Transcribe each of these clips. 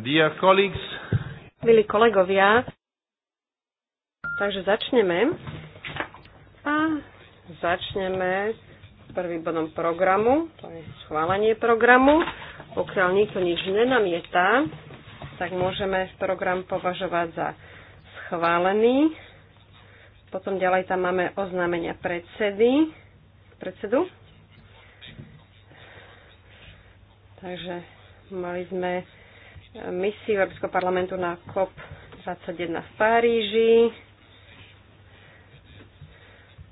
Dear colleagues. Milí kolegovia, takže začneme. A začneme prvým bodom programu, to je schválenie programu. Pokiaľ nikto nič nenamieta, tak môžeme program považovať za schválený. Potom ďalej tam máme oznámenia predsedy, predsedu. Takže mali sme misiu Európskeho parlamentu na COP21 v Paríži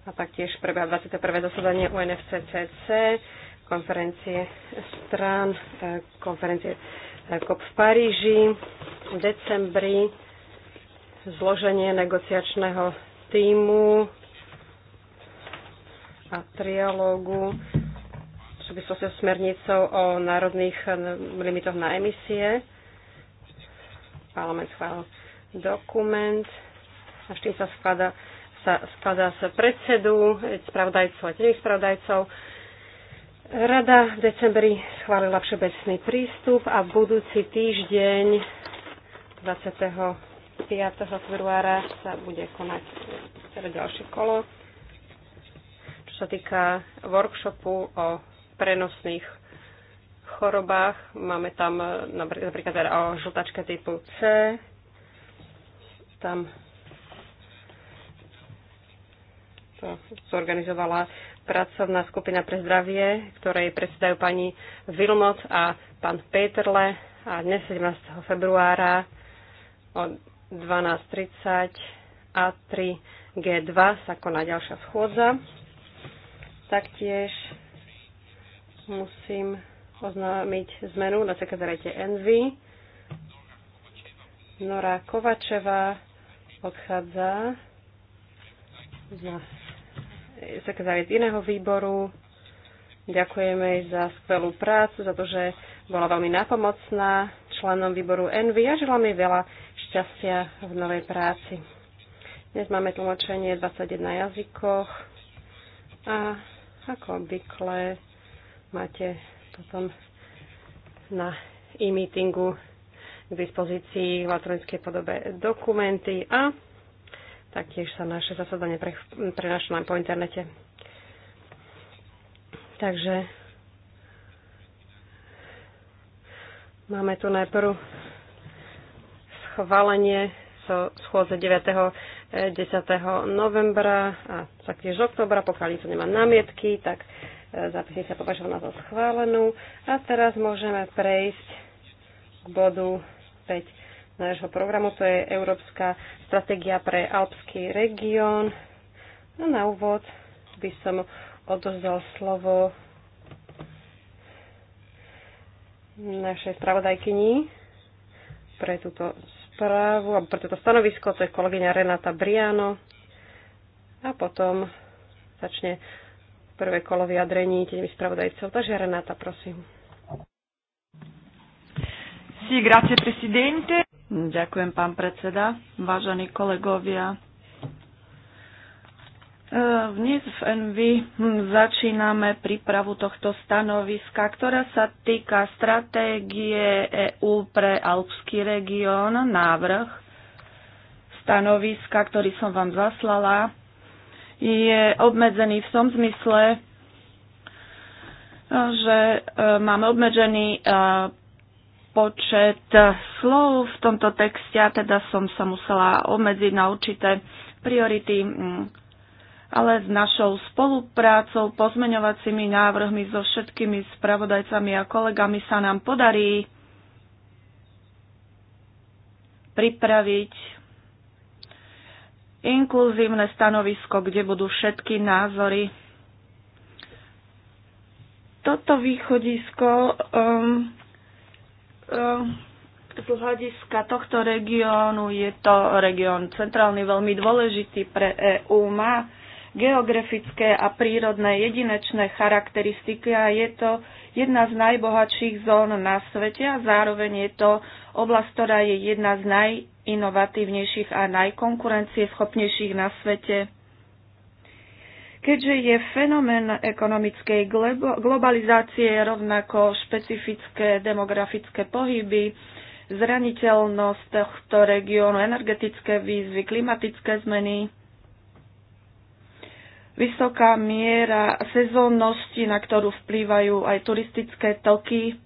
a taktiež prebieha 21. zasadanie UNFCCC, konferencie strán, e, konferencie e, COP v Paríži v decembri, zloženie negociačného týmu a trialógu v súvislosti so smernicou o národných e, limitoch na emisie parlament schválil dokument a s tým sa skladá, sa skladá sa predsedu, spravodajcov a tiež spravodajcov. Rada v decembri schválila všeobecný prístup a budúci týždeň 25. februára sa bude konať celé teda ďalšie kolo. Čo sa týka workshopu o prenosných chorobách. Máme tam eh, napríklad teda o žltačke typu C. Tam to zorganizovala pracovná skupina pre zdravie, ktorej predsedajú pani Vilmot a pán Peterle. A dnes 17. februára o 12.30 a 3 G2 sa koná ďalšia schôdza. Taktiež musím oznámiť zmenu na sekretariate Envy. Nora Kovačeva odchádza na sekretariat iného výboru. Ďakujeme jej za skvelú prácu, za to, že bola veľmi napomocná členom výboru Envy a želám jej veľa šťastia v novej práci. Dnes máme tlmočenie 21 jazykoch a ako obvykle máte potom na e-meetingu k dispozícii v elektronickej podobe dokumenty a taktiež sa naše zasadanie prenašlo aj po internete. Takže máme tu najprv schválenie so schôdze 9. 10. Eh, novembra a taktiež oktobra, pokiaľ nikto nemá námietky, tak sa považovaná za schválenú. A teraz môžeme prejsť k bodu 5 nášho programu. To je Európska stratégia pre Alpský región. A no, na úvod by som odozdal slovo našej spravodajkyni pre túto správu, a pre toto stanovisko, to je kolegyňa Renata Briano. A potom začne prvé kolo vyjadrení tým spravodajcov. Takže Renata, prosím. Sí, grazie, presidente. Ďakujem, pán predseda. Vážení kolegovia, e, dnes v NV začíname prípravu tohto stanoviska, ktorá sa týka stratégie EÚ pre Alpský región, návrh stanoviska, ktorý som vám zaslala je obmedzený v tom zmysle, eh, že eh, máme obmedzený eh, počet slov v tomto texte, teda som sa musela obmedziť na určité priority, mm, ale s našou spoluprácou, pozmeňovacími návrhmi so všetkými spravodajcami a kolegami sa nám podarí pripraviť inkluzívne stanovisko, kde budú všetky názory. Toto východisko um, um, z hľadiska tohto regiónu je to región centrálny veľmi dôležitý pre EÚ. Má geografické a prírodné jedinečné charakteristiky a je to jedna z najbohatších zón na svete a zároveň je to oblasť, ktorá je jedna z naj najinovatívnejších a najkonkurencieschopnejších na svete. Keďže je fenomén ekonomickej globalizácie rovnako špecifické demografické pohyby, zraniteľnosť tohto regiónu, energetické výzvy, klimatické zmeny, vysoká miera sezónnosti, na ktorú vplývajú aj turistické toky,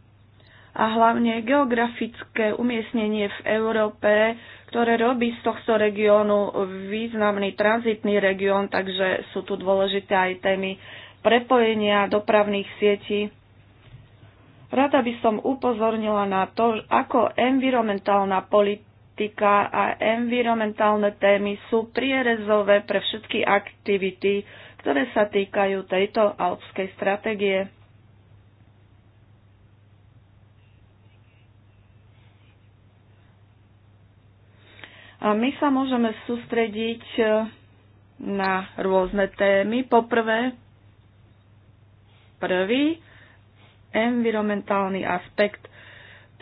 a hlavne geografické umiestnenie v Európe, ktoré robí z tohto regiónu významný tranzitný región, takže sú tu dôležité aj témy prepojenia dopravných sietí. Rada by som upozornila na to, ako environmentálna politika a environmentálne témy sú prierezové pre všetky aktivity, ktoré sa týkajú tejto alpskej stratégie. My sa môžeme sústrediť e, na rôzne témy. Poprvé, prvý, environmentálny aspekt.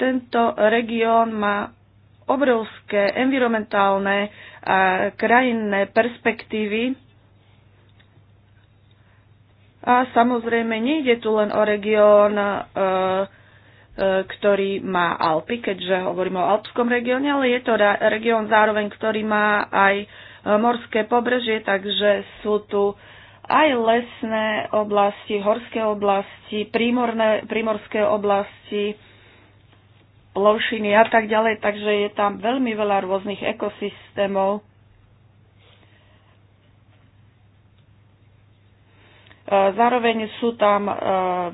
Tento región má obrovské environmentálne a krajinné perspektívy. A samozrejme, nejde tu len o región e, E, ktorý má Alpy, keďže hovorím o alpskom regióne, ale je to región zároveň, ktorý má aj e, morské pobrežie, takže sú tu aj lesné oblasti, horské oblasti, prímorné, prímorské oblasti, plošiny a tak ďalej, takže je tam veľmi veľa rôznych ekosystémov. Zároveň sú tam e,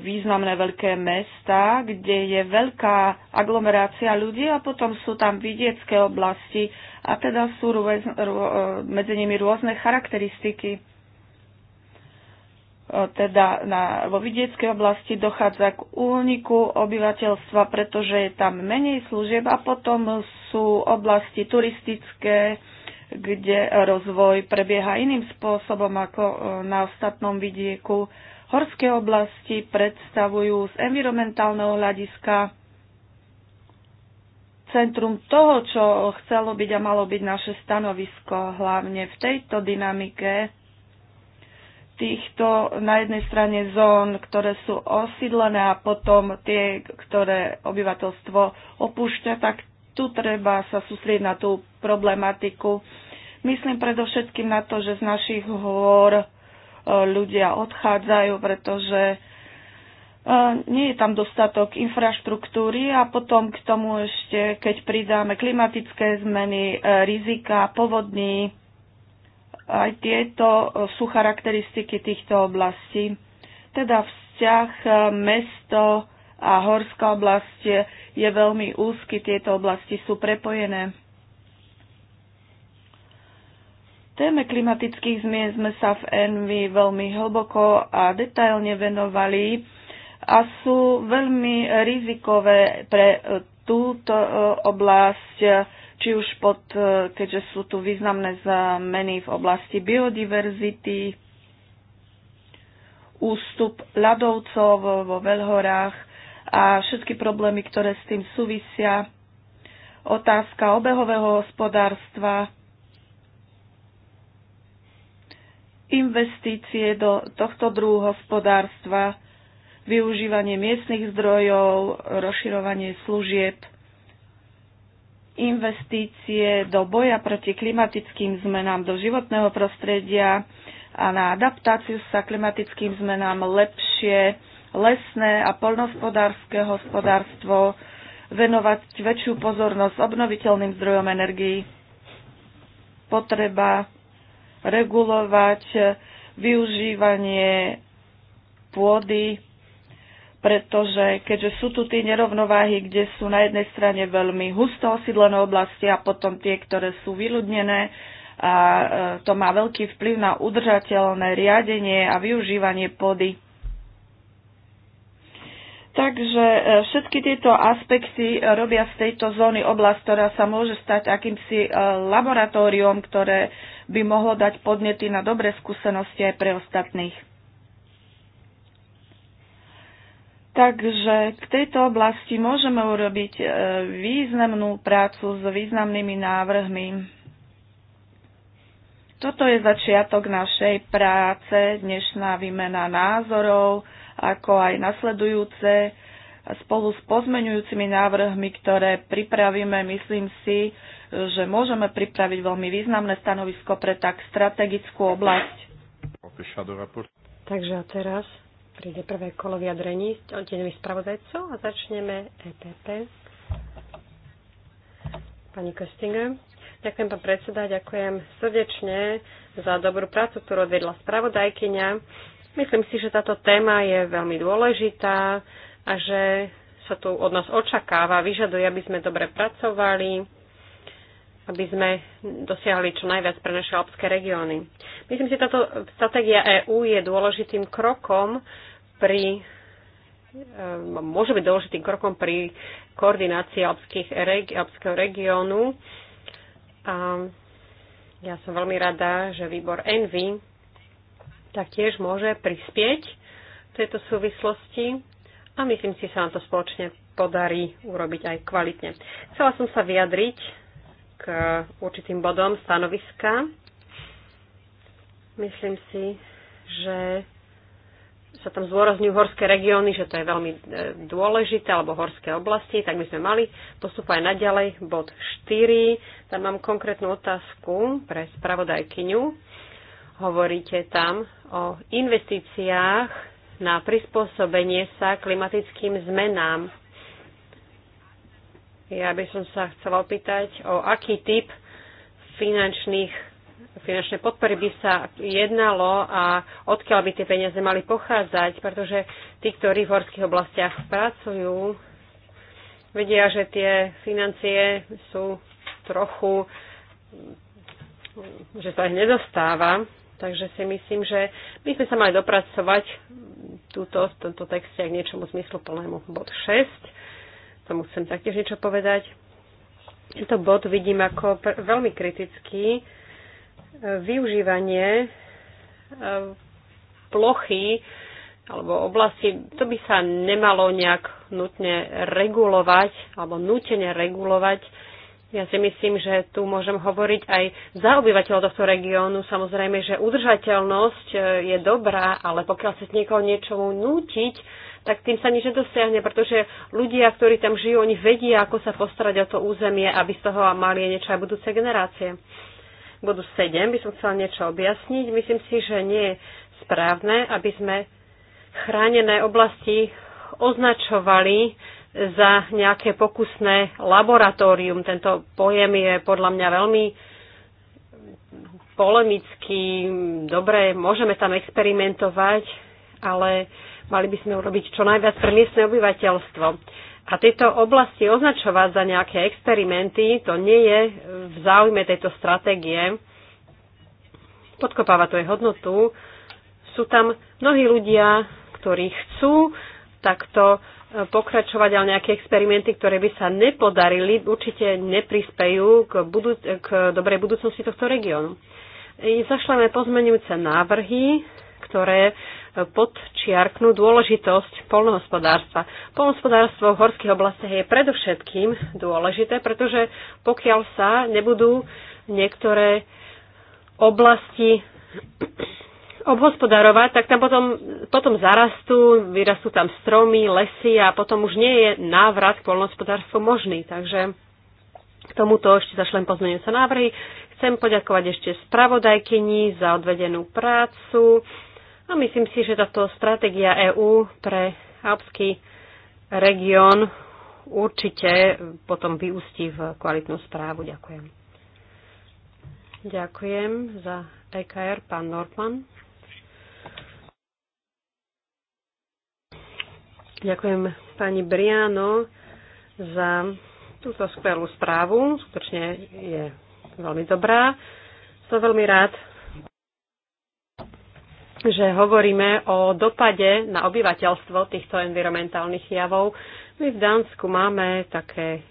významné veľké mesta, kde je veľká aglomerácia ľudí a potom sú tam vidiecké oblasti a teda sú rôz, rô, e, medzi nimi rôzne charakteristiky. E, teda na, vo vidieckej oblasti dochádza k úniku obyvateľstva, pretože je tam menej služieb a potom sú oblasti turistické, kde rozvoj prebieha iným spôsobom ako e, na ostatnom vidieku. Horské oblasti predstavujú z environmentálneho hľadiska centrum toho, čo chcelo byť a malo byť naše stanovisko, hlavne v tejto dynamike týchto na jednej strane zón, ktoré sú osídlené a potom tie, ktoré obyvateľstvo opúšťa, tak tu treba sa sústrieť na tú problematiku. Myslím predovšetkým na to, že z našich hôr e, ľudia odchádzajú, pretože e, nie je tam dostatok infraštruktúry a potom k tomu ešte, keď pridáme klimatické zmeny, e, rizika, povodní, aj tieto sú charakteristiky týchto oblastí. Teda vzťah mesto, a horská oblasť je veľmi úzky. Tieto oblasti sú prepojené. Téme klimatických zmien sme sa v Envy veľmi hlboko a detailne venovali a sú veľmi rizikové pre e, túto e, oblasť, e, či už pod, keďže sú tu významné zmeny v oblasti biodiverzity, ústup ľadovcov vo Veľhorách a všetky problémy, ktoré s tým súvisia. Otázka obehového hospodárstva, investície do tohto druhu hospodárstva, využívanie miestnych zdrojov, rozširovanie služieb, investície do boja proti klimatickým zmenám, do životného prostredia a na adaptáciu sa klimatickým zmenám lepšie lesné a poľnohospodárske hospodárstvo, venovať väčšiu pozornosť obnoviteľným zdrojom energií, potreba regulovať využívanie pôdy, pretože keďže sú tu tie nerovnováhy, kde sú na jednej strane veľmi husto osídlené oblasti a potom tie, ktoré sú vyľudnené, a e, to má veľký vplyv na udržateľné riadenie a využívanie pôdy. Takže e, všetky tieto aspekty robia z tejto zóny oblasť, ktorá sa môže stať akýmsi e, laboratóriom, ktoré by mohlo dať podnety na dobré skúsenosti aj pre ostatných. Takže k tejto oblasti môžeme urobiť e, významnú prácu s významnými návrhmi. Toto je začiatok našej práce, dnešná výmena názorov ako aj nasledujúce spolu s pozmeňujúcimi návrhmi, ktoré pripravíme, myslím si, že môžeme pripraviť veľmi významné stanovisko pre tak strategickú oblasť. Takže a teraz príde prvé kolo vyjadrení s deňových spravodajcov a začneme EPP. Pani Köstinger. Ďakujem, pán predseda, ďakujem srdečne za dobrú prácu, ktorú odvedla spravodajkyňa. Myslím si, že táto téma je veľmi dôležitá a že sa tu od nás očakáva, vyžaduje, aby sme dobre pracovali, aby sme dosiahli čo najviac pre naše alpské regióny. Myslím si, že táto stratégia EÚ je dôležitým krokom pri e, môže byť dôležitým krokom pri koordinácii alpských, alpského regiónu. A ja som veľmi rada, že výbor Envy taktiež môže prispieť v tejto súvislosti a myslím si, sa nám to spoločne podarí urobiť aj kvalitne. Chcela som sa vyjadriť k určitým bodom stanoviska. Myslím si, že sa tam zdôrazňujú horské regióny, že to je veľmi e, dôležité, alebo horské oblasti, tak by sme mali postupovať naďalej. Bod 4, tam mám konkrétnu otázku pre spravodajkyňu Hovoríte tam o investíciách na prispôsobenie sa klimatickým zmenám. Ja by som sa chcela opýtať, o aký typ finančných, finančnej podpory by sa jednalo a odkiaľ by tie peniaze mali pochádzať, pretože tí, ktorí v horských oblastiach pracujú, vedia, že tie financie sú trochu, že sa ich nedostáva Takže si myslím, že my sme sa mali dopracovať túto, v tomto texte k niečomu zmysluplnému. Bod 6, tomu chcem taktiež niečo povedať. Tento bod vidím ako veľmi kritický. E, využívanie e, plochy alebo oblasti, to by sa nemalo nejak nutne regulovať alebo nutene regulovať ja si myslím, že tu môžem hovoriť aj za obyvateľov tohto regiónu. Samozrejme, že udržateľnosť e, je dobrá, ale pokiaľ chcete niekoho niečomu nútiť, tak tým sa nič nedosiahne, pretože ľudia, ktorí tam žijú, oni vedia, ako sa postarať o to územie, aby z toho mali niečo aj budúce generácie. Budú 7 by som chcela niečo objasniť. Myslím si, že nie je správne, aby sme chránené oblasti označovali za nejaké pokusné laboratórium. Tento pojem je podľa mňa veľmi polemický. Dobre, môžeme tam experimentovať, ale mali by sme urobiť čo najviac pre miestne obyvateľstvo. A tieto oblasti označovať za nejaké experimenty, to nie je v záujme tejto stratégie. Podkopáva to jej hodnotu. Sú tam mnohí ľudia, ktorí chcú takto pokračovať, ale nejaké experimenty, ktoré by sa nepodarili, určite neprispejú k, budu- k dobrej budúcnosti tohto regiónu. Zašleme pozmenujúce návrhy, ktoré e, podčiarknú dôležitosť polnohospodárstva. Polnohospodárstvo v horských oblastiach je predovšetkým dôležité, pretože pokiaľ sa nebudú niektoré oblasti obhospodarovať, tak tam potom, potom zarastú, vyrastú tam stromy, lesy a potom už nie je návrat k poľnohospodárstvu možný. Takže k tomuto ešte zašlem pozmeňujúce návrhy. Chcem poďakovať ešte spravodajkyni za odvedenú prácu a myslím si, že táto stratégia EÚ pre alpský región určite potom vyústi v kvalitnú správu. Ďakujem. Ďakujem za EKR, pán Nordman. Ďakujem pani Briano za túto skvelú správu. Skutočne je veľmi dobrá. Som veľmi rád, že hovoríme o dopade na obyvateľstvo týchto environmentálnych javov. My v Dánsku máme také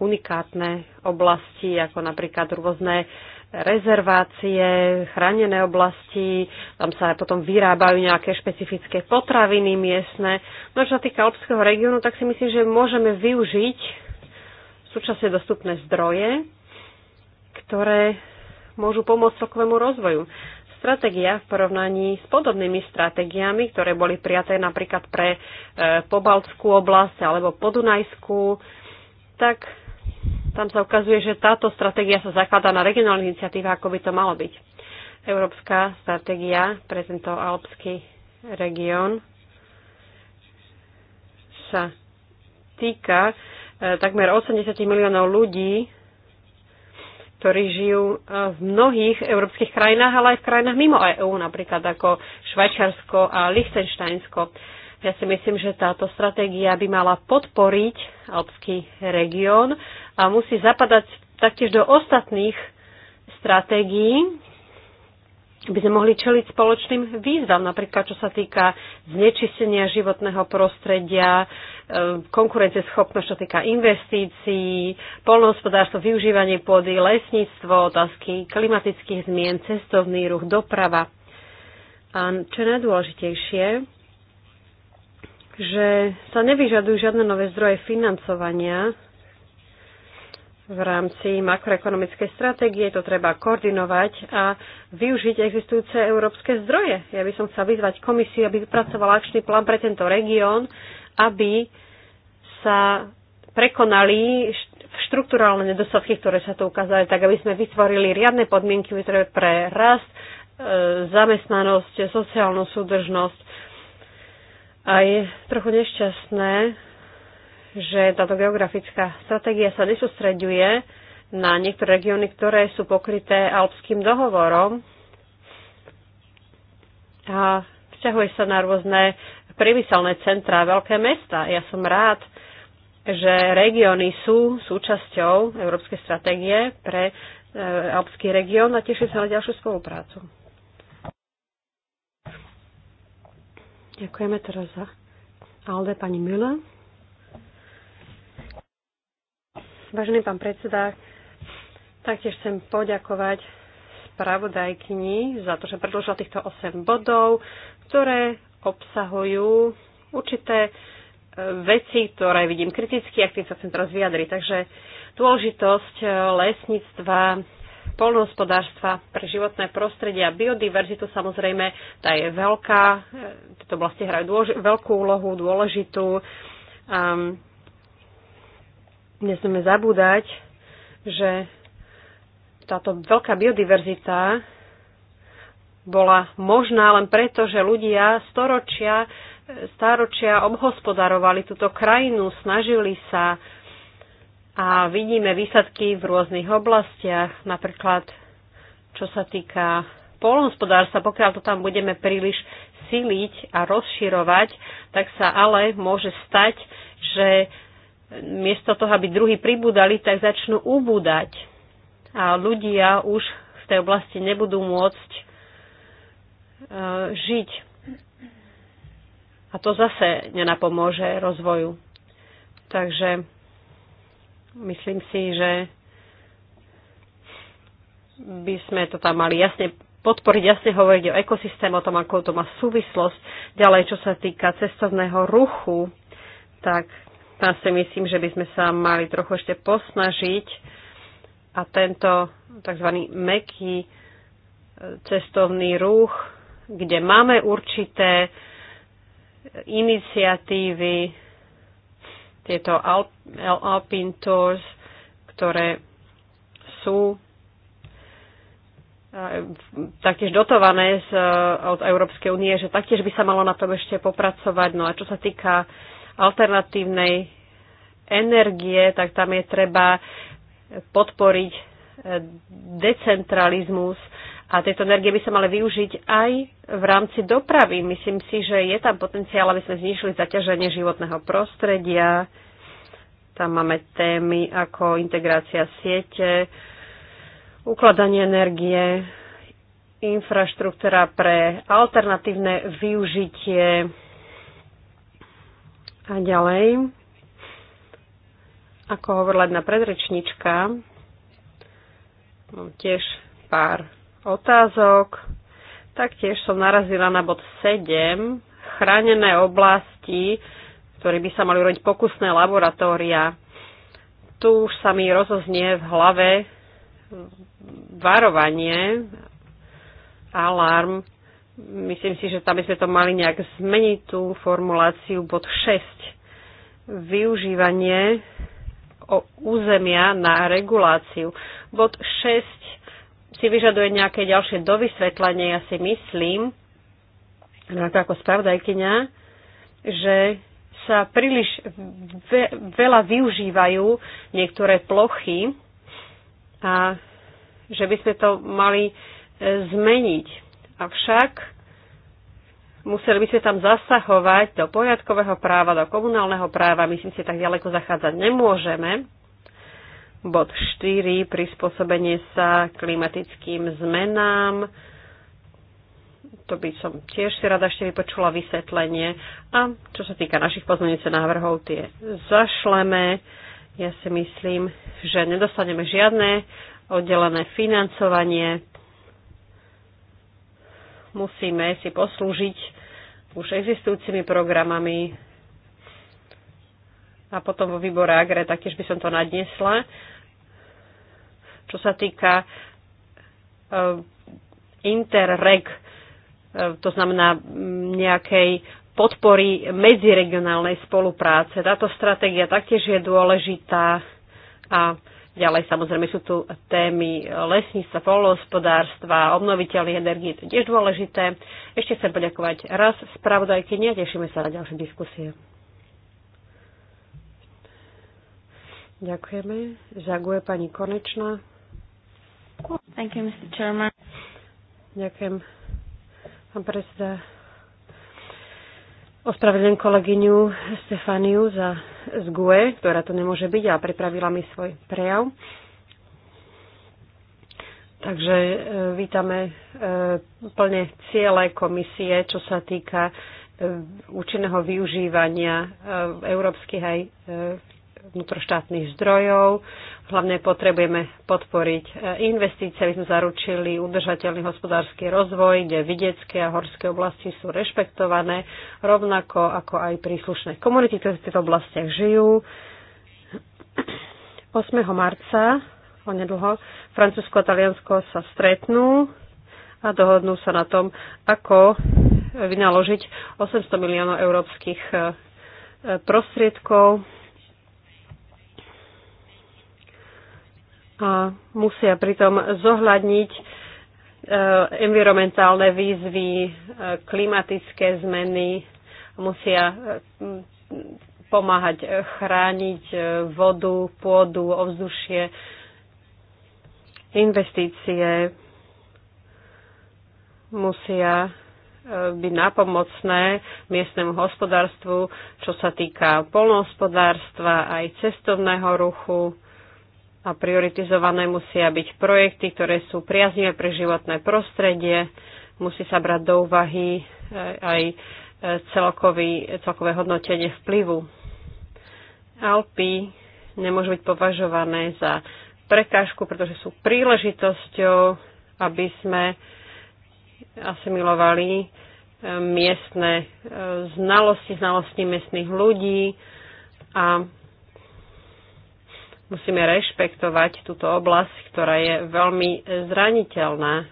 unikátne oblasti, ako napríklad rôzne rezervácie, chránené oblasti, tam sa potom vyrábajú nejaké špecifické potraviny miestne. No čo sa týka Alpského regiónu, tak si myslím, že môžeme využiť súčasne dostupné zdroje, ktoré môžu pomôcť celkovému rozvoju. Stratégia v porovnaní s podobnými stratégiami, ktoré boli prijaté napríklad pre e, Pobaltskú oblasť alebo Podunajskú, tak tam sa ukazuje, že táto stratégia sa zakladá na regionálnych iniciatívach, ako by to malo byť. Európska stratégia pre tento alpský región sa týka e, takmer 80 miliónov ľudí, ktorí žijú e, v mnohých európskych krajinách, ale aj v krajinách mimo EÚ, napríklad ako Švajčarsko a Liechtensteinsko. Ja si myslím, že táto stratégia by mala podporiť alpský región a musí zapadať taktiež do ostatných stratégií, aby sme mohli čeliť spoločným výzvam, napríklad čo sa týka znečistenia životného prostredia, e, konkurencieschopnosť, čo týka investícií, polnohospodárstvo, využívanie pôdy, lesníctvo, otázky klimatických zmien, cestovný ruch, doprava. A čo je najdôležitejšie, že sa nevyžadujú žiadne nové zdroje financovania v rámci makroekonomickej stratégie, to treba koordinovať a využiť existujúce európske zdroje. Ja by som chcela vyzvať komisiu, aby vypracovala akčný plán pre tento región, aby sa prekonali štruktúrálne nedostatky, ktoré sa tu ukázali, tak aby sme vytvorili riadne podmienky pre rast, e, zamestnanosť, sociálnu súdržnosť. A je trochu nešťastné, že táto geografická stratégia sa nesústreďuje na niektoré regióny, ktoré sú pokryté alpským dohovorom a vzťahuje sa na rôzne priemyselné centrá, veľké mesta. Ja som rád, že regióny sú súčasťou Európskej stratégie pre e, Alpský región a teším sa na ďalšiu spoluprácu. Ďakujeme teraz za Alde, pani Müller. Vážený pán predseda, taktiež chcem poďakovať spravodajkyni za to, že predložila týchto 8 bodov, ktoré obsahujú určité e, veci, ktoré vidím kriticky, ak tým sa chcem teraz vyjadriť. Takže dôležitosť e, lesníctva, polnohospodárstva pre životné prostredie a biodiverzitu samozrejme, tá je veľká, e, tieto oblasti hrajú veľkú úlohu, dôležitú. Um, nesmieme zabúdať, že táto veľká biodiverzita bola možná len preto, že ľudia storočia, stáročia obhospodarovali túto krajinu, snažili sa a vidíme výsledky v rôznych oblastiach, napríklad čo sa týka polnospodárstva, pokiaľ to tam budeme príliš siliť a rozširovať, tak sa ale môže stať, že miesto toho, aby druhý pribúdali, tak začnú ubúdať. A ľudia už v tej oblasti nebudú môcť e, žiť. A to zase nenapomôže rozvoju. Takže myslím si, že by sme to tam mali jasne podporiť, jasne hovoriť o ekosystéme, o tom, ako to má súvislosť. Ďalej, čo sa týka cestovného ruchu, tak tam si myslím, že by sme sa mali trochu ešte posnažiť a tento tzv. meký e, cestovný ruch, kde máme určité e, iniciatívy, tieto Alp, Alpine Tours, ktoré sú e, taktiež dotované z, od Európskej únie, že taktiež by sa malo na tom ešte popracovať. No a čo sa týka alternatívnej energie, tak tam je treba podporiť eh, decentralizmus a tieto energie by sa mali využiť aj v rámci dopravy. Myslím si, že je tam potenciál, aby sme znišili zaťaženie životného prostredia. Tam máme témy ako integrácia siete, ukladanie energie, infraštruktúra pre alternatívne využitie a ďalej, ako hovorila jedna predrečnička, mám tiež pár otázok. Taktiež som narazila na bod 7, chránené oblasti, ktoré by sa mali urobiť pokusné laboratória. Tu už sa mi rozoznie v hlave varovanie, alarm, Myslím si, že tam by sme to mali nejak zmeniť tú formuláciu bod 6. Využívanie o územia na reguláciu. Bod 6 si vyžaduje nejaké ďalšie dovysvetlenie, ja si myslím, rovnako ako spravdajkyňa, že sa príliš ve, veľa využívajú niektoré plochy a že by sme to mali e, zmeniť. Avšak museli by sme tam zasahovať do poriadkového práva, do komunálneho práva. Myslím si, tak ďaleko zachádzať nemôžeme. Bod 4. Prispôsobenie sa klimatickým zmenám. To by som tiež si rada ešte vypočula vysvetlenie. A čo sa týka našich pozmeňujúcich návrhov, tie zašleme. Ja si myslím, že nedostaneme žiadne oddelené financovanie musíme si poslúžiť už existujúcimi programami a potom vo výbore AGRE taktiež by som to nadnesla. Čo sa týka eh, interreg, eh, to znamená mm, nejakej podpory medziregionálnej spolupráce. Táto stratégia taktiež je dôležitá a Ďalej samozrejme sú tu témy lesníctva, polohospodárstva, obnoviteľných energií, to tiež dôležité. Ešte chcem poďakovať raz Spravodajky, a tešíme sa na ďalšie diskusie. Ďakujeme. Žaguje pani Konečná. Thank you, Mr. Chairman. Ďakujem. Pán predseda, Ospravedlňujem kolegyňu Stefaniu za z GUE, ktorá to nemôže byť a pripravila mi svoj prejav. Takže e, vítame e, plne ciele komisie, čo sa týka e, účinného využívania e, európskych aj e, vnútroštátnych zdrojov. Hlavne potrebujeme podporiť e, investície, aby sme zaručili udržateľný hospodársky rozvoj, kde vidiecké a horské oblasti sú rešpektované, rovnako ako aj príslušné komunity, ktoré v týchto oblastiach žijú. 8. marca, onedlho, Francúzsko a Taliansko sa stretnú a dohodnú sa na tom, ako vynaložiť 800 miliónov európskych e, prostriedkov a musia pritom zohľadniť e, environmentálne výzvy, e, klimatické zmeny, musia e, pomáhať chrániť vodu, pôdu, ovzdušie, investície musia byť napomocné miestnemu hospodárstvu, čo sa týka polnohospodárstva aj cestovného ruchu a prioritizované musia byť projekty, ktoré sú priaznivé pre životné prostredie, musí sa brať do úvahy e, aj e, celkový, celkové hodnotenie vplyvu. Alpy nemôžu byť považované za prekážku, pretože sú príležitosťou, aby sme asimilovali e, miestne znalosti, znalosti miestnych ľudí a Musíme rešpektovať túto oblasť, ktorá je veľmi zraniteľná.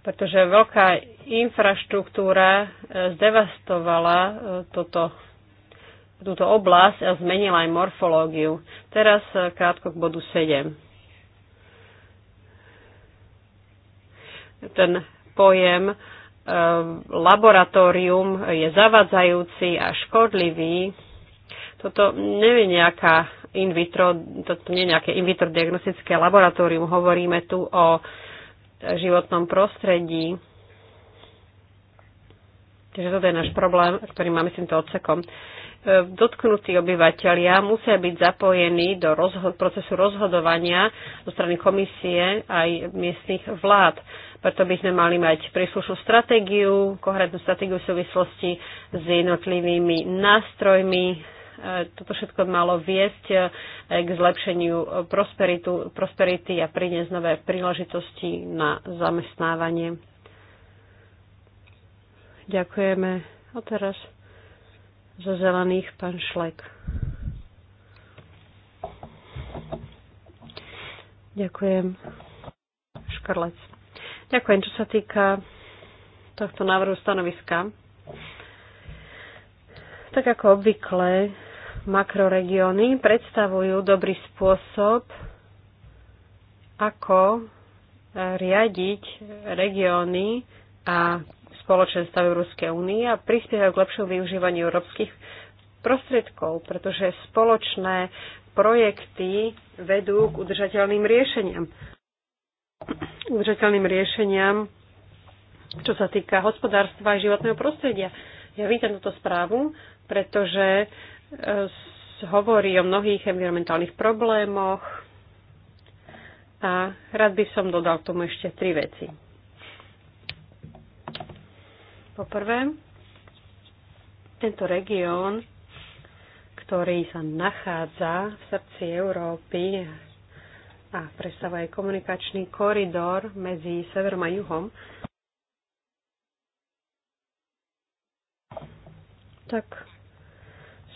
Pretože veľká infraštruktúra eh, zdevastovala eh, toto, túto oblasť a zmenila aj morfológiu. Teraz eh, krátko k bodu 7. Ten pojem Ehm, laboratórium je zavadzajúci a škodlivý. Toto nie je nejaká in vitro, toto nie je nejaké in vitro diagnostické laboratórium. Hovoríme tu o životnom prostredí. Takže toto je náš problém, ktorý máme s týmto odsekom dotknutí obyvateľia musia byť zapojení do rozho- procesu rozhodovania zo strany komisie aj miestnych vlád. Preto by sme mali mať príslušnú stratégiu, koherentnú stratégiu v súvislosti s jednotlivými nástrojmi. E, toto všetko malo viesť e, k zlepšeniu e, prosperity a priniesť nové príležitosti na zamestnávanie. Ďakujeme. A teraz za zelených pán Šlek. Ďakujem. Škrlec. Ďakujem, čo sa týka tohto návrhu stanoviska. Tak ako obvykle, makroregióny predstavujú dobrý spôsob, ako riadiť regióny a spoločenstva v Európskej únii a prispievajú k lepšiemu využívaniu európskych prostriedkov, pretože spoločné projekty vedú k udržateľným riešeniam. Udržateľným riešeniam, čo sa týka hospodárstva a životného prostredia. Ja vítam túto správu, pretože e, hovorí o mnohých environmentálnych problémoch a rád by som dodal k tomu ešte tri veci. Poprvé, tento región, ktorý sa nachádza v srdci Európy a predstavuje komunikačný koridor medzi severom a juhom, tak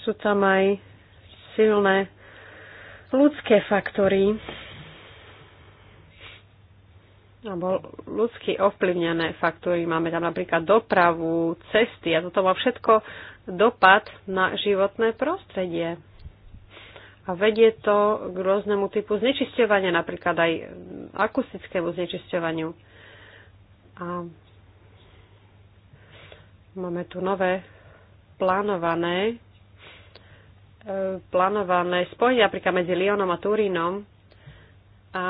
sú tam aj silné ľudské faktory, alebo ľudsky ovplyvnené faktory. Máme tam napríklad dopravu, cesty a toto má všetko dopad na životné prostredie. A vedie to k rôznemu typu znečisťovania, napríklad aj akustickému znečisťovaniu. A máme tu nové plánované e, plánované spojenie napríklad medzi Lyonom a Turínom a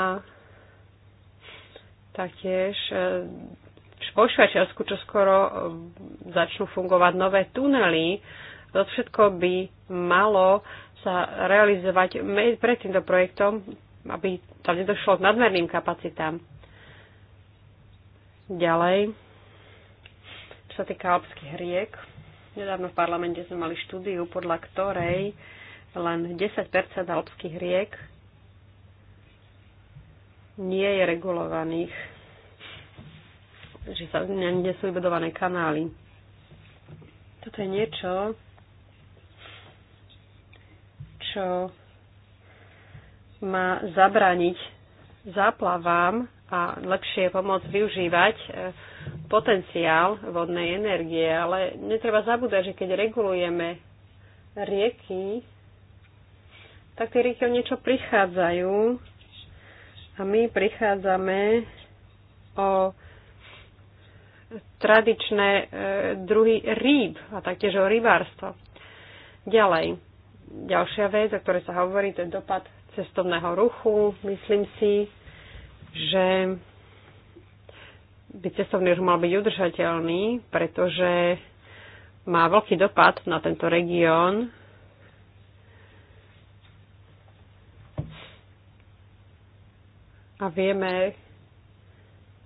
Taktiež e, vo Švajčiarsku čo skoro e, začnú fungovať nové tunely. To všetko by malo sa realizovať pred týmto projektom, aby tam nedošlo k nadmerným kapacitám. Ďalej, čo sa týka alpských riek, nedávno v parlamente sme mali štúdiu, podľa ktorej len 10 alpských riek nie je regulovaných, že sa nie sú vybudované kanály. Toto je niečo, čo má zabrániť záplavám a lepšie pomôcť využívať e, potenciál vodnej energie. Ale netreba zabúdať, že keď regulujeme rieky, tak tie rieky o niečo prichádzajú a my prichádzame o tradičné e, druhy rýb a taktiež o rybárstvo. Ďalej, ďalšia vec, o ktorej sa hovorí, to je dopad cestovného ruchu. Myslím si, že by cestovný ruch mal byť udržateľný, pretože má veľký dopad na tento región A vieme,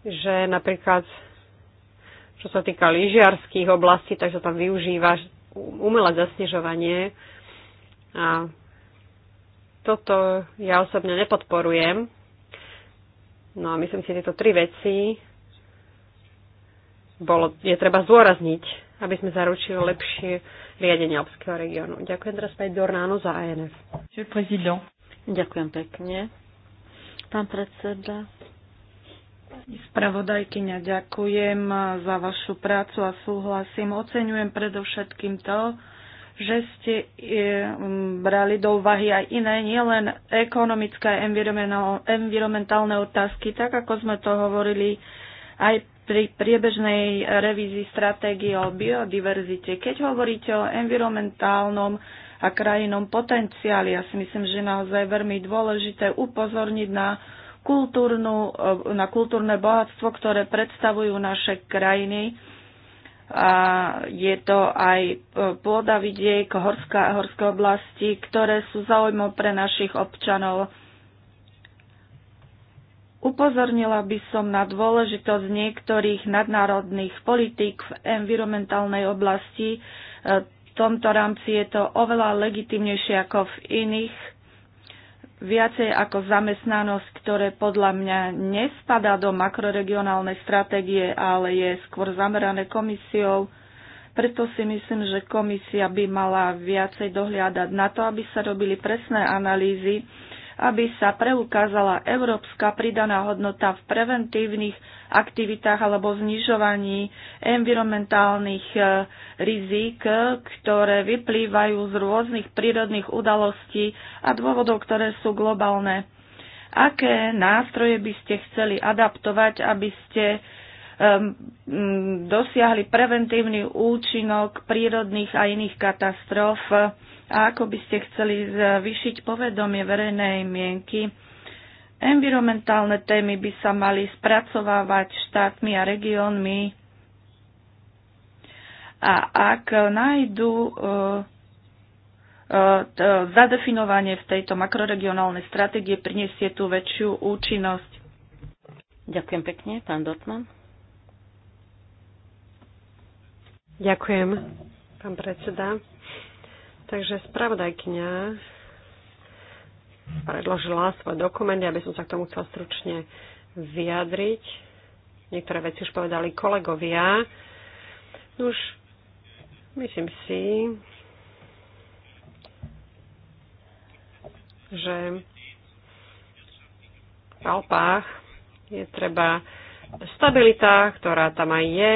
že napríklad, čo sa týka lyžiarských oblastí, tak sa tam využíva umelé zasnežovanie. A toto ja osobne nepodporujem. No a myslím si, tieto tri veci bolo, je treba zdôrazniť, aby sme zaručili lepšie riadenie Alpského regiónu. Ďakujem teraz pani Dornáno za ANF. Ďakujem pekne. Pán predseda. Spravodajkyňa, ďakujem za vašu prácu a súhlasím. Oceňujem predovšetkým to, že ste e, brali do úvahy aj iné, nielen ekonomické a environmentálne otázky, tak ako sme to hovorili aj pri priebežnej revízii stratégie o biodiverzite. Keď hovoríte o environmentálnom a krajinom potenciáli. Ja si myslím, že naozaj veľmi dôležité upozorniť na, kultúrnu, e, na kultúrne bohatstvo, ktoré predstavujú naše krajiny. A je to aj e, pôda vidiek, horská, horské oblasti, ktoré sú zaujímavé pre našich občanov. Upozornila by som na dôležitosť niektorých nadnárodných politík v environmentálnej oblasti. E, tomto rámci je to oveľa legitimnejšie ako v iných, viacej ako zamestnanosť, ktoré podľa mňa nespadá do makroregionálnej stratégie, ale je skôr zamerané komisiou. Preto si myslím, že komisia by mala viacej dohliadať na to, aby sa robili presné analýzy aby sa preukázala európska pridaná hodnota v preventívnych aktivitách alebo znižovaní environmentálnych e, rizik, ktoré vyplývajú z rôznych prírodných udalostí a dôvodov, ktoré sú globálne. Aké nástroje by ste chceli adaptovať, aby ste e, dosiahli preventívny účinok prírodných a iných katastrof a ako by ste chceli zvýšiť povedomie verejnej mienky. Environmentálne témy by sa mali spracovávať štátmi a regiónmi a ak nájdu e, e, zadefinovanie v tejto makroregionálnej stratégie priniesie tú väčšiu účinnosť. Ďakujem pekne, pán Dotman. Ďakujem, pán predseda. Takže spravodajkňa predložila svoj dokument, aby som sa k tomu chcela stručne vyjadriť. Niektoré veci už povedali kolegovia. No už myslím si, že v Alpách je treba stabilita, ktorá tam aj je,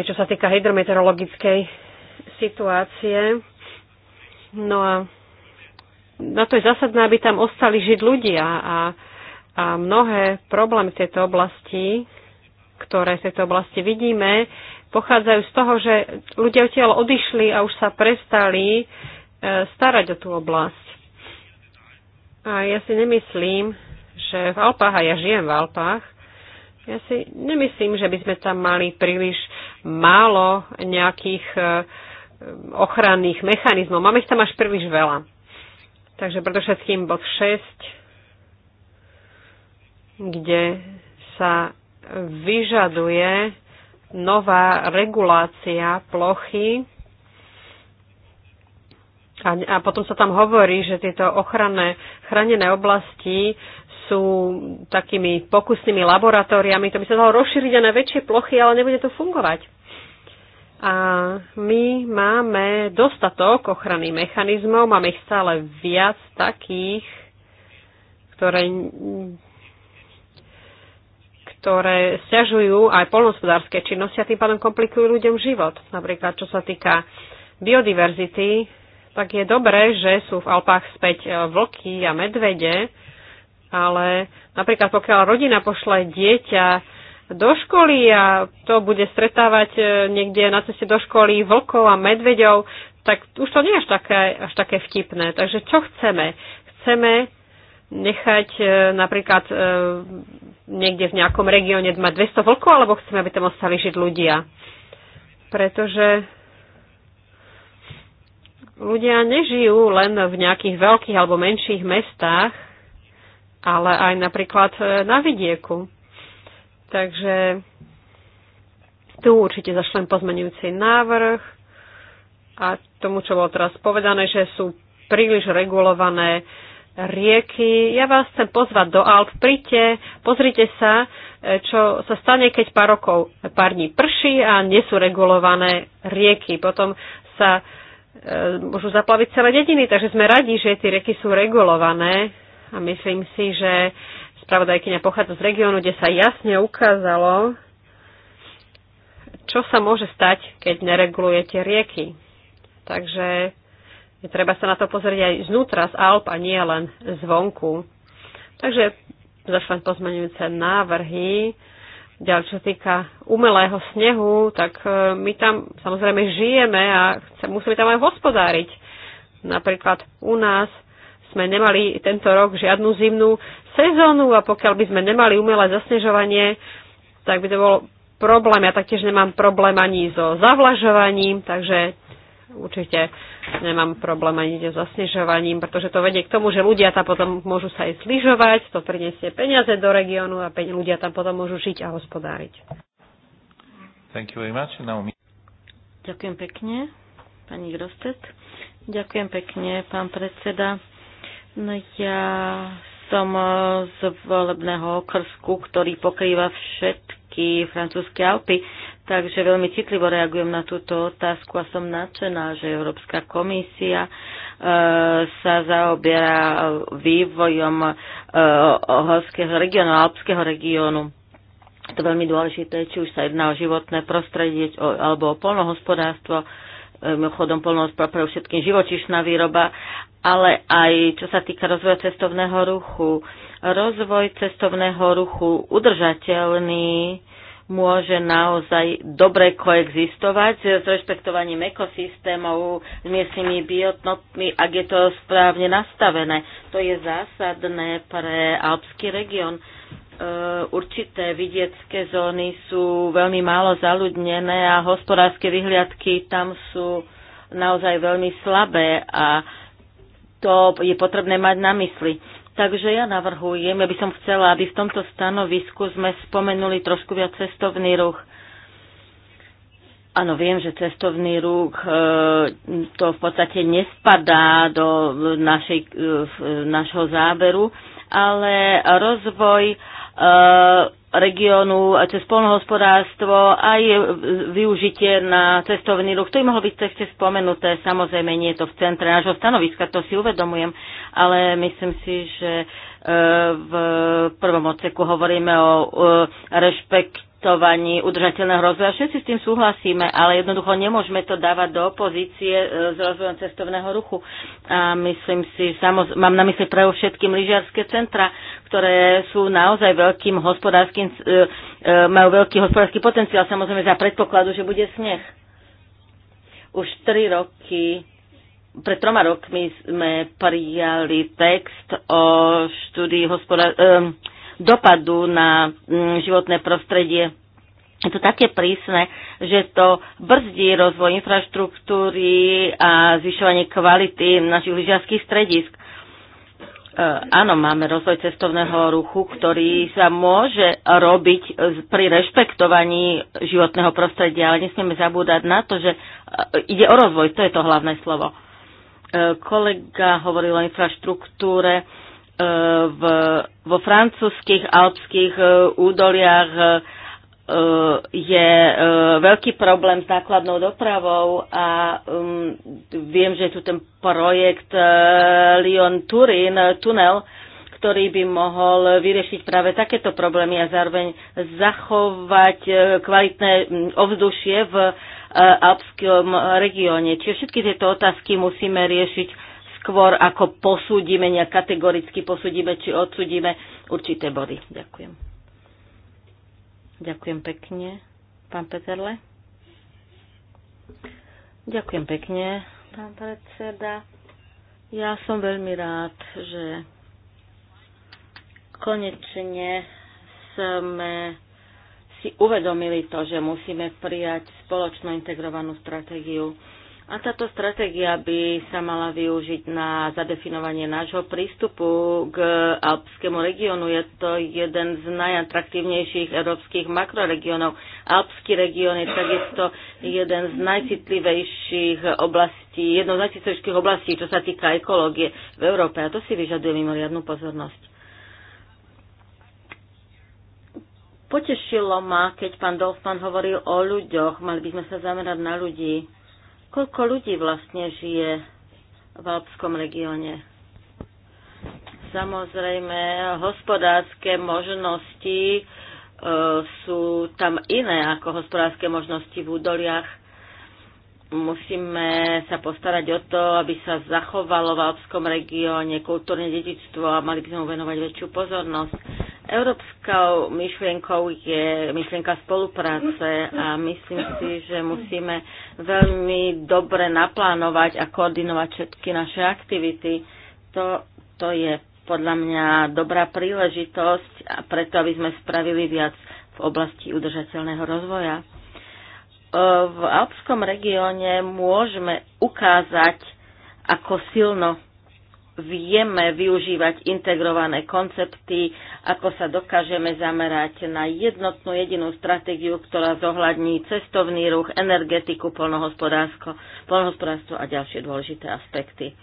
aj čo sa týka hydrometeorologickej situácie. No a na to je zásadné, aby tam ostali žiť ľudia a, a mnohé problémy v tejto oblasti, ktoré v tejto oblasti vidíme, pochádzajú z toho, že ľudia odtiaľ odišli a už sa prestali e, starať o tú oblasť. A ja si nemyslím, že v Alpách, a ja žijem v Alpách, ja si nemyslím, že by sme tam mali príliš málo nejakých uh, ochranných mechanizmov. Máme ich tam až príliš veľa. Takže preto všetkým bod 6, kde sa vyžaduje nová regulácia plochy a, a potom sa tam hovorí, že tieto ochranné, chránené oblasti sú takými pokusnými laboratóriami. To by sa dalo rozšíriť aj na väčšie plochy, ale nebude to fungovať. A my máme dostatok ochranných mechanizmov, máme ich stále viac takých, ktoré, ktoré stiažujú aj polnospodárske činnosti a tým pádom komplikujú ľuďom život. Napríklad, čo sa týka biodiverzity, tak je dobré, že sú v Alpách späť e, vlky a medvede, ale napríklad pokiaľ rodina pošle dieťa do školy a to bude stretávať e, niekde na ceste do školy vlkov a medveďov, tak už to nie je až také, až také vtipné. Takže čo chceme? Chceme nechať e, napríklad e, niekde v nejakom regióne mať 200 vlkov, alebo chceme, aby tam ostali žiť ľudia? Pretože ľudia nežijú len v nejakých veľkých alebo menších mestách, ale aj napríklad na vidieku. Takže tu určite zašlem pozmenujúci návrh a tomu, čo bolo teraz povedané, že sú príliš regulované rieky. Ja vás chcem pozvať do Alp. Príďte, pozrite sa, čo sa stane, keď pár rokov, pár dní prší a nie sú regulované rieky. Potom sa e, môžu zaplaviť celé dediny, takže sme radi, že tie rieky sú regulované a myslím si, že spravodajkyňa pochádza z regiónu, kde sa jasne ukázalo, čo sa môže stať, keď neregulujete rieky. Takže je treba sa na to pozrieť aj znútra z Alp a nie len zvonku. Takže zašlem pozmenujúce návrhy. Ďalej, čo týka umelého snehu, tak e, my tam samozrejme žijeme a musíme tam aj hospodáriť. Napríklad u nás sme nemali tento rok žiadnu zimnú sezónu a pokiaľ by sme nemali umelé zasnežovanie, tak by to bol problém. Ja taktiež nemám problém ani so zavlažovaním, takže určite nemám problém ani so zasnežovaním, pretože to vedie k tomu, že ľudia tam potom môžu sa aj slyžovať, to prinesie peniaze do regiónu a ľudia tam potom môžu žiť a hospodáriť. Thank you very much. Naomi. Ďakujem pekne, pani Grostet. Ďakujem pekne, pán predseda. No ja som e, z volebného okrsku, ktorý pokrýva všetky francúzske Alpy, takže veľmi citlivo reagujem na túto otázku a som nadšená, že Európska komisia e, sa zaoberá vývojom e, horského regiónu, alpského regiónu. To je veľmi dôležité, či už sa jedná o životné prostredie alebo o polnohospodárstvo, e, mimochodom polnohospodárstvo pre všetkým živočišná výroba ale aj čo sa týka rozvoja cestovného ruchu. Rozvoj cestovného ruchu udržateľný môže naozaj dobre koexistovať s rešpektovaním ekosystémov, s miestnymi biotnotmi, ak je to správne nastavené. To je zásadné pre alpský región. E, určité vidiecké zóny sú veľmi málo zaludnené a hospodárske vyhliadky tam sú naozaj veľmi slabé a to je potrebné mať na mysli. Takže ja navrhujem, ja by som chcela, aby v tomto stanovisku sme spomenuli trošku viac cestovný ruch. Áno, viem, že cestovný ruch e, to v podstate nespadá do našej, e, e našho záberu, ale rozvoj e, regiónu cez polnohospodárstvo aj využitie na cestovný ruch. To by mohlo byť ceste spomenuté, samozrejme nie je to v centre nášho stanoviska, to si uvedomujem, ale myslím si, že e, v prvom odseku hovoríme o e, rešpekte garantovaní udržateľného rozvoja. Všetci s tým súhlasíme, ale jednoducho nemôžeme to dávať do opozície s e, rozvojom cestovného ruchu. A myslím si, samoz, mám na mysli pre všetkým lyžiarské centra, ktoré sú naozaj veľkým hospodárskym, e, e, majú veľký hospodársky potenciál, samozrejme za predpokladu, že bude sneh. Už tri roky pred troma rokmi sme prijali text o štúdii hospodár- dopadu na mm, životné prostredie. Je to také prísne, že to brzdí rozvoj infraštruktúry a zvyšovanie kvality našich lyžiarských stredisk. E, áno, máme rozvoj cestovného ruchu, ktorý sa môže robiť pri rešpektovaní životného prostredia, ale nesmieme zabúdať na to, že e, ide o rozvoj, to je to hlavné slovo e, kolega hovoril o infraštruktúre E, v, vo francúzských alpských e, údoliach e, je veľký problém s nákladnou dopravou a um, viem, že je tu ten projekt Lyon-Turín, tunel, ktorý by mohol vyriešiť práve takéto problémy a zároveň zachovať kvalitné ovzdušie v alpskom regióne. Čiže všetky tieto otázky musíme riešiť skôr ako posúdime, nejak kategoricky posúdime či odsudíme určité body. Ďakujem. Ďakujem pekne. Pán Peterle? Ďakujem pekne, pán predseda. Ja som veľmi rád, že konečne sme si uvedomili to, že musíme prijať spoločnú integrovanú stratégiu a táto stratégia by sa mala využiť na zadefinovanie nášho prístupu k alpskému regiónu. Je to jeden z najatraktívnejších európskych makroregiónov. Alpský región je takisto jeden z najcitlivejších oblastí, jedno z najcitlivejších oblastí, čo sa týka ekológie v Európe. A to si vyžaduje mimoriadnú pozornosť. Potešilo ma, keď pán Dolfman hovoril o ľuďoch. Mali by sme sa zamerať na ľudí Koľko ľudí vlastne žije v alpskom regióne? Samozrejme, hospodárske možnosti e, sú tam iné ako hospodárske možnosti v údoliach. Musíme sa postarať o to, aby sa zachovalo v alpskom regióne kultúrne dedičstvo a mali by sme mu venovať väčšiu pozornosť Európskou myšlienkou je myšlienka spolupráce a myslím si, že musíme veľmi dobre naplánovať a koordinovať všetky naše aktivity. To, to je podľa mňa dobrá príležitosť a preto, aby sme spravili viac v oblasti udržateľného rozvoja. V alpskom regióne môžeme ukázať, ako silno vieme využívať integrované koncepty, ako sa dokážeme zamerať na jednotnú jedinú stratégiu, ktorá zohľadní cestovný ruch, energetiku, polnohospodárstvo a ďalšie dôležité aspekty. E,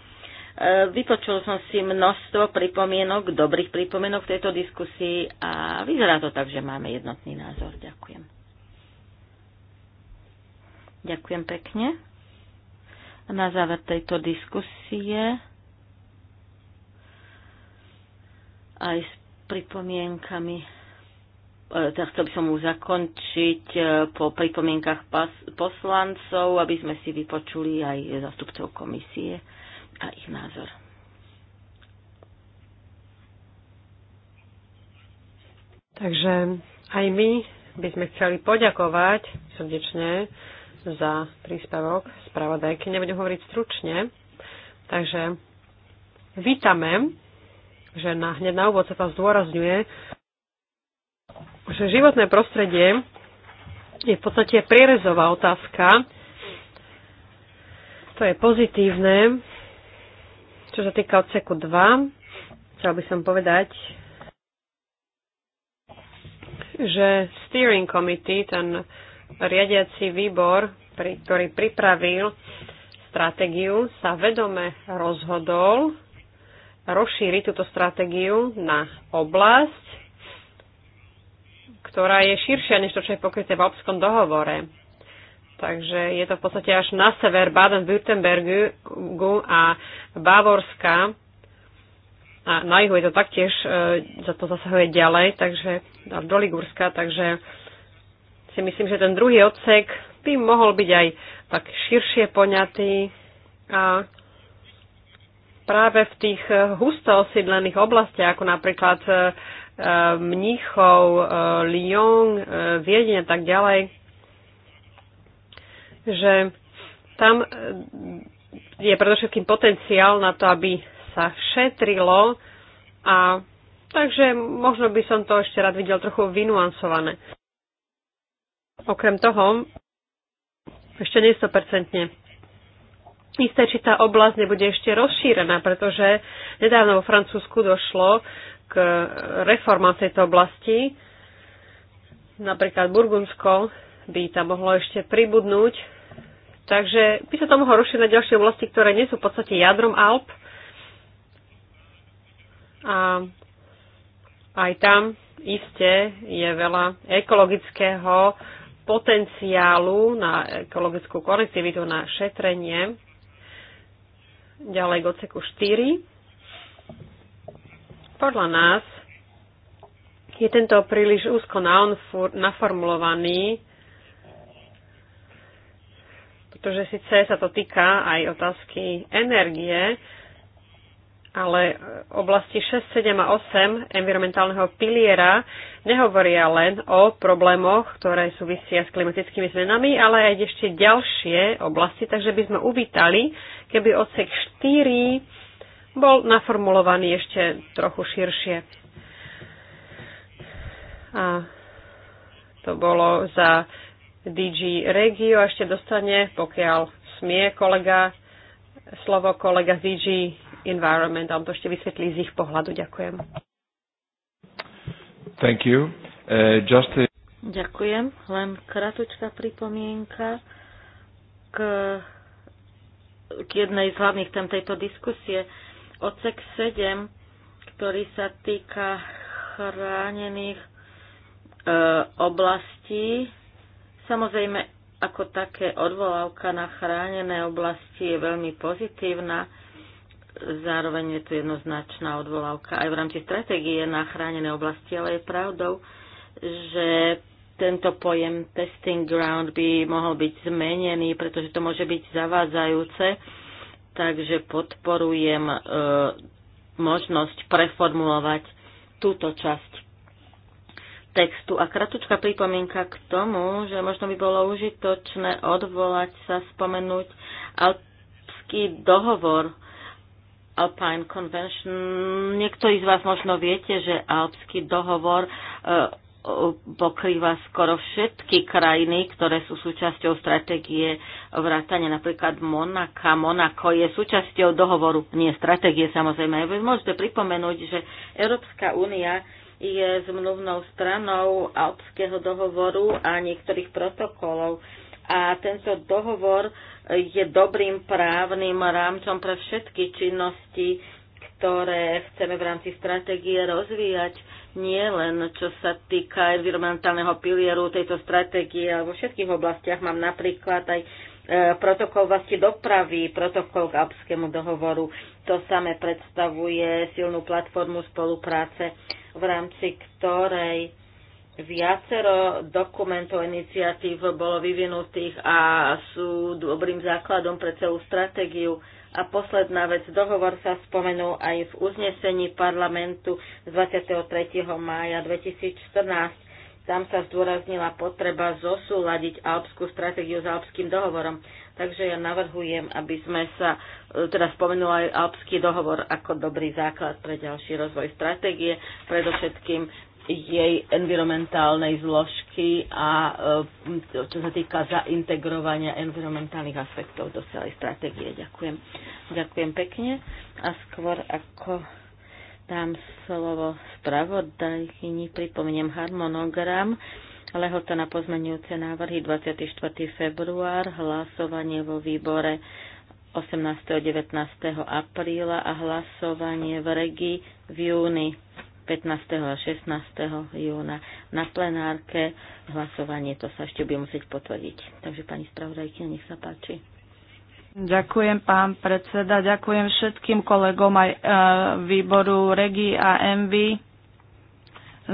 vypočul som si množstvo pripomienok, dobrých pripomienok v tejto diskusii a vyzerá to tak, že máme jednotný názor. Ďakujem. Ďakujem pekne. Na záver tejto diskusie aj s pripomienkami. E, tak chcel by som mu zakončiť e, po pripomienkach poslancov, aby sme si vypočuli aj zastupcov komisie a ich názor. Takže aj my by sme chceli poďakovať srdečne za príspevok spravodajky. Nebudem hovoriť stručne, takže vítame že na, hneď na úvod sa tam zdôrazňuje, že životné prostredie je v podstate prierezová otázka. To je pozitívne. Čo sa týka odseku 2, chcel by som povedať, že steering committee, ten riadiaci výbor, ktorý pripravil stratégiu, sa vedome rozhodol, rozšíriť túto stratégiu na oblasť, ktorá je širšia než to, čo je pokryté v obskom dohovore. Takže je to v podstate až na sever Baden-Württembergu a Bavorska. A na juhu je to taktiež, e, za to zasahuje ďalej, takže a do Ligurska, takže si myslím, že ten druhý odsek by mohol byť aj tak širšie poňatý a práve v tých eh, husto osídlených oblastiach, ako napríklad eh, eh, Mníchov, Lyon, Viedeň a tak ďalej, že tam je predovšetkým potenciál na to, aby sa šetrilo a takže možno by som to ešte rád videl trochu vynuancované. Okrem toho, ešte nie isté, či tá oblasť nebude ešte rozšírená, pretože nedávno vo Francúzsku došlo k reformám tejto oblasti. Napríklad Burgundsko by tam mohlo ešte pribudnúť. Takže by sa to mohlo rozšíriť na ďalšie oblasti, ktoré nie sú v podstate jadrom Alp. A aj tam iste je veľa ekologického potenciálu na ekologickú konektivitu, na šetrenie. Ďalej k oceku 4. Podľa nás je tento príliš úzko naformulovaný, pretože síce sa to týka aj otázky energie, ale oblasti 6, 7 a 8 environmentálneho piliera nehovoria len o problémoch, ktoré súvisia s klimatickými zmenami, ale aj ešte ďalšie oblasti, takže by sme uvítali, keby odsek 4 bol naformulovaný ešte trochu širšie. A to bolo za DG Regio, ešte dostane, pokiaľ smie kolega, slovo kolega z DG environment a on to ešte vysvetlí z ich pohľadu. Ďakujem. Thank you. Uh, just a... Ďakujem. Len kratučka pripomienka k, k jednej z hlavných tém tejto diskusie. Odsek 7, ktorý sa týka chránených e, oblastí, samozrejme ako také odvolávka na chránené oblasti je veľmi pozitívna Zároveň je tu jednoznačná odvolávka aj v rámci stratégie na chránené oblasti, ale je pravdou, že tento pojem testing ground by mohol byť zmenený, pretože to môže byť zavádzajúce, takže podporujem e, možnosť preformulovať túto časť textu. A kratučka pripomienka k tomu, že možno by bolo užitočné odvolať sa, spomenúť alpský dohovor, Alpine Convention. Niektorí z vás možno viete, že Alpský dohovor e, e, pokrýva skoro všetky krajiny, ktoré sú súčasťou stratégie vrátania napríklad Monaka. Monako je súčasťou dohovoru, nie stratégie samozrejme. Vy môžete pripomenúť, že Európska únia je zmluvnou stranou Alpského dohovoru a niektorých protokolov. A tento dohovor je dobrým právnym rámcom pre všetky činnosti, ktoré chceme v rámci stratégie rozvíjať, nie len čo sa týka environmentálneho pilieru tejto stratégie, ale vo všetkých oblastiach mám napríklad aj e, protokol vlasti dopravy, protokol k Alpskému dohovoru. To samé predstavuje silnú platformu spolupráce, v rámci ktorej Viacero dokumentov, iniciatív bolo vyvinutých a sú dobrým základom pre celú stratégiu. A posledná vec, dohovor sa spomenul aj v uznesení parlamentu z 23. mája 2014 tam sa zdôraznila potreba zosúľadiť alpskú stratégiu s alpským dohovorom. Takže ja navrhujem, aby sme sa, e, teda spomenuli aj alpský dohovor ako dobrý základ pre ďalší rozvoj stratégie, predovšetkým jej environmentálnej zložky a e, čo sa týka zaintegrovania environmentálnych aspektov do celej stratégie. Ďakujem. Ďakujem pekne. A skôr ako dám slovo spravodajkyni, pripomeniem harmonogram. Lehota na pozmenujúce návrhy 24. február, hlasovanie vo výbore 18. a 19. apríla a hlasovanie v regi v júni 15. a 16. júna na plenárke. Hlasovanie to sa ešte bude musieť potvrdiť. Takže pani spravodajkyňa, nech sa páči. Ďakujem, pán predseda. Ďakujem všetkým kolegom aj e, výboru REGI a MV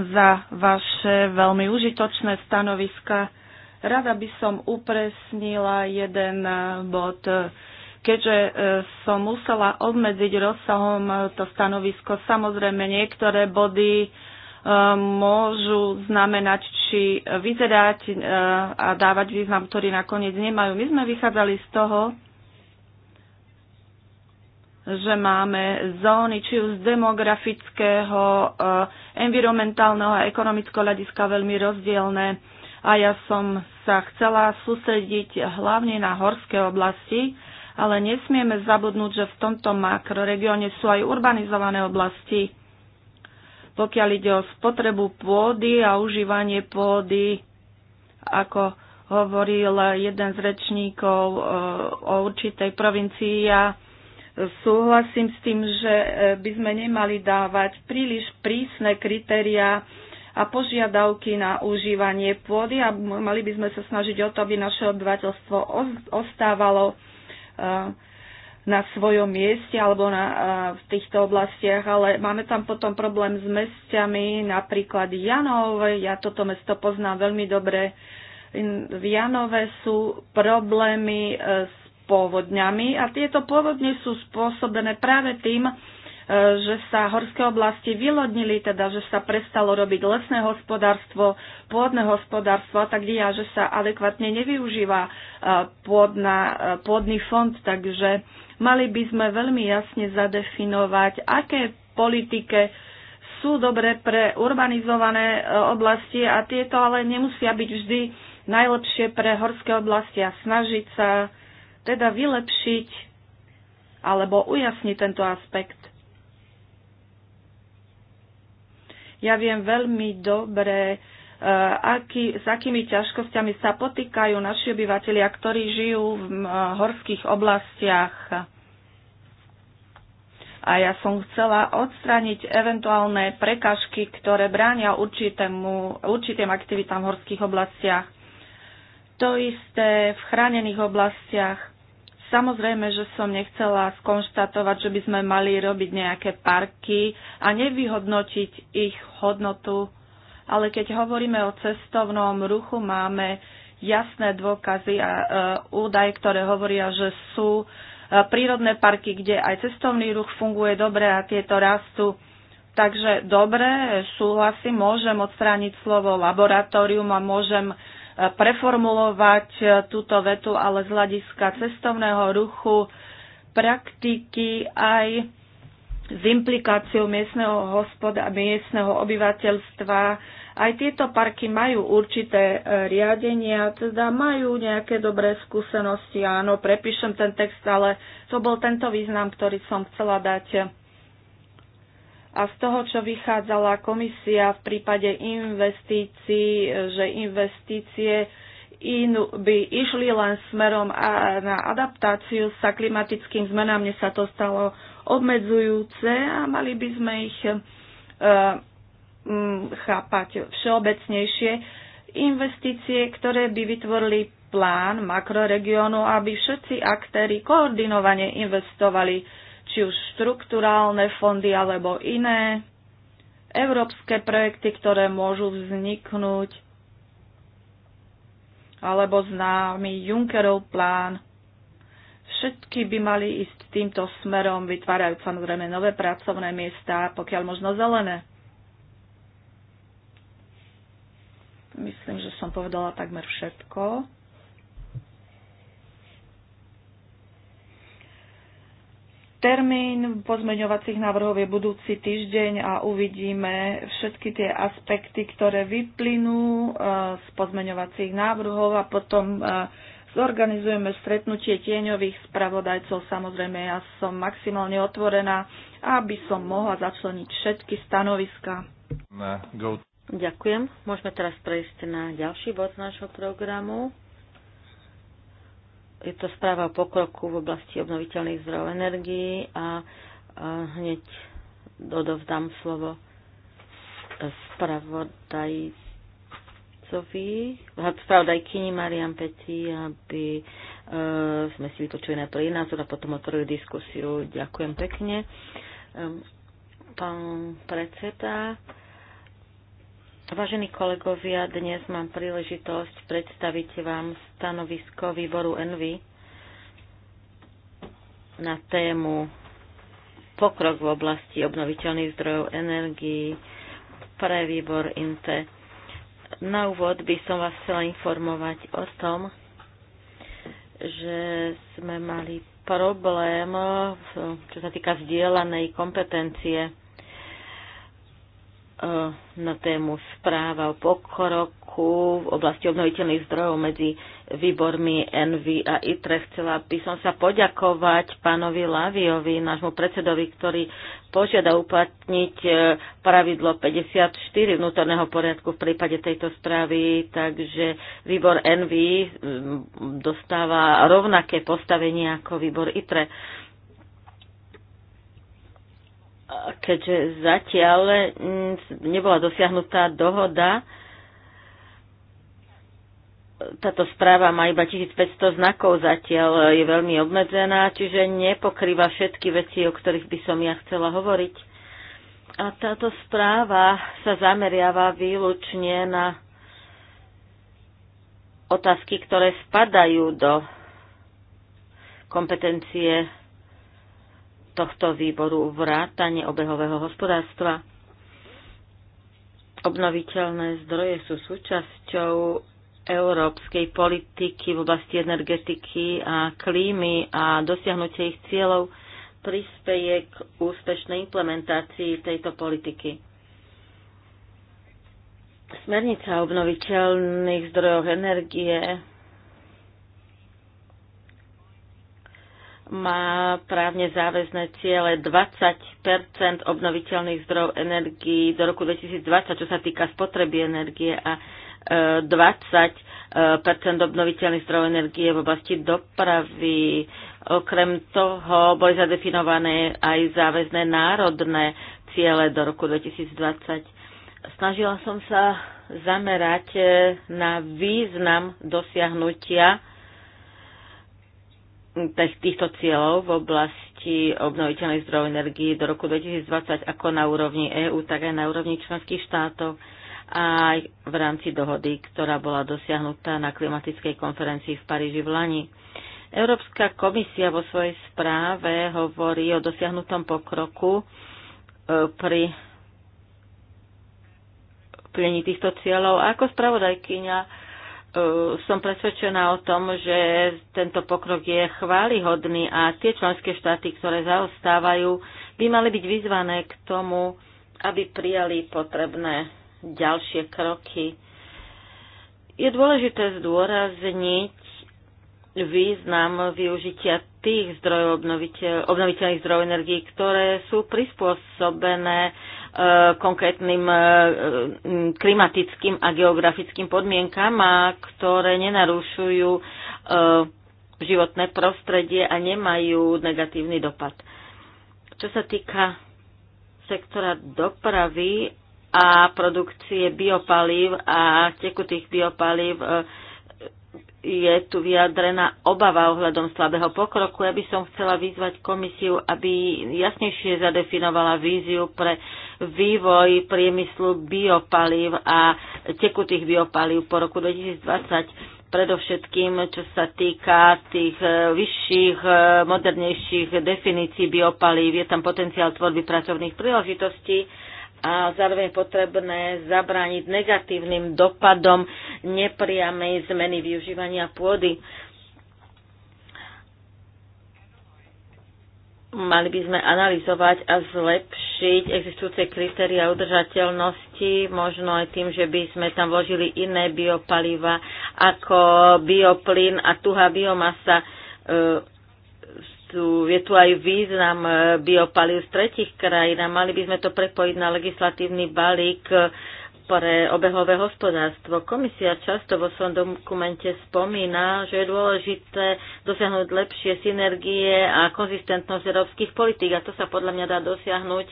za vaše veľmi užitočné stanoviska. Rada by som upresnila jeden e, bod keďže e, som musela obmedziť rozsahom e, to stanovisko, samozrejme niektoré body e, môžu znamenať či vyzerať a dávať význam, ktorý nakoniec nemajú. My sme vychádzali z toho, že máme zóny či už z demografického, environmentálneho a ekonomického hľadiska veľmi rozdielne a ja som sa chcela sústrediť hlavne na horské oblasti, ale nesmieme zabudnúť, že v tomto makroregióne sú aj urbanizované oblasti. Pokiaľ ide o spotrebu pôdy a užívanie pôdy, ako hovoril jeden z rečníkov e, o určitej provincii, ja súhlasím s tým, že e, by sme nemali dávať príliš prísne kritériá a požiadavky na užívanie pôdy a mali by sme sa snažiť o to, aby naše obyvateľstvo ostávalo Eh, na svojom mieste alebo na, eh, v týchto oblastiach, ale máme tam potom problém s mestiami, napríklad Janov, ja toto mesto poznám veľmi dobre, v Janove sú problémy eh, s povodňami a tieto povodne sú spôsobené práve tým, že sa horské oblasti vylodnili, teda že sa prestalo robiť lesné hospodárstvo, pôdne hospodárstvo a tak ďalej, a že sa adekvátne nevyužíva e, pôdna, e, pôdny fond. Takže mali by sme veľmi jasne zadefinovať, aké politike sú dobre pre urbanizované e, oblasti a tieto ale nemusia byť vždy najlepšie pre horské oblasti a snažiť sa teda vylepšiť alebo ujasniť tento aspekt. Ja viem veľmi dobre, e, aký, s akými ťažkosťami sa potýkajú naši obyvateľia, ktorí žijú v e, horských oblastiach. A ja som chcela odstrániť eventuálne prekažky, ktoré bránia určitému, určitým aktivitám v horských oblastiach. To isté v chránených oblastiach Samozrejme, že som nechcela skonštatovať, že by sme mali robiť nejaké parky a nevyhodnotiť ich hodnotu, ale keď hovoríme o cestovnom ruchu, máme jasné dôkazy a e, údaje, ktoré hovoria, že sú e, prírodné parky, kde aj cestovný ruch funguje dobre a tieto rastú. Takže dobre, súhlasím, môžem odstrániť slovo laboratórium a môžem preformulovať e, túto vetu, ale z hľadiska cestovného ruchu, praktiky aj s implikáciou miestneho hospoda, miestneho obyvateľstva. Aj tieto parky majú určité e, riadenia, teda majú nejaké dobré skúsenosti. Áno, prepíšem ten text, ale to bol tento význam, ktorý som chcela dať a z toho, čo vychádzala komisia v prípade investícií, že investície inú, by išli len smerom a na adaptáciu sa klimatickým zmenám, mne sa to stalo obmedzujúce a mali by sme ich e, m, chápať všeobecnejšie. Investície, ktoré by vytvorili plán makroregiónu, aby všetci aktéry koordinovane investovali či už štruktúrálne fondy alebo iné európske projekty, ktoré môžu vzniknúť, alebo známy Junckerov plán. Všetky by mali ísť týmto smerom, vytvárajú samozrejme nové pracovné miesta, pokiaľ možno zelené. Myslím, že som povedala takmer všetko. Termín pozmeňovacích návrhov je budúci týždeň a uvidíme všetky tie aspekty, ktoré vyplynú e, z pozmeňovacích návrhov a potom e, zorganizujeme stretnutie tieňových spravodajcov. Samozrejme, ja som maximálne otvorená, aby som mohla začleniť všetky stanoviska. Ďakujem. Môžeme teraz prejsť na ďalší bod nášho programu. Je to správa o pokroku v oblasti obnoviteľných zdrojov energií a, a hneď dodovzdám slovo spravodajcovi, spravodajkyni Mariam Peti, aby e, sme si vypočuli najprv jej názor a potom otvorili diskusiu. Ďakujem pekne. E, pán predseda, e, Vážení kolegovia, dnes mám príležitosť predstaviť vám stanovisko výboru Envy na tému pokrok v oblasti obnoviteľných zdrojov energií pre výbor INTE. Na úvod by som vás chcela informovať o tom, že sme mali problém, čo sa týka vzdielanej kompetencie Eh, na tému správa o pokroku v oblasti obnoviteľných zdrojov medzi výbormi Envy a ITRE. Chcela by som sa poďakovať pánovi Laviovi, nášmu predsedovi, ktorý požiada uplatniť eh, pravidlo 54 vnútorného poriadku v prípade tejto správy, takže výbor Envy mm, dostáva rovnaké postavenie ako výbor ITRE keďže zatiaľ mm, nebola dosiahnutá dohoda, táto správa má iba 1500 znakov zatiaľ, je veľmi obmedzená, čiže nepokrýva všetky veci, o ktorých by som ja chcela hovoriť. A táto správa sa zameriava výlučne na otázky, ktoré spadajú do kompetencie tohto výboru vrátanie obehového hospodárstva. Obnoviteľné zdroje sú súčasťou európskej politiky v oblasti energetiky a klímy a dosiahnutie ich cieľov prispieje k úspešnej implementácii tejto politiky. Smernica o obnoviteľných zdrojoch energie má právne záväzné ciele 20 obnoviteľných zdrojov energií do roku 2020, čo sa týka spotreby energie a 20 e, e, obnoviteľných zdrojov energie v oblasti dopravy. Okrem toho boli zadefinované aj záväzné národné ciele do roku 2020. Snažila som sa zamerať e, na význam dosiahnutia týchto cieľov v oblasti obnoviteľných zdrojov energii do roku 2020 ako na úrovni EÚ, tak aj na úrovni členských štátov a aj v rámci dohody, ktorá bola dosiahnutá na klimatickej konferencii v Paríži v Lani. Európska komisia vo svojej správe hovorí o dosiahnutom pokroku e, pri plnení týchto cieľov. A ako spravodajkyňa Eh, som presvedčená o tom, že tento pokrok je chválihodný a tie členské štáty, ktoré zaostávajú, by mali byť vyzvané k tomu, aby prijali potrebné ďalšie kroky. Je dôležité zdôrazniť význam využitia tých zdrojov obnoviteľ, obnoviteľných zdrojov energií, ktoré sú prispôsobené E, konkrétnym e, e, klimatickým a geografickým podmienkam, a ktoré nenarušujú životné prostredie a nemajú negatívny dopad. Čo sa týka sektora dopravy a produkcie biopalív a tekutých biopalív, je tu vyjadrená obava ohľadom slabého pokroku. Ja by som chcela vyzvať komisiu, aby jasnejšie zadefinovala víziu pre vývoj priemyslu biopalív a tekutých biopalív po roku 2020 predovšetkým, čo sa týka tých e, vyšších, e, modernejších definícií biopalív. Je tam potenciál tvorby pracovných príležitostí a zároveň je potrebné zabrániť negatívnym dopadom nepriamej zmeny využívania pôdy. Mali by sme analyzovať a zlepšiť existujúce kritéria udržateľnosti, možno aj tým, že by sme tam vložili iné biopaliva ako bioplyn a tuhá biomasa e, tu, je tu aj význam e, biopalív z tretich krajín a mali by sme to prepojiť na legislatívny balík e, pre obehové hospodárstvo. Komisia často vo svojom dokumente spomína, že je dôležité dosiahnuť lepšie synergie a konzistentnosť európskych politík a to sa podľa mňa dá dosiahnuť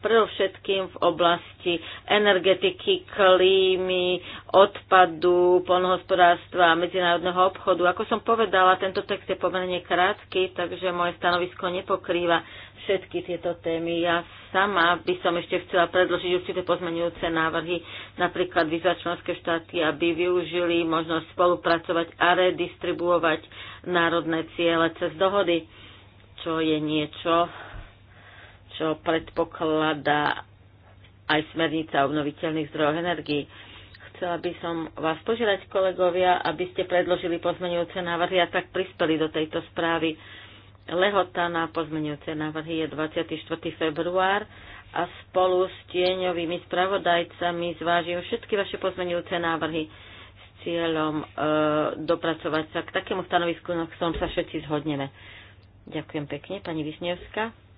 predovšetkým v oblasti energetiky, klímy, odpadu, polnohospodárstva a medzinárodného obchodu. Ako som povedala, tento text je pomerne krátky, takže moje stanovisko nepokrýva všetky tieto témy. Ja sama by som ešte chcela predložiť určité pozmenujúce návrhy, napríklad vyzvať členské štáty, aby využili možnosť spolupracovať a redistribuovať národné ciele cez dohody, čo je niečo, čo predpokladá aj smernica obnoviteľných zdrojov energií. Chcela by som vás požiadať, kolegovia, aby ste predložili pozmenujúce návrhy a tak prispeli do tejto správy. Lehota na pozmeňujúce návrhy je 24. február a spolu s tieňovými spravodajcami zvážim všetky vaše pozmenujúce návrhy s cieľom e, dopracovať sa k takému stanovisku, na ktorom sa všetci zhodneme. Ďakujem pekne, pani Višňovská.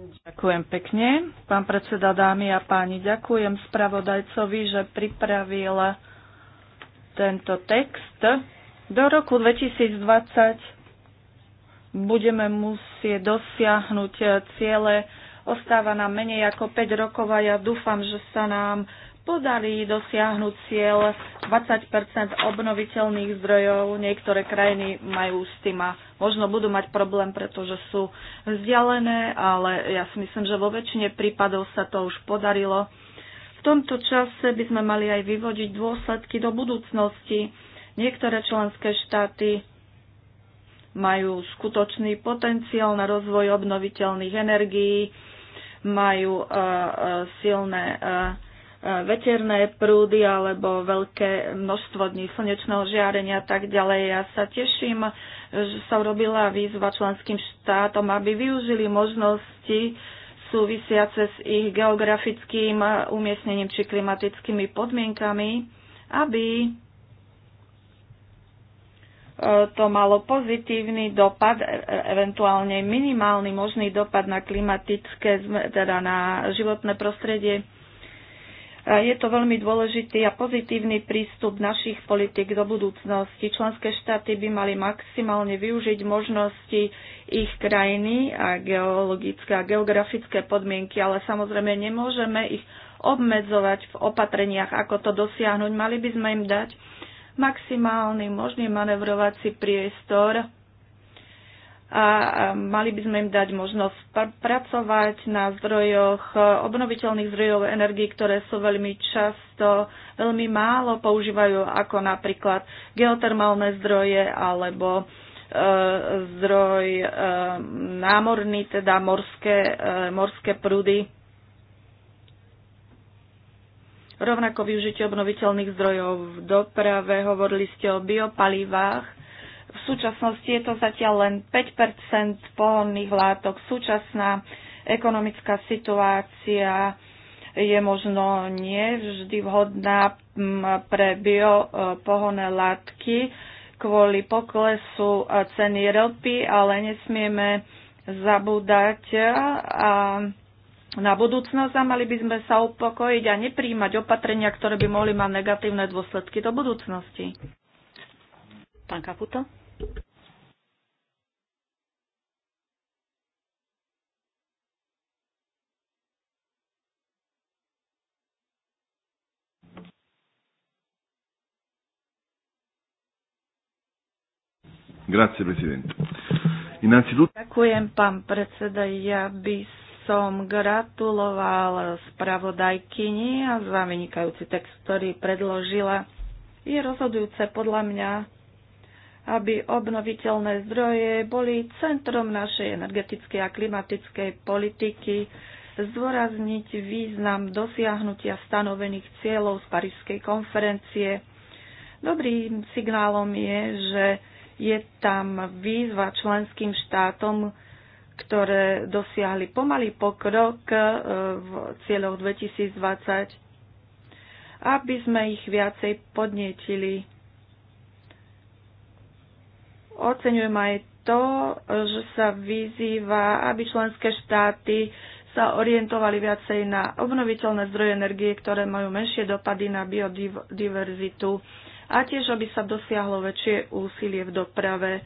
Ďakujem pekne. Pán predseda, dámy a páni, ďakujem spravodajcovi, že pripravil tento text. Do roku 2020 budeme musieť dosiahnuť ciele. Ostáva nám menej ako 5 rokov a ja dúfam, že sa nám podarí dosiahnuť cieľ 20 obnoviteľných zdrojov. Niektoré krajiny majú s tým a možno budú mať problém, pretože sú vzdialené, ale ja si myslím, že vo väčšine prípadov sa to už podarilo. V tomto čase by sme mali aj vyvodiť dôsledky do budúcnosti. Niektoré členské štáty majú skutočný potenciál na rozvoj obnoviteľných energií, majú uh, uh, silné uh, veterné prúdy alebo veľké množstvo dní slnečného žiarenia a tak ďalej. Ja sa teším, že sa urobila výzva členským štátom, aby využili možnosti súvisiace s ich geografickým umiestnením či klimatickými podmienkami, aby e, to malo pozitívny dopad, e, eventuálne minimálny možný dopad na klimatické, teda na životné prostredie je to veľmi dôležitý a pozitívny prístup našich politik do budúcnosti. Členské štáty by mali maximálne využiť možnosti ich krajiny a geologické a geografické podmienky, ale samozrejme nemôžeme ich obmedzovať v opatreniach, ako to dosiahnuť. Mali by sme im dať maximálny možný manevrovací priestor a mali by sme im dať možnosť pracovať na zdrojoch, e, obnoviteľných zdrojov energii, ktoré sú veľmi často, veľmi málo používajú, ako napríklad geotermálne zdroje alebo e, zdroj e, námorný, teda morské, e, morské prúdy. Rovnako využitie obnoviteľných zdrojov v doprave, hovorili ste o biopalivách, v súčasnosti je to zatiaľ len 5 pohonných látok. Súčasná ekonomická situácia je možno nie vždy vhodná pre biopohonné látky kvôli poklesu ceny ropy, ale nesmieme zabúdať a na budúcnosť a mali by sme sa upokojiť a nepríjmať opatrenia, ktoré by mohli mať negatívne dôsledky do budúcnosti. Pán Kaputo? Grazie, Presidente. Innanzitutto... Ďakujem, pán predseda. Ja by som gratuloval spravodajkyni a za vynikajúci text, ktorý predložila. Je rozhodujúce podľa mňa aby obnoviteľné zdroje boli centrom našej energetickej a klimatickej politiky, zdôrazniť význam dosiahnutia stanovených cieľov z Parížskej konferencie. Dobrým signálom je, že je tam výzva členským štátom, ktoré dosiahli pomalý pokrok e, v cieľoch 2020, aby sme ich viacej podnietili Oceňujem aj to, že sa vyzýva, aby členské štáty sa orientovali viacej na obnoviteľné zdroje energie, ktoré majú menšie dopady na biodiverzitu a tiež, aby sa dosiahlo väčšie úsilie v doprave,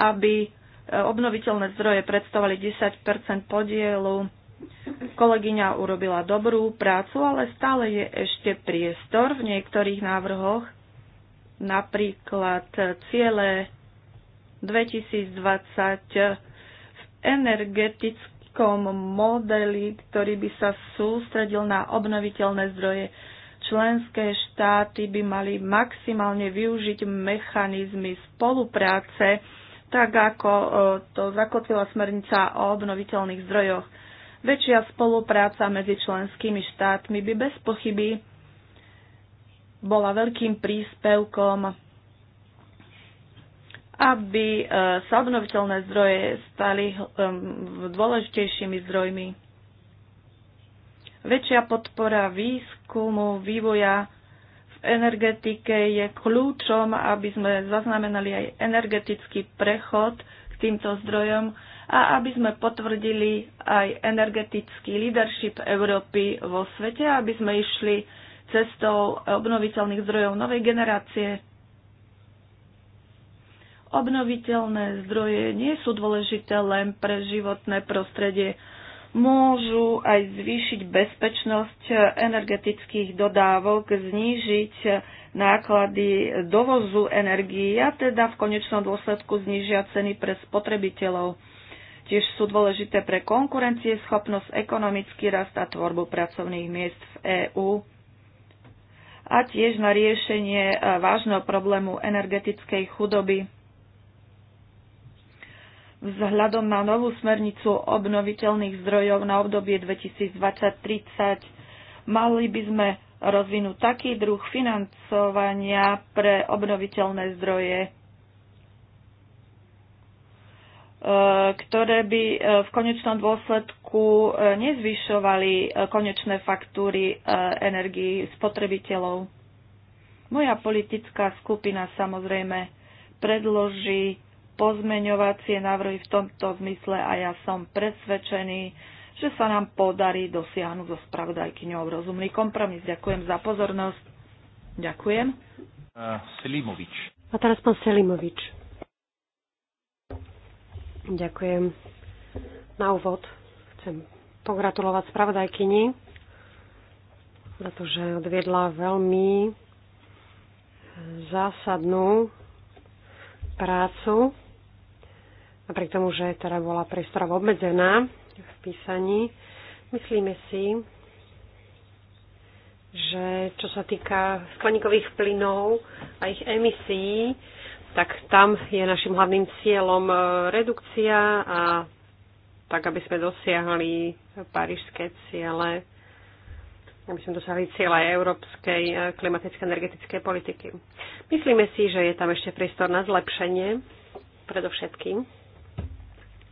aby e, obnoviteľné zdroje predstavovali 10 podielu. Kolegyňa urobila dobrú prácu, ale stále je ešte priestor v niektorých návrhoch, napríklad ciele 2020 v energetickom modeli, ktorý by sa sústredil na obnoviteľné zdroje. Členské štáty by mali maximálne využiť mechanizmy spolupráce, tak ako e, to zakotvila smernica o obnoviteľných zdrojoch. Väčšia spolupráca medzi členskými štátmi by bez pochyby bola veľkým príspevkom aby e, sa obnoviteľné zdroje stali e, dôležitejšími zdrojmi. Väčšia podpora výskumu, vývoja v energetike je kľúčom, aby sme zaznamenali aj energetický prechod k týmto zdrojom a aby sme potvrdili aj energetický leadership Európy vo svete, aby sme išli cestou obnoviteľných zdrojov novej generácie. Obnoviteľné zdroje nie sú dôležité len pre životné prostredie. Môžu aj zvýšiť bezpečnosť energetických dodávok, znížiť náklady dovozu energii a teda v konečnom dôsledku znížia ceny pre spotrebiteľov. Tiež sú dôležité pre konkurencie, schopnosť, ekonomický rast a tvorbu pracovných miest v EÚ a tiež na riešenie vážneho problému energetickej chudoby vzhľadom na novú smernicu obnoviteľných zdrojov na obdobie 2020-30 mali by sme rozvinúť taký druh financovania pre obnoviteľné zdroje, e, ktoré by e, v konečnom dôsledku e, nezvyšovali konečné faktúry energii spotrebiteľov. Moja politická skupina samozrejme predloží pozmeňovacie návrhy v tomto zmysle a ja som presvedčený, že sa nám podarí dosiahnuť so spravodajkyňou rozumný kompromis. Ďakujem za pozornosť. Ďakujem. Uh, Selimovič. A teraz pán Selimovič. Ďakujem. Na úvod chcem pogratulovať spravodajkyni, pretože odviedla veľmi eh, zásadnú prácu napriek tomu, že teda bola priestora obmedzená v písaní, myslíme si, že čo sa týka skleníkových plynov a ich emisí, tak tam je našim hlavným cieľom e, redukcia a tak, aby sme dosiahli parížské ciele, aby sme dosiahli ciele európskej e, klimaticko-energetickej politiky. Myslíme si, že je tam ešte priestor na zlepšenie, predovšetkým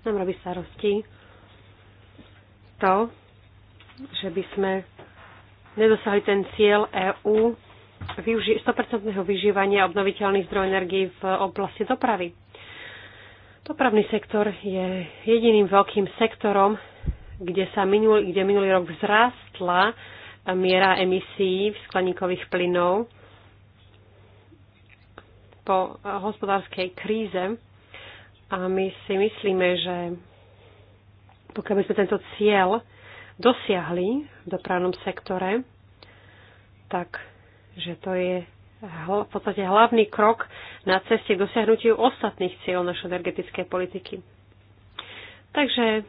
nám robí starosti to, že by sme nedosahli ten cieľ EÚ 100% vyžívania obnoviteľných zdrojov energií v oblasti dopravy. Dopravný sektor je jediným veľkým sektorom, kde, sa minulý, kde minulý rok vzrástla miera emisí skleníkových plynov po hospodárskej kríze a my si myslíme, že pokiaľ by sme tento cieľ dosiahli v dopravnom sektore, tak že to je v podstate hlavný krok na ceste k dosiahnutiu ostatných cieľov našej energetickej politiky. Takže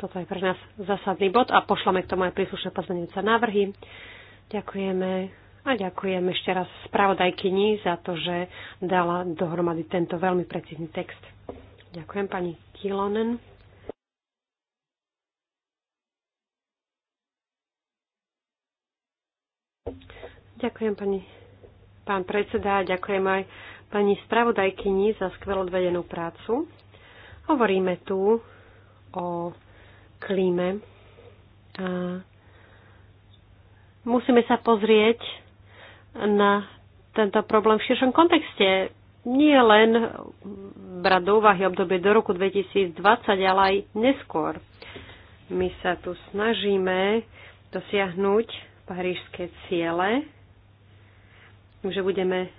toto je pre nás zásadný bod a pošlame k tomu aj príslušné pozmeňujúce návrhy. Ďakujeme a ďakujem ešte raz spravodajkyni za to, že dala dohromady tento veľmi precízny text. Ďakujem pani Kilonen. Ďakujem pani pán predseda, ďakujem aj pani spravodajkyni za skvelo odvedenú prácu. Hovoríme tu o klíme a musíme sa pozrieť na tento problém v širšom kontexte nie len brať do úvahy obdobie do roku 2020, ale aj neskôr. My sa tu snažíme dosiahnuť parížské ciele, že budeme e,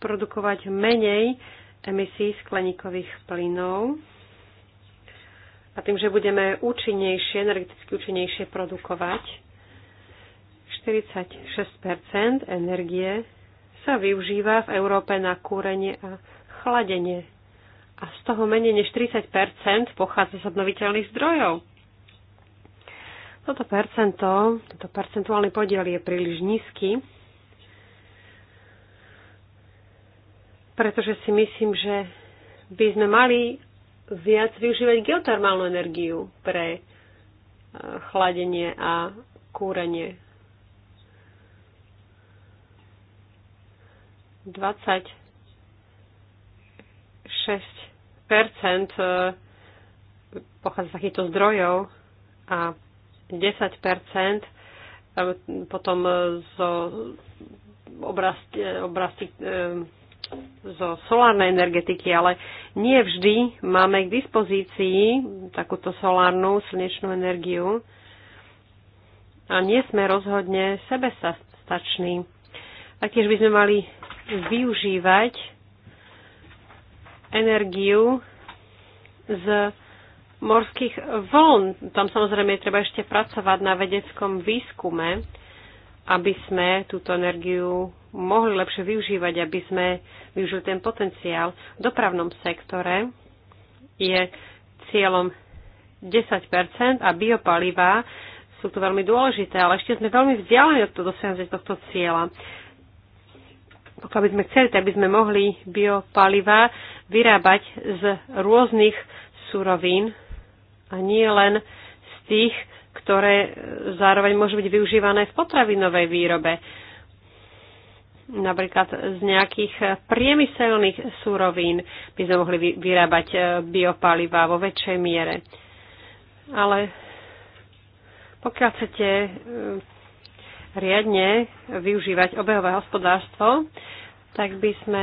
produkovať menej emisí skleníkových plynov a tým, že budeme účinnejšie, energeticky účinnejšie produkovať 46 energie sa využíva v Európe na kúrenie a chladenie. A z toho menej než 30 pochádza z obnoviteľných zdrojov. Toto percento, toto percentuálny podiel je príliš nízky, pretože si myslím, že by sme mali viac využívať geotermálnu energiu pre eh, chladenie a kúrenie. 26 e, pochádza z takýchto zdrojov a 10 e, potom e, zo oblasti, oblasti zo solárnej energetiky, ale nie vždy máme k dispozícii takúto solárnu slnečnú energiu a nie sme rozhodne sebestační. A tiež by sme mali využívať energiu z morských vln. Tam samozrejme je treba ešte pracovať na vedeckom výskume, aby sme túto energiu mohli lepšie využívať, aby sme využili ten potenciál. V dopravnom sektore je cieľom 10 a biopalivá sú tu veľmi dôležité, ale ešte sme veľmi vzdialení od toho dosiahnutia tohto cieľa pokiaľ by sme chceli, tak by sme mohli biopaliva vyrábať z rôznych surovín a nie len z tých, ktoré zároveň môžu byť využívané v potravinovej výrobe. Napríklad z nejakých priemyselných súrovín by sme mohli vyrábať e, biopaliva vo väčšej miere. Ale pokiaľ chcete e, riadne využívať obehové hospodárstvo, tak by sme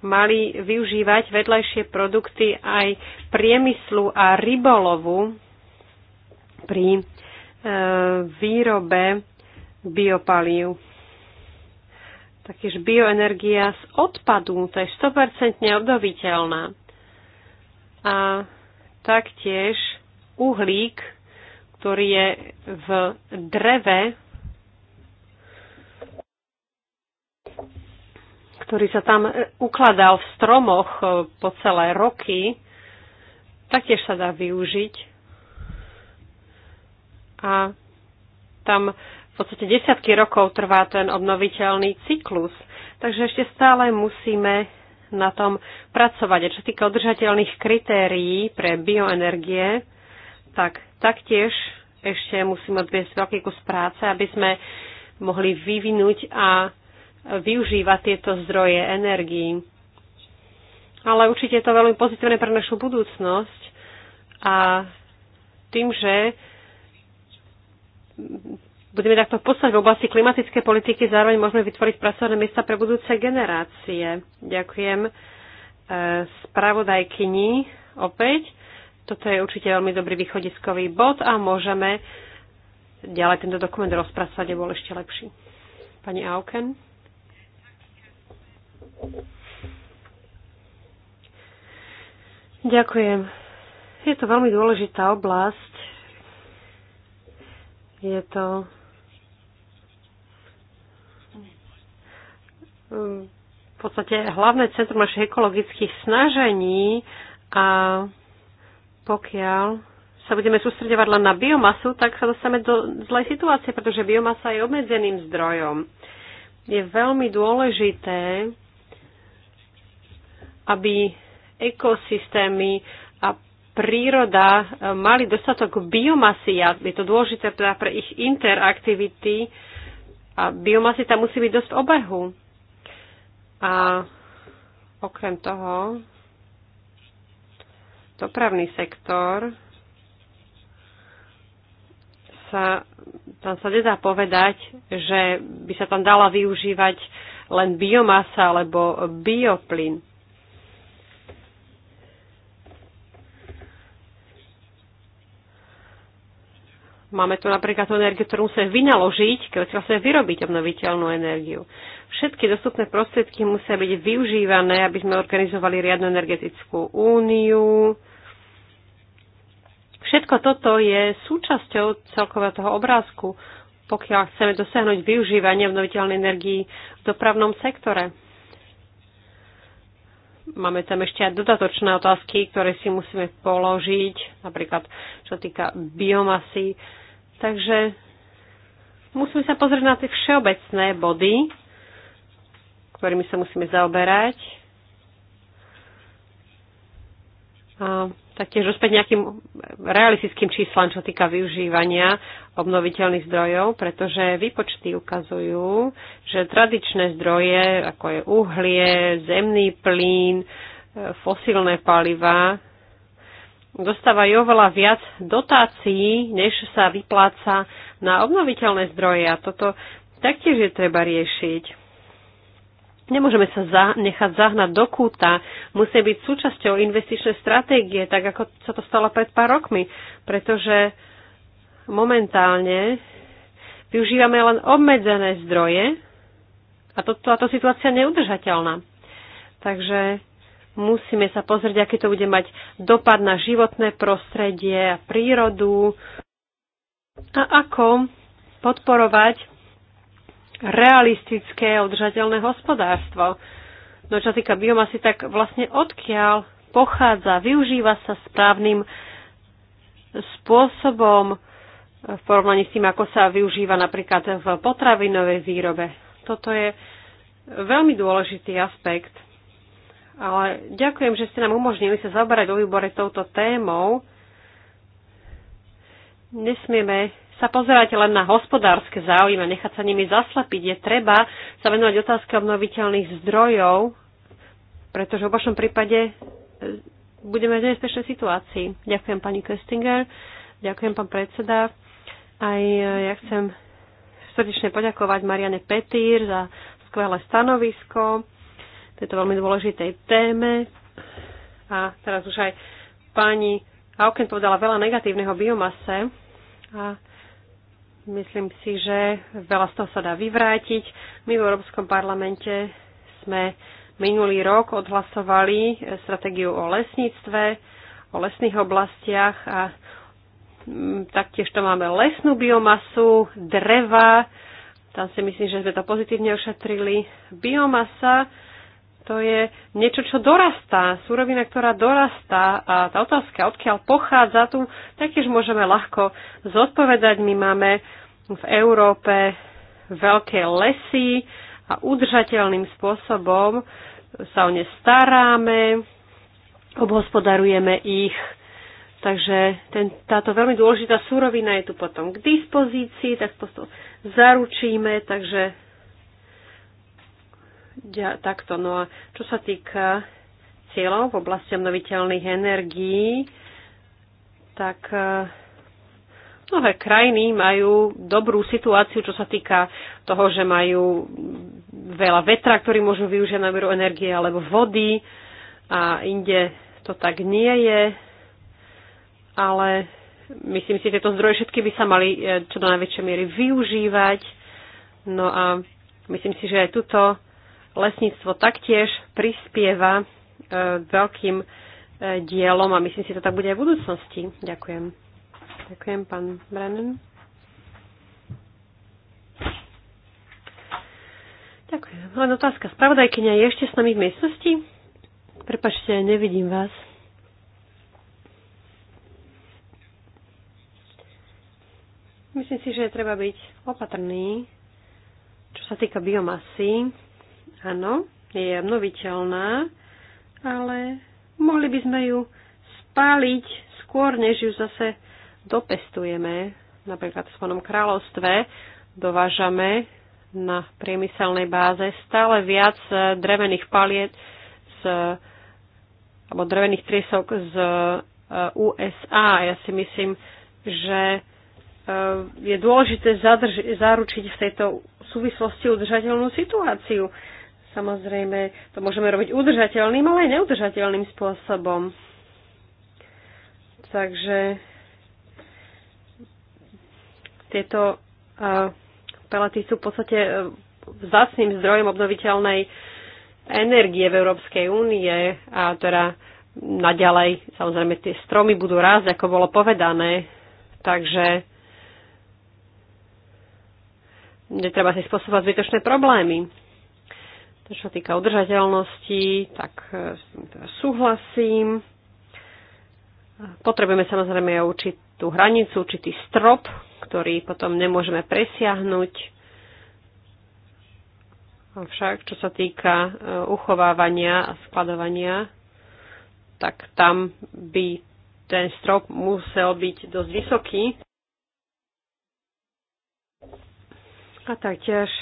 mali využívať vedľajšie produkty aj priemyslu a rybolovu pri e, výrobe biopalív. Takéž bioenergia z odpadu, to je 100% obnoviteľná. A taktiež uhlík, ktorý je v dreve, ktorý sa tam e, ukladal v stromoch e, po celé roky, taktiež sa dá využiť. A tam v podstate desiatky rokov trvá ten obnoviteľný cyklus. Takže ešte stále musíme na tom pracovať. A čo týka udržateľných kritérií pre bioenergie, tak taktiež ešte musíme odviesť veľký kus práce, aby sme mohli vyvinúť a využíva tieto zdroje energií. Ale určite je to veľmi pozitívne pre našu budúcnosť a tým, že budeme takto v podstate v oblasti klimatickej politiky, zároveň môžeme vytvoriť pracovné miesta pre budúce generácie. Ďakujem eh, spravodajkyni opäť. Toto je určite veľmi dobrý východiskový bod a môžeme ďalej tento dokument rozpracovať, aby bol ešte lepší. Pani Auken. Ďakujem. Je to veľmi dôležitá oblasť. Je to mm, v podstate hlavné centrum našich ekologických snažení a pokiaľ sa budeme sústredovať len na biomasu, tak sa dostaneme do zlej situácie, pretože biomasa je obmedzeným zdrojom. Je veľmi dôležité, aby ekosystémy a príroda e, mali dostatok biomasy a je to dôležité teda pre ich interaktivity a biomasy tam musí byť dosť obehu. A okrem toho dopravný sektor sa, tam sa nedá povedať, že by sa tam dala využívať len biomasa alebo bioplyn. Máme tu napríklad tú energiu, ktorú musíme vynaložiť, keď vlastne vyrobiť obnoviteľnú energiu. Všetky dostupné prostriedky musia byť využívané, aby sme organizovali riadnu energetickú úniu. Všetko toto je súčasťou celkového toho obrázku, pokiaľ chceme dosiahnuť využívanie obnoviteľnej energii v dopravnom sektore. Máme tam ešte aj dodatočné otázky, ktoré si musíme položiť, napríklad čo týka biomasy. Takže musíme sa pozrieť na tie všeobecné body, ktorými sa musíme zaoberať taktiež dospäť nejakým realistickým číslam, čo týka využívania obnoviteľných zdrojov, pretože výpočty ukazujú, že tradičné zdroje, ako je uhlie, zemný plyn, e, fosílne paliva, dostávajú oveľa viac dotácií, než sa vypláca na obnoviteľné zdroje. A toto taktiež je treba riešiť. Nemôžeme sa za, nechať zahnať do kúta, musia byť súčasťou investičnej stratégie, tak ako sa to stalo pred pár rokmi, pretože momentálne využívame len obmedzené zdroje a to, táto situácia neudržateľná. Takže musíme sa pozrieť, aký to bude mať dopad na životné prostredie a prírodu a ako podporovať realistické a udržateľné hospodárstvo. No čo týka biomasy, tak vlastne odkiaľ pochádza, využíva sa správnym spôsobom v porovnaní s tým, ako sa využíva napríklad v potravinovej výrobe. Toto je veľmi dôležitý aspekt. Ale ďakujem, že ste nám umožnili sa zaoberať o výbore touto témou. Nesmieme sa pozerať len na hospodárske záujmy a nechať sa nimi zaslapiť. Je treba sa venovať otázke obnoviteľných zdrojov, pretože v vašom prípade e, budeme v nebezpečnej situácii. Ďakujem pani Köstinger, ďakujem pán predseda. Aj e, ja chcem srdečne poďakovať Mariane Petýr za skvelé stanovisko tejto veľmi dôležitej téme. A teraz už aj pani Auken povedala veľa negatívneho biomase. A Myslím si, že veľa z toho sa dá vyvrátiť. My v Európskom parlamente sme minulý rok odhlasovali stratégiu o lesníctve, o lesných oblastiach a mm, taktiež to máme lesnú biomasu, dreva, tam si myslím, že sme to pozitívne ošetrili. Biomasa to je niečo, čo dorastá, súrovina, ktorá dorastá a tá otázka, odkiaľ pochádza, tu taktiež môžeme ľahko zodpovedať. My máme v Európe veľké lesy a udržateľným spôsobom sa o ne staráme, obhospodarujeme ich. Takže ten, táto veľmi dôležitá súrovina je tu potom k dispozícii, tak to zaručíme, takže takto. No a čo sa týka cieľov v oblasti obnoviteľných energií, tak e, mnohé krajiny majú dobrú situáciu, čo sa týka toho, že majú veľa vetra, ktorý môžu využiť na veru energie alebo vody a inde to tak nie je, ale myslím si, že tieto zdroje všetky by sa mali e, čo do najväčšej miery využívať. No a myslím si, že aj tuto lesníctvo taktiež prispieva e, veľkým e, dielom a myslím si, to tak bude aj v budúcnosti. Ďakujem. Ďakujem, pán Brennan. Ďakujem. Len otázka. Spravodajkynia je ešte s nami v miestnosti? Prepačte, nevidím vás. Myslím si, že je treba byť opatrný, čo sa týka biomasy áno, je obnoviteľná, ale mohli by sme ju spáliť skôr, než ju zase dopestujeme. Napríklad v Svonom kráľovstve dovážame na priemyselnej báze stále viac eh, drevených paliet z, alebo drevených triesok z eh, USA. Ja si myslím, že eh, je dôležité zadrži- zaručiť v tejto súvislosti udržateľnú situáciu. Samozrejme, to môžeme robiť udržateľným, ale aj neudržateľným spôsobom. Takže tieto uh, pelety sú v podstate e, vzácným zdrojom obnoviteľnej energie v Európskej únie a teda naďalej samozrejme tie stromy budú rásť, ako bolo povedané. Takže netreba si spôsobať zbytočné problémy. To, čo týka udržateľnosti, tak e, teda súhlasím. Potrebujeme samozrejme aj určitú hranicu, určitý strop, ktorý potom nemôžeme presiahnuť. Avšak, čo sa týka e, uchovávania a skladovania, tak tam by ten strop musel byť dosť vysoký. A taktiež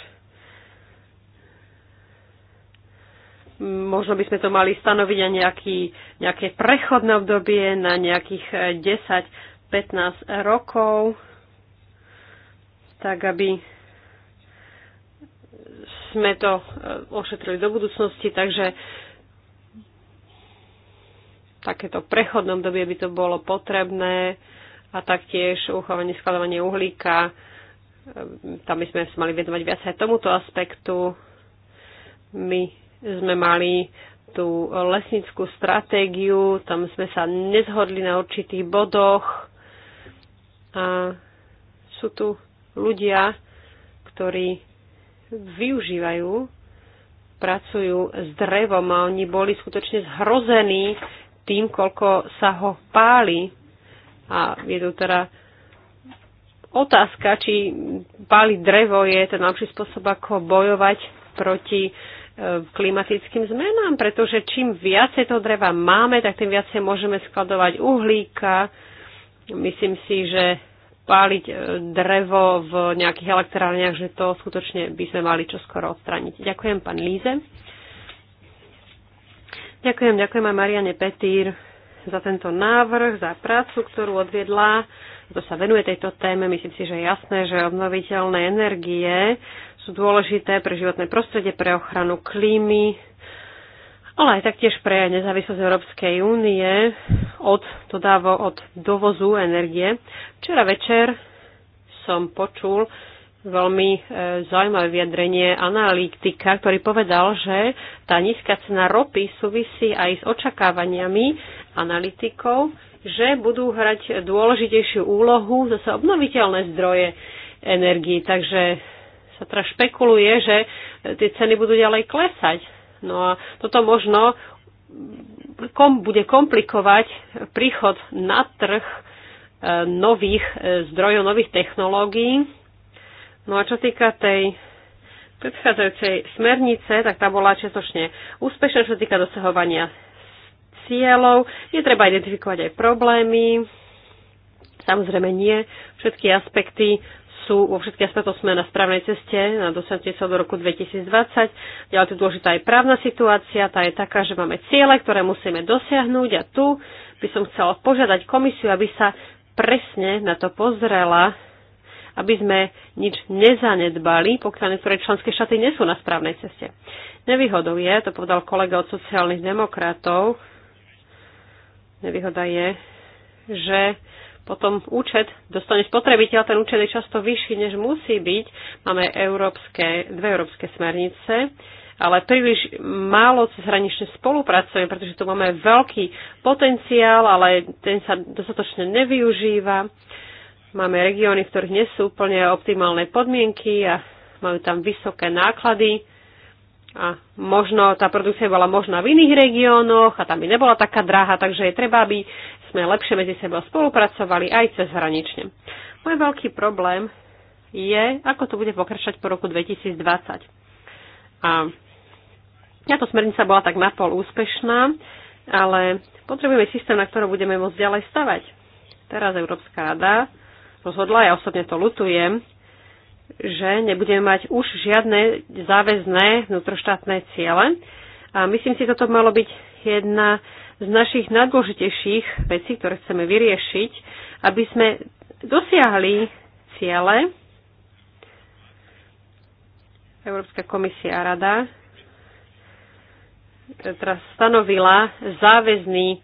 možno by sme to mali stanoviť na nejaký, nejaké prechodné obdobie na nejakých 10-15 eh, rokov, tak aby sme to eh, ošetrili do budúcnosti, takže takéto prechodné obdobie by to bolo potrebné a taktiež uchovanie, skladovanie uhlíka, ehm, tam by sme sa mali venovať viac aj tomuto aspektu. My sme mali tú lesnickú stratégiu, tam sme sa nezhodli na určitých bodoch a sú tu ľudia, ktorí využívajú, pracujú s drevom a oni boli skutočne zhrození tým, koľko sa ho páli. A je tu teda otázka, či páliť drevo je ten najlepší spôsob, ako bojovať proti klimatickým zmenám, pretože čím viacej toho dreva máme, tak tým viacej môžeme skladovať uhlíka. Myslím si, že páliť e, drevo v nejakých elektrárniach, že to skutočne by sme mali čoskoro odstraniť. Ďakujem, pán Líze. Ďakujem, ďakujem aj Mariane Petír za tento návrh, za prácu, ktorú odviedla. To sa venuje tejto téme. Myslím si, že je jasné, že obnoviteľné energie sú dôležité pre životné prostredie, pre ochranu klímy, ale aj taktiež pre nezávislosť Európskej únie od, dávo, od dovozu energie. Včera večer som počul veľmi e, zaujímavé vyjadrenie analytika, ktorý povedal, že tá nízka cena ropy súvisí aj s očakávaniami analytikov, že budú hrať dôležitejšiu úlohu zase obnoviteľné zdroje energii. Takže sa teraz špekuluje, že tie ceny budú ďalej klesať. No a toto možno kom, bude komplikovať príchod na trh e, nových e, zdrojov, nových technológií. No a čo týka tej predchádzajúcej smernice, tak tá bola čiastočne úspešná, čo týka dosahovania cieľov. Je treba identifikovať aj problémy. Samozrejme nie všetky aspekty sú vo všetkých aspektoch sme na správnej ceste, na dosiahnutie sa do roku 2020. Ďalej tu dôležitá je právna situácia, tá je taká, že máme ciele, ktoré musíme dosiahnuť a tu by som chcela požiadať komisiu, aby sa presne na to pozrela, aby sme nič nezanedbali, pokiaľ niektoré členské štáty nie sú na správnej ceste. Nevýhodou je, to povedal kolega od sociálnych demokratov, nevýhoda je, že potom účet dostane spotrebiteľ, ten účet je často vyšší, než musí byť. Máme európske, dve európske smernice, ale príliš málo cezhranične spolupracujeme, pretože tu máme veľký potenciál, ale ten sa dostatočne nevyužíva. Máme regióny, v ktorých nie sú úplne optimálne podmienky a majú tam vysoké náklady. A možno tá produkcia bola možná v iných regiónoch a tam by nebola taká drahá, takže je treba, aby sme lepšie medzi sebou spolupracovali aj cez hranične. Môj veľký problém je, ako to bude pokračovať po roku 2020. A táto smernica bola tak napol úspešná, ale potrebujeme systém, na ktorom budeme môcť ďalej stavať. Teraz Európska rada rozhodla, ja osobne to lutujem, že nebudeme mať už žiadne záväzné vnútroštátne ciele. A myslím si, toto malo byť jedna z našich najdôležitejších vecí, ktoré chceme vyriešiť, aby sme dosiahli ciele. Európska komisia a rada teraz stanovila záväzný e,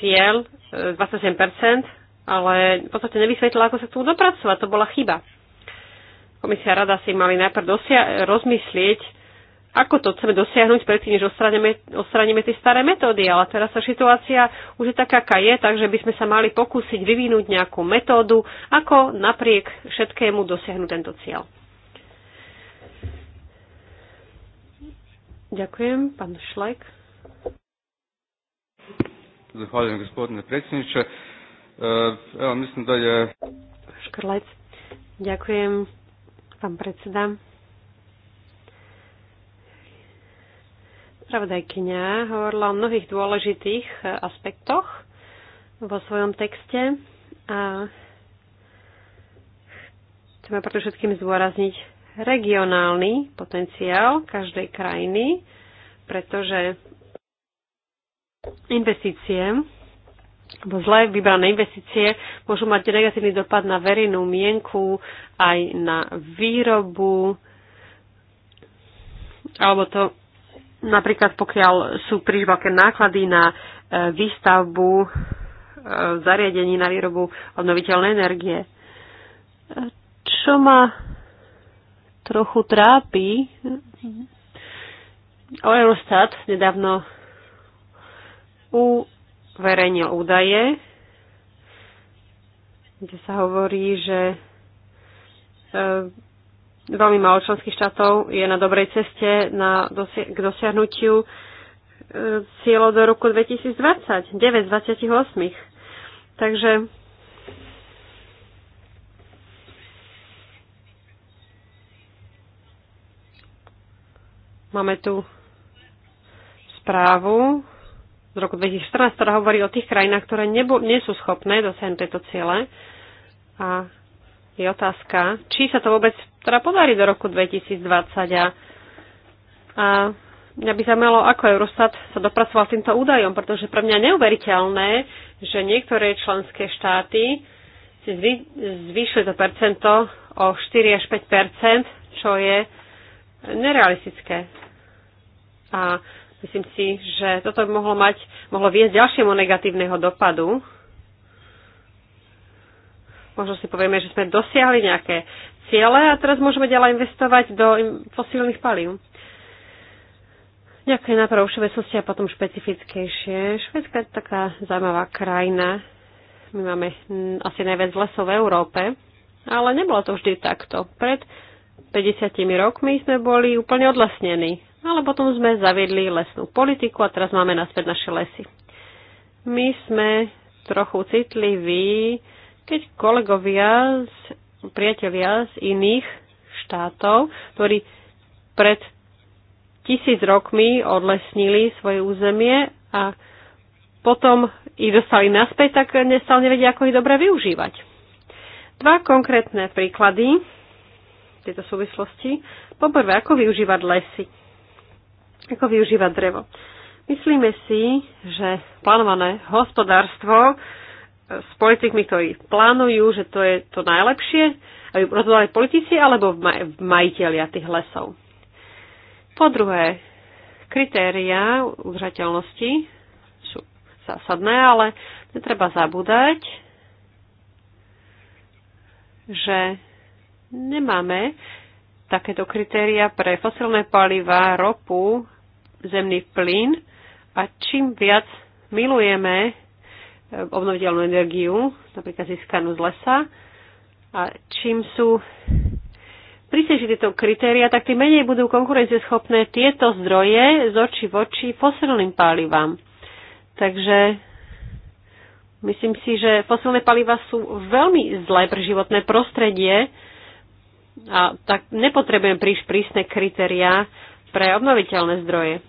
cieľ e, 27%, ale v podstate nevysvetlila, ako sa k tomu dopracovať. To bola chyba. Komisia rada si mali najprv rozmyslieť, ako to chceme dosiahnuť predtým, než odstraníme, odstraníme tie staré metódy? Ale teraz sa situácia už je taká, aká je, takže by sme sa mali pokúsiť vyvinúť nejakú metódu, ako napriek všetkému dosiahnuť tento cieľ. Ďakujem, pán Šlek. Zahvaljujem, gospodine predsjedniče. E, evo, mislim da je... Škrlec. Ďakujem, pán predseda. Spravodajkyňa hovorila o mnohých dôležitých eh, aspektoch vo svojom texte a chceme preto všetkým zdôrazniť regionálny potenciál každej krajiny, pretože investície alebo zle vybrané investície môžu mať negatívny dopad na verejnú mienku, aj na výrobu, alebo to Napríklad pokiaľ sú príliš veľké náklady na e, výstavbu e, zariadení na výrobu obnoviteľnej energie. E, čo ma trochu trápi, Eurostat nedávno uverejnil údaje, kde sa hovorí, že veľmi malo členských štátov je na dobrej ceste na dosi- k dosiahnutiu e, cieľov do roku 2020, 9 z 28. Takže máme tu správu z roku 2014, ktorá hovorí o tých krajinách, ktoré nebo, nie sú schopné dosiahnuť tieto ciele. A je otázka, či sa to vôbec teda podarí do roku 2020. A, a mňa by zaujímalo, ako Eurostat sa dopracoval týmto údajom, pretože pre mňa neuveriteľné, že niektoré členské štáty si zvy, zvýšili to percento o 4 až 5 čo je nerealistické. A myslím si, že toto by mohlo, mať, mohlo viesť ďalšiemu negatívneho dopadu Možno si povieme, že sme dosiahli nejaké ciele a teraz môžeme ďalej investovať do fosílnych palív. Ďakujem najprv všeobecnosti a potom špecifickejšie. Švedska je taká zaujímavá krajina. My máme asi najviac lesov v Európe, ale nebolo to vždy takto. Pred 50 rokmi sme boli úplne odlesnení, ale potom sme zaviedli lesnú politiku a teraz máme naspäť naše lesy. My sme trochu citliví keď kolegovia, priatelia z iných štátov, ktorí pred tisíc rokmi odlesnili svoje územie a potom ich dostali naspäť, tak nestal nevedia, ako ich dobre využívať. Dva konkrétne príklady tejto súvislosti. Poprvé, ako využívať lesy. Ako využívať drevo. Myslíme si, že plánované hospodárstvo s politikmi, ktorí plánujú, že to je to najlepšie, aby rozhodovali politici alebo majiteľia tých lesov. Po druhé, kritéria udržateľnosti sú zásadné, ale netreba zabúdať, že nemáme takéto kritéria pre fosilné paliva, ropu, zemný plyn a čím viac milujeme obnoviteľnú energiu, napríklad získanú z lesa. A čím sú prísnejšie tieto kritéria, tak tým menej budú konkurencieschopné tieto zdroje z oči v oči fosilným palivám. Takže myslím si, že fosilné paliva sú veľmi zlé pre životné prostredie a tak nepotrebujem príliš prísne kritériá pre obnoviteľné zdroje.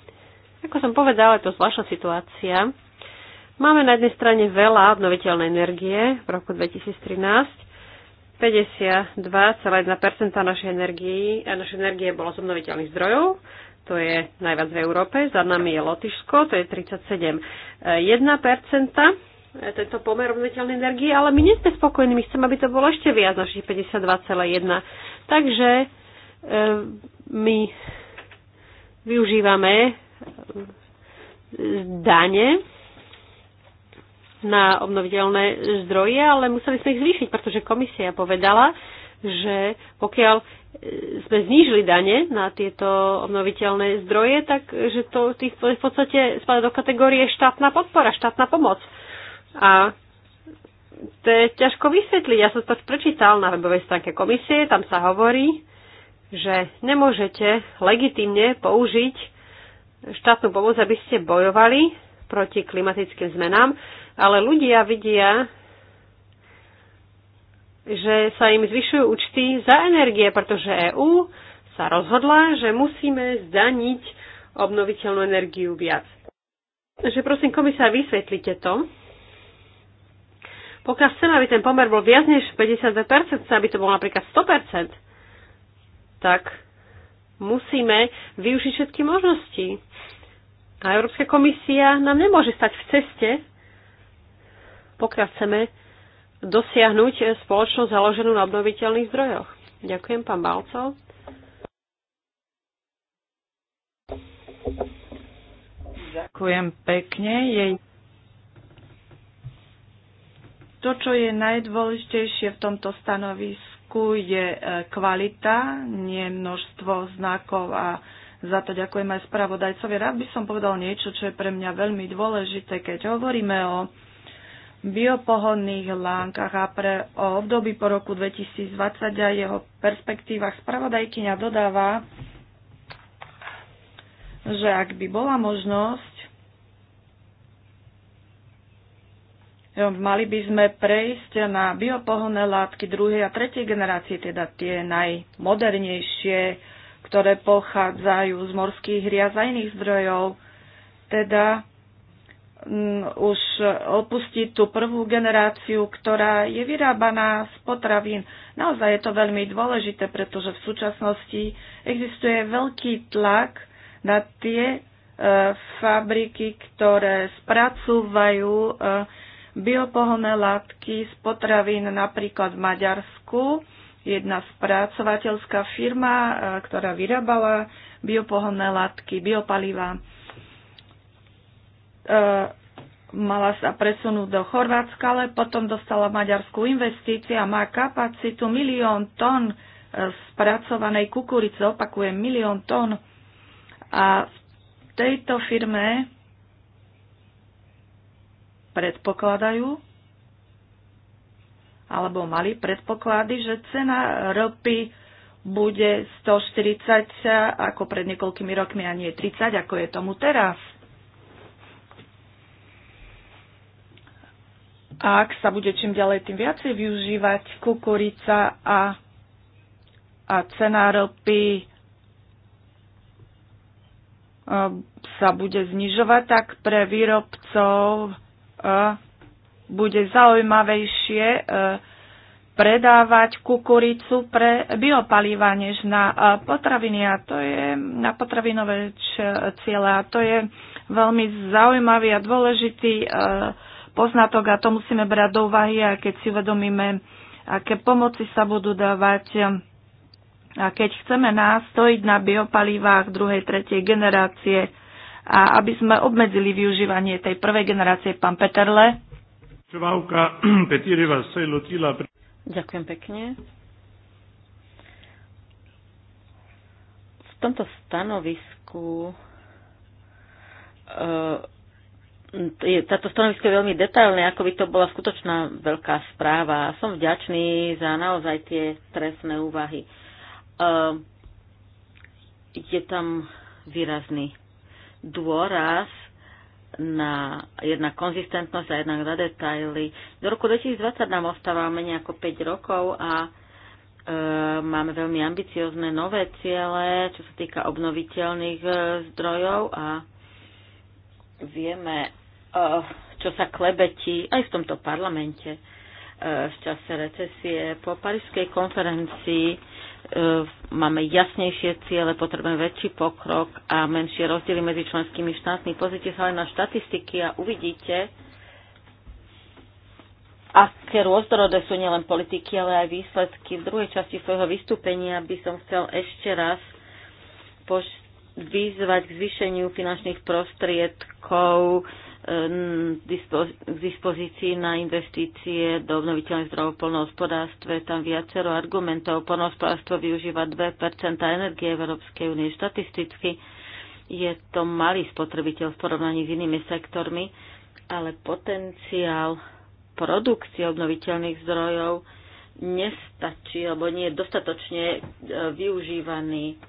Ako som povedala, je to zvláštna situácia, Máme na jednej strane veľa obnoviteľnej energie v roku 2013, 52,1% našej energie, našej energie bolo z obnoviteľných zdrojov, to je najviac v Európe, za nami je Lotyšsko, to je 37,1%, e, tento pomer obnoviteľnej energie, ale my nie sme spokojní, my chceme, aby to bolo ešte viac, našich 52,1%. Takže e, my využívame e, dane na obnoviteľné zdroje, ale museli sme ich zvýšiť, pretože komisia povedala, že pokiaľ e, sme znížili dane na tieto obnoviteľné zdroje, tak že to v podstate spada do kategórie štátna podpora, štátna pomoc. A to je ťažko vysvetliť. Ja som to prečítal na webovej stránke komisie, tam sa hovorí, že nemôžete legitimne použiť štátnu pomoc, aby ste bojovali proti klimatickým zmenám, ale ľudia vidia, že sa im zvyšujú účty za energie, pretože EÚ sa rozhodla, že musíme zdaniť obnoviteľnú energiu viac. Takže prosím, komisár, vysvetlite to. Pokiaľ chcem, aby ten pomer bol viac než 52%, aby to bol napríklad 100%, tak musíme využiť všetky možnosti. A Európska komisia nám nemôže stať v ceste pokiaľ chceme dosiahnuť spoločnosť založenú na obnoviteľných zdrojoch. Ďakujem, pán Balco. Ďakujem pekne. Jej to, čo je najdôležitejšie v tomto stanovisku, je e, kvalita, nie množstvo znakov a za to ďakujem aj spravodajcovi. Rád by som povedal niečo, čo je pre mňa veľmi dôležité, keď hovoríme o biopohodných lánkach a pre o období po roku 2020 a jeho perspektívach spravodajkyňa dodáva, že ak by bola možnosť, mali by sme prejsť na biopohonné látky druhej a tretej generácie, teda tie najmodernejšie, ktoré pochádzajú z morských hriazajných a iných zdrojov, teda už opustiť tú prvú generáciu, ktorá je vyrábaná z potravín. Naozaj je to veľmi dôležité, pretože v súčasnosti existuje veľký tlak na tie e, fabriky, ktoré spracúvajú e, biopohonné látky z potravín napríklad v Maďarsku. Jedna spracovateľská firma, e, ktorá vyrábala biopohonné látky, biopaliva E, mala sa presunúť do Chorvátska, ale potom dostala maďarskú investíciu a má kapacitu milión tón e, spracovanej kukurice, opakujem, milión tón. A v tejto firme predpokladajú, alebo mali predpoklady, že cena ropy bude 140 ako pred niekoľkými rokmi a nie 30, ako je tomu teraz. ak sa bude čím ďalej tým viacej využívať kukurica a, a cena ropy eh, sa bude znižovať, tak pre výrobcov eh, bude zaujímavejšie eh, predávať kukuricu pre biopalíva než na potraviny a to je na potravinové ciele a to je veľmi zaujímavý a dôležitý uh, poznatok a to musíme brať do úvahy a keď si uvedomíme, aké pomoci sa budú dávať a keď chceme nástojiť na biopalivách druhej, tretej generácie a aby sme obmedzili využívanie tej prvej generácie, pán Peterle. Ďakujem pekne. V tomto stanovisku e, táto stanovisko je veľmi detailné, ako by to bola skutočná veľká správa. Som vďačný za naozaj tie trestné úvahy. Ehm, je tam výrazný dôraz na jedna konzistentnosť a jednak na detaily. Do roku 2020 nám ostáva menej ako 5 rokov a e, máme veľmi ambiciozne nové ciele, čo sa týka obnoviteľných e, zdrojov a vieme, Eh, čo sa klebetí aj v tomto parlamente eh, v čase recesie. Po parížskej konferencii eh, máme jasnejšie ciele, potrebujeme väčší pokrok a menšie rozdiely medzi členskými štátmi. Pozrite sa len na štatistiky a uvidíte, aké rôznorodé sú nielen politiky, ale aj výsledky. V druhej časti svojho vystúpenia by som chcel ešte raz vyzvať k zvýšeniu finančných prostriedkov Eh, k dispozícii na investície do obnoviteľných zdrojov v polnohospodárstve. Tam viacero argumentov. Polnohospodárstvo využíva 2 energie v Európskej únie. Štatisticky je to malý spotrebiteľ v porovnaní s inými sektormi, ale potenciál produkcie obnoviteľných zdrojov nestačí alebo nie je dostatočne eh, využívaný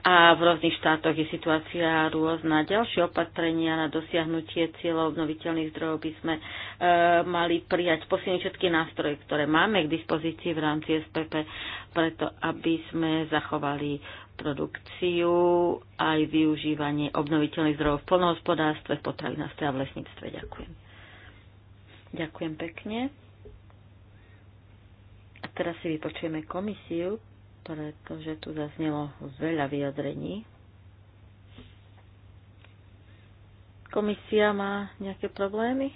a v rôznych štátoch je situácia rôzna. Ďalšie opatrenia na dosiahnutie cieľov obnoviteľných zdrojov by sme e, mali prijať posilniť všetky nástroje, ktoré máme k dispozícii v rámci SPP, preto aby sme zachovali produkciu aj využívanie obnoviteľných zdrojov v polnohospodárstve, v potravinárstve a v lesníctve. Ďakujem. Ďakujem pekne. A teraz si vypočujeme komisiu pretože tu zaznelo veľa vyjadrení. Komisia má nejaké problémy?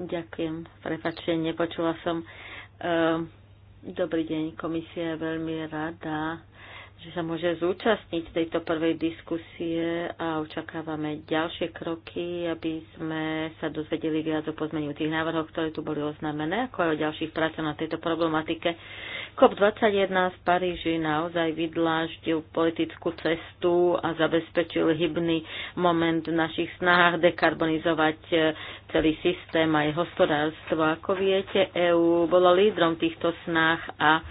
Ďakujem. Prepačte, nepočula som. Ehm, dobrý deň, komisia je veľmi rada, že sa môže zúčastniť tejto prvej diskusie a očakávame ďalšie kroky, aby sme sa dozvedeli viac o pozmeniu tých návrhov, ktoré tu boli oznámené, ako aj o ďalších prácach na tejto problematike. COP21 v Paríži naozaj vydláždil politickú cestu a zabezpečil hybný moment v našich snahách dekarbonizovať e, celý systém aj hospodárstvo. Ako viete, EÚ bolo lídrom týchto snah a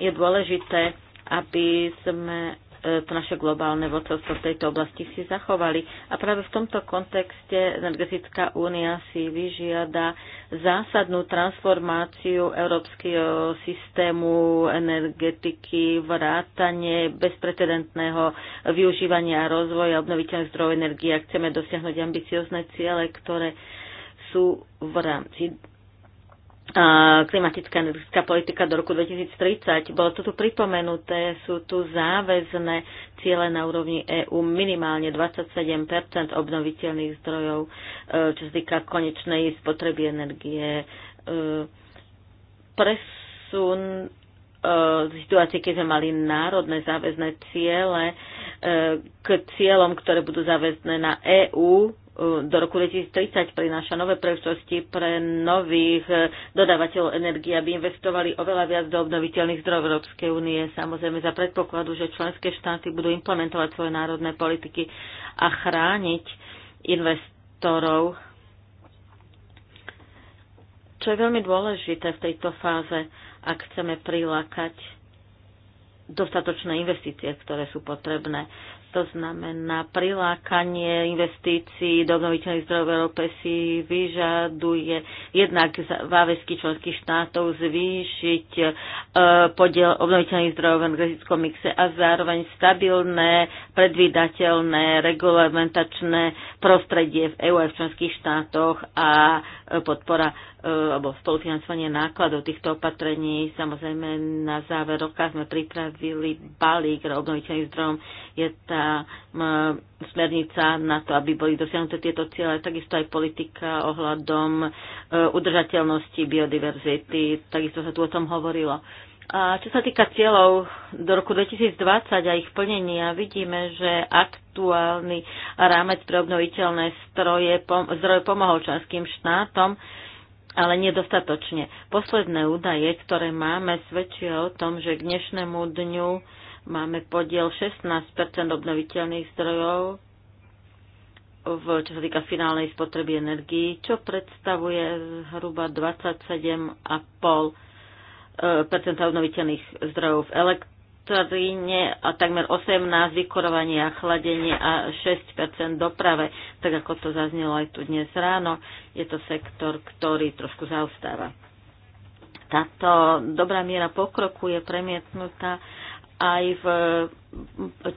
je dôležité, aby sme E, to naše globálne vodcovstvo v tejto oblasti si zachovali. A práve v tomto kontexte Energetická únia si vyžiada zásadnú transformáciu európskeho systému energetiky, vrátanie bezprecedentného využívania a rozvoja obnoviteľných zdrojov energie. chceme dosiahnuť ambiciozne ciele, ktoré sú v rámci klimatická energetická politika do roku 2030. Bolo to tu pripomenuté, sú tu záväzné ciele na úrovni EÚ minimálne 27 obnoviteľných zdrojov, e, čo sa týka konečnej spotreby energie. E, presun v e, situácii, keď sme mali národné záväzné ciele k cieľom, ktoré budú záväzné na EÚ, E, do roku 2030 prináša nové príležitosti pre nových e, dodávateľov energie, aby investovali oveľa viac do obnoviteľných zdrojov Európskej únie, samozrejme za predpokladu, že členské štáty budú implementovať svoje národné politiky a chrániť investorov, čo je veľmi dôležité v tejto fáze, ak chceme prilákať dostatočné investície, ktoré sú potrebné. To znamená, prilákanie investícií do obnoviteľných zdrojov Európe si vyžaduje jednak záväzky členských štátov zvýšiť e, podiel obnoviteľných zdrojov v energetickom mixe a zároveň stabilné predvídateľné regulamentačné prostredie v EU a v členských štátoch a e, podpora e, alebo spolufinancovanie nákladov týchto opatrení. Samozrejme, na záver roka sme pripravili balík obnoviteľným zdrojom. Je tá smernica na to, aby boli dosiahnuté tieto ciele, takisto aj politika ohľadom e, udržateľnosti biodiverzity. Takisto sa tu o tom hovorilo. A čo sa týka cieľov do roku 2020 a ich plnenia, vidíme, že aktuálny rámec pre obnoviteľné stroje, pom- zdroje pomohol členským štátom, ale nedostatočne. Posledné údaje, ktoré máme, svedčia o tom, že k dnešnému dňu máme podiel 16 obnoviteľných zdrojov v, čo sa týka finálnej spotreby energii, čo predstavuje zhruba 27,5 E, percenta obnoviteľných zdrojov v elektríne a takmer 18 vykurovanie a chladenie a 6 doprave, tak ako to zaznelo aj tu dnes ráno. Je to sektor, ktorý trošku zaostáva. Táto dobrá miera pokroku je premietnutá aj v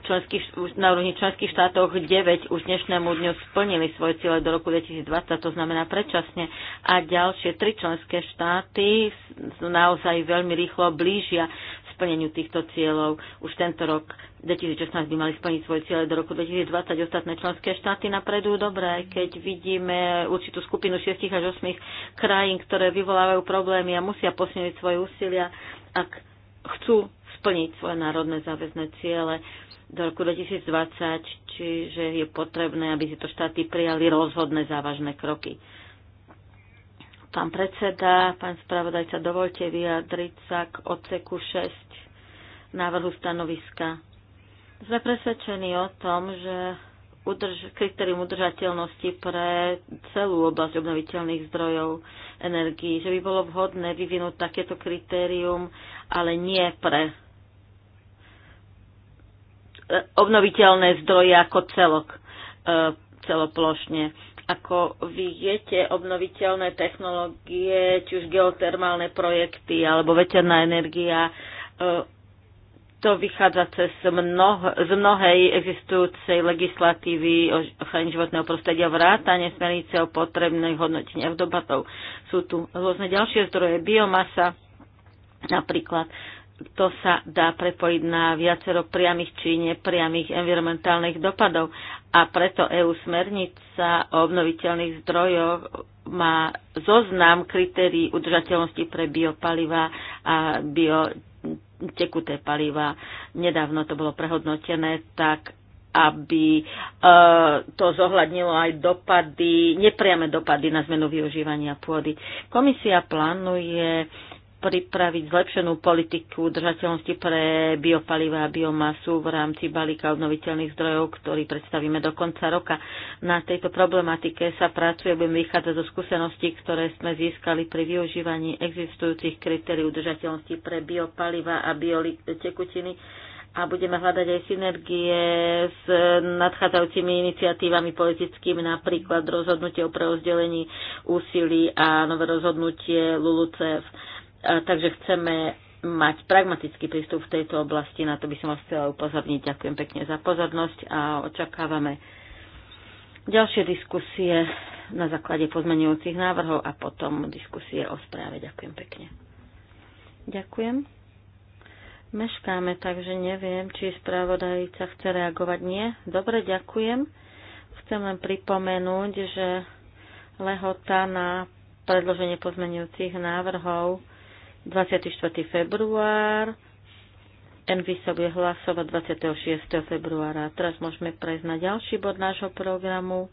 členských, na úrovni členských štátoch 9 už dnešnému dňu splnili svoje ciele do roku 2020, to znamená predčasne. A ďalšie tri členské štáty naozaj veľmi rýchlo blížia splneniu týchto cieľov. Už tento rok 2016 by mali splniť svoje ciele do roku 2020. Ostatné členské štáty napredujú dobre, aj keď vidíme určitú skupinu 6 až 8 krajín, ktoré vyvolávajú problémy a musia posilniť svoje úsilia, ak chcú splniť svoje národné záväzné ciele do roku 2020, čiže je potrebné, aby si to štáty prijali rozhodné závažné kroky. Pán predseda, pán spravodajca, dovolte vyjadriť sa k odseku 6 návrhu stanoviska. Sme presvedčení o tom, že udrž- kritérium udržateľnosti pre celú oblasť obnoviteľných zdrojov energií, že by bolo vhodné vyvinúť takéto kritérium, ale nie pre obnoviteľné zdroje ako celok, e, celoplošne. Ako viete, obnoviteľné technológie, či už geotermálne projekty alebo veterná energia, e, to vychádza cez mnoh- z mnohej existujúcej legislatívy o ochrane životného prostredia vrátane smernice o potrebných v dobatov. Sú tu rôzne ďalšie zdroje, biomasa napríklad to sa dá prepojiť na viacero priamých či nepriamých environmentálnych dopadov. A preto EU smernica o obnoviteľných zdrojoch má zoznam kritérií udržateľnosti pre biopaliva a bio tekuté paliva. Nedávno to bolo prehodnotené tak, aby e, to zohľadnilo aj dopady, nepriame dopady na zmenu využívania pôdy. Komisia plánuje pripraviť zlepšenú politiku držateľnosti pre biopaliva a biomasu v rámci balíka obnoviteľných zdrojov, ktorý predstavíme do konca roka. Na tejto problematike sa pracuje, budem vychádzať zo skúseností, ktoré sme získali pri využívaní existujúcich kritérií udržateľnosti pre biopaliva a biotekutiny a budeme hľadať aj synergie s nadchádzajúcimi iniciatívami politickými, napríklad rozhodnutie o preozdelení úsilí a nové rozhodnutie LULUCEF takže chceme mať pragmatický prístup v tejto oblasti. Na to by som vás chcela upozorniť. Ďakujem pekne za pozornosť a očakávame ďalšie diskusie na základe pozmenujúcich návrhov a potom diskusie o správe. Ďakujem pekne. Ďakujem. Meškáme, takže neviem, či správodajca chce reagovať. Nie? Dobre, ďakujem. Chcem len pripomenúť, že lehota na predloženie pozmenujúcich návrhov 24. február. Envy sa bude hlasovať 26. februára. Teraz môžeme prejsť na ďalší bod nášho programu.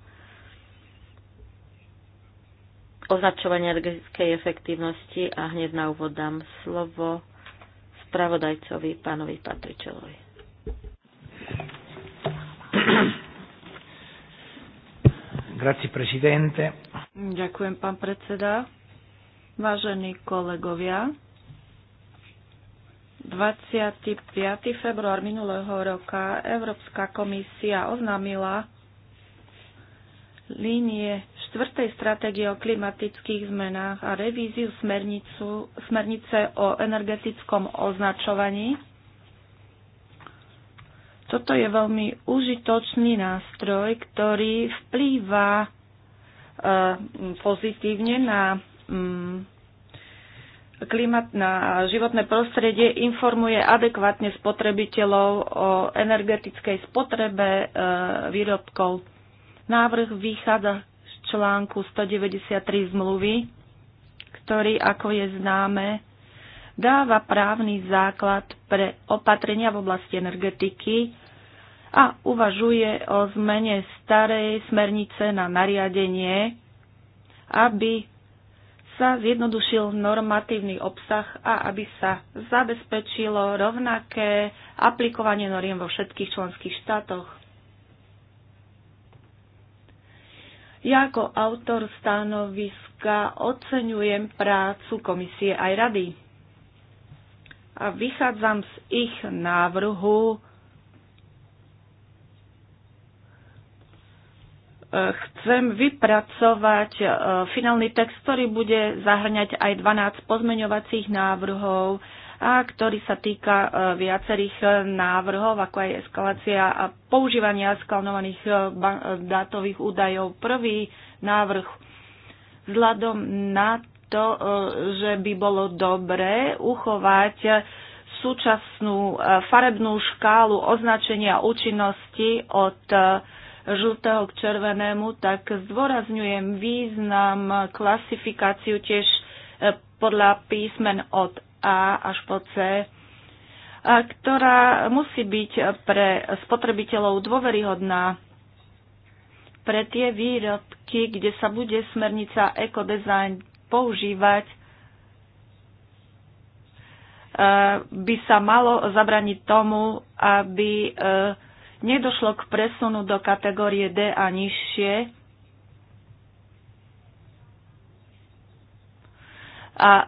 Označovanie energetickej efektívnosti a hneď na úvod dám slovo spravodajcovi pánovi Patričelovi. Grazie, presidente. Ďakujem, pán predseda. Vážení kolegovia, 25. február minulého roka Európska komisia oznámila línie štvrtej stratégie o klimatických zmenách a revíziu smernicu, smernice o energetickom označovaní. Toto je veľmi užitočný nástroj, ktorý vplýva eh, pozitívne na Mm, klimat, na životné prostredie informuje adekvátne spotrebiteľov o energetickej spotrebe e, výrobkov. Návrh vychádza z článku 193 zmluvy, ktorý, ako je známe, dáva právny základ pre opatrenia v oblasti energetiky a uvažuje o zmene starej smernice na nariadenie, aby sa zjednodušil normatívny obsah a aby sa zabezpečilo rovnaké aplikovanie noriem vo všetkých členských štátoch. Ja ako autor stanoviska oceňujem prácu komisie aj rady a vychádzam z ich návrhu chcem vypracovať e, finálny text, ktorý bude zahrňať aj 12 pozmeňovacích návrhov, a ktorý sa týka e, viacerých návrhov, ako aj eskalácia a používania skalnovaných e, dátových údajov. Prvý návrh vzhľadom na to, že by bolo dobré uchovať súčasnú farebnú škálu označenia účinnosti od žltého k červenému, tak zdôrazňujem význam klasifikáciu tiež e, podľa písmen od A až po C, ktorá musí byť pre spotrebiteľov dôveryhodná pre tie výrobky, kde sa bude smernica ekodesign používať, e, by sa malo zabraniť tomu, aby e, nedošlo k presunu do kategórie D a nižšie. A e,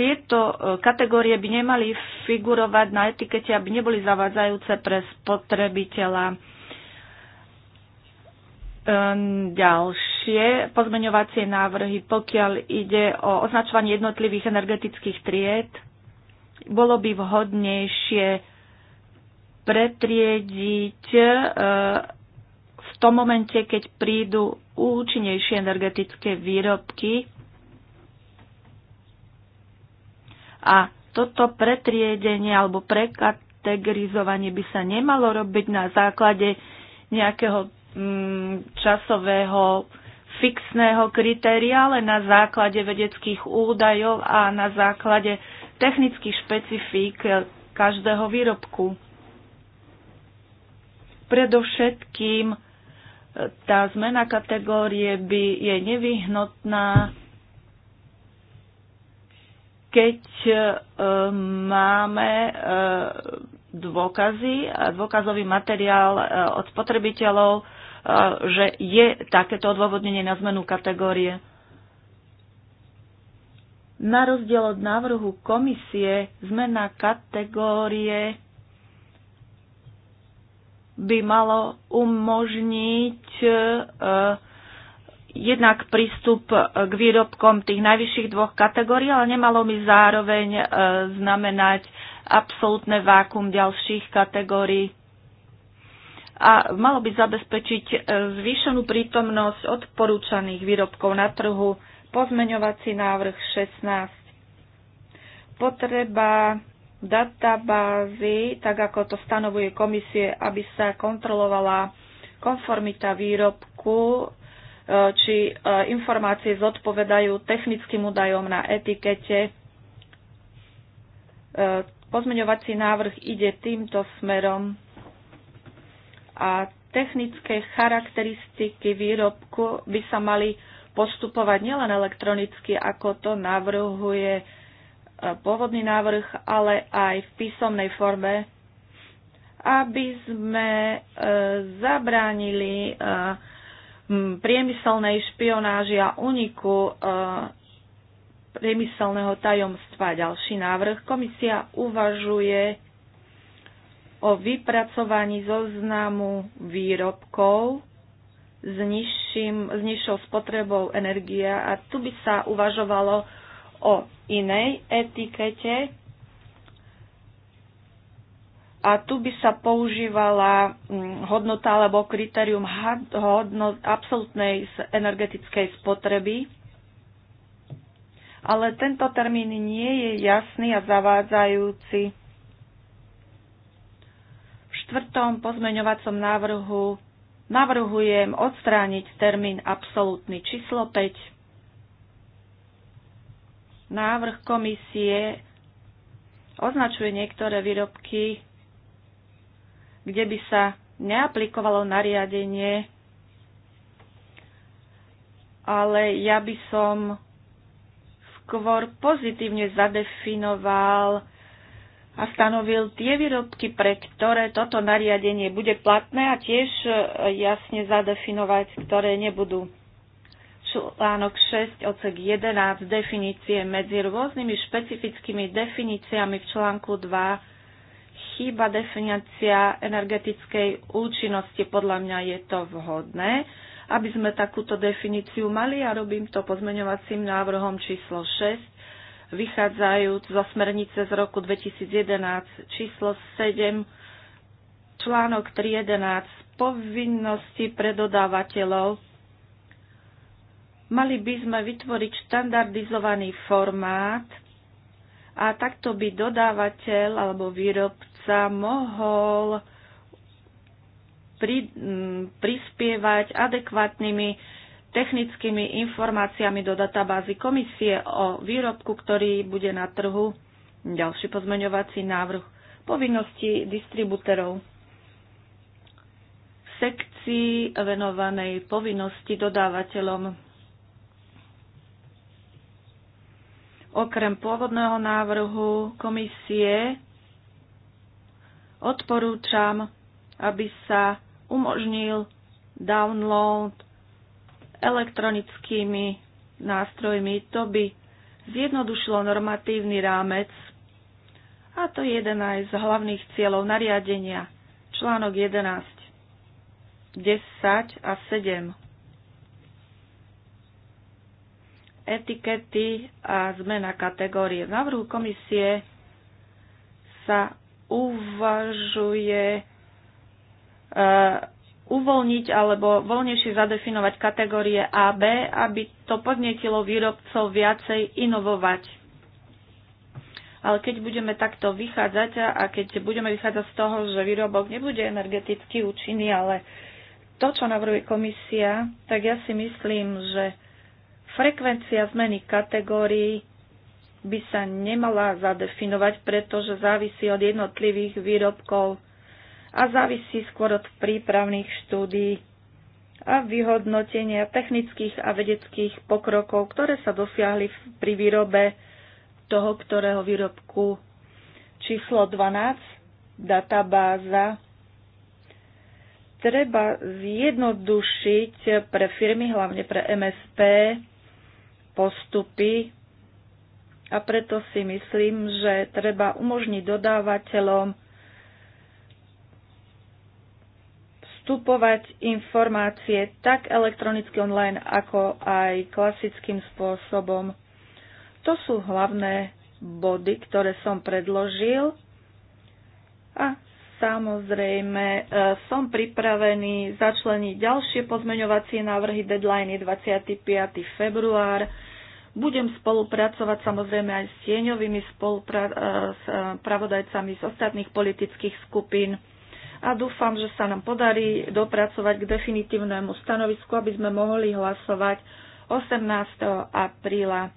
tieto e, kategórie by nemali figurovať na etikete, aby neboli zavádzajúce pre spotrebiteľa. E, ďalšie pozmeňovacie návrhy, pokiaľ ide o označovanie jednotlivých energetických tried, bolo by vhodnejšie pretriediť e, v tom momente, keď prídu účinnejšie energetické výrobky a toto pretriedenie alebo prekategorizovanie by sa nemalo robiť na základe nejakého mm, časového fixného kritéria, ale na základe vedeckých údajov a na základe technických špecifík každého výrobku. Predovšetkým e, tá zmena kategórie by je nevyhnutná, keď e, máme e, dôkazy, a dôkazový materiál od spotrebiteľov, že je takéto odôvodnenie na zmenu kategórie. Na rozdiel od návrhu komisie, zmena kategórie by malo umožniť e, jednak prístup k výrobkom tých najvyšších dvoch kategórií, ale nemalo by zároveň e, znamenať absolútne vákum ďalších kategórií. A malo by zabezpečiť e, zvýšenú prítomnosť odporúčaných výrobkov na trhu. Pozmeňovací návrh 16. Potreba databázy, tak ako to stanovuje komisie, aby sa kontrolovala konformita výrobku, e, či e, informácie zodpovedajú technickým údajom na etikete. E, pozmeňovací návrh ide týmto smerom a technické charakteristiky výrobku by sa mali postupovať nielen elektronicky, ako to navrhuje pôvodný návrh, ale aj v písomnej forme, aby sme e, zabránili e, priemyselnej špionáži a uniku e, priemyselného tajomstva. Ďalší návrh. Komisia uvažuje o vypracovaní zoznamu výrobkov s, nižším, s nižšou spotrebou energie a tu by sa uvažovalo o inej etikete a tu by sa používala mm, hodnota alebo kritérium hodnot absolútnej energetickej spotreby, ale tento termín nie je jasný a zavádzajúci. V štvrtom pozmeňovacom návrhu navrhujem odstrániť termín absolútny číslo 5. Návrh komisie označuje niektoré výrobky, kde by sa neaplikovalo nariadenie, ale ja by som skôr pozitívne zadefinoval a stanovil tie výrobky, pre ktoré toto nariadenie bude platné a tiež jasne zadefinovať, ktoré nebudú článok 6, odsek 11, definície medzi rôznymi špecifickými definíciami v článku 2 chýba definícia energetickej účinnosti. Podľa mňa je to vhodné, aby sme takúto definíciu mali a ja robím to pozmeňovacím návrhom číslo 6, vychádzajúc zo smernice z roku 2011 číslo 7, článok 3.11 povinnosti pre dodávateľov Mali by sme vytvoriť štandardizovaný formát a takto by dodávateľ alebo výrobca mohol pri, m, mm, prispievať adekvátnymi technickými informáciami do databázy komisie o výrobku, ktorý bude na trhu. Ďalší pozmeňovací návrh povinnosti distribútorov. Sekcii venovanej povinnosti dodávateľom Okrem pôvodného návrhu komisie odporúčam, aby sa umožnil download elektronickými nástrojmi. To by zjednodušilo normatívny rámec a to je jeden aj z hlavných cieľov nariadenia, článok 11, 10 a 7. etikety a zmena kategórie. V návrhu komisie sa uvažuje e, uvoľniť alebo voľnejšie zadefinovať kategórie A, B, aby to podnetilo výrobcov viacej inovovať. Ale keď budeme takto vychádzať a keď budeme vychádzať z toho, že výrobok nebude energeticky účinný, ale to, čo navrhuje komisia, tak ja si myslím, že Frekvencia zmeny kategórií by sa nemala zadefinovať, pretože závisí od jednotlivých výrobkov a závisí skôr od prípravných štúdií a vyhodnotenia technických a vedeckých pokrokov, ktoré sa dosiahli pri výrobe toho, ktorého výrobku. Číslo 12, databáza. Treba zjednodušiť pre firmy, hlavne pre MSP, postupy a preto si myslím, že treba umožniť dodávateľom vstupovať informácie tak elektronicky online, ako aj klasickým spôsobom. To sú hlavné body, ktoré som predložil a samozrejme e, som pripravený začleniť ďalšie pozmeňovacie návrhy. Deadline je 25. február budem spolupracovať samozrejme aj s tieňovými spolupra- e, s e, pravodajcami z ostatných politických skupín a dúfam, že sa nám podarí dopracovať k definitívnemu stanovisku, aby sme mohli hlasovať 18. apríla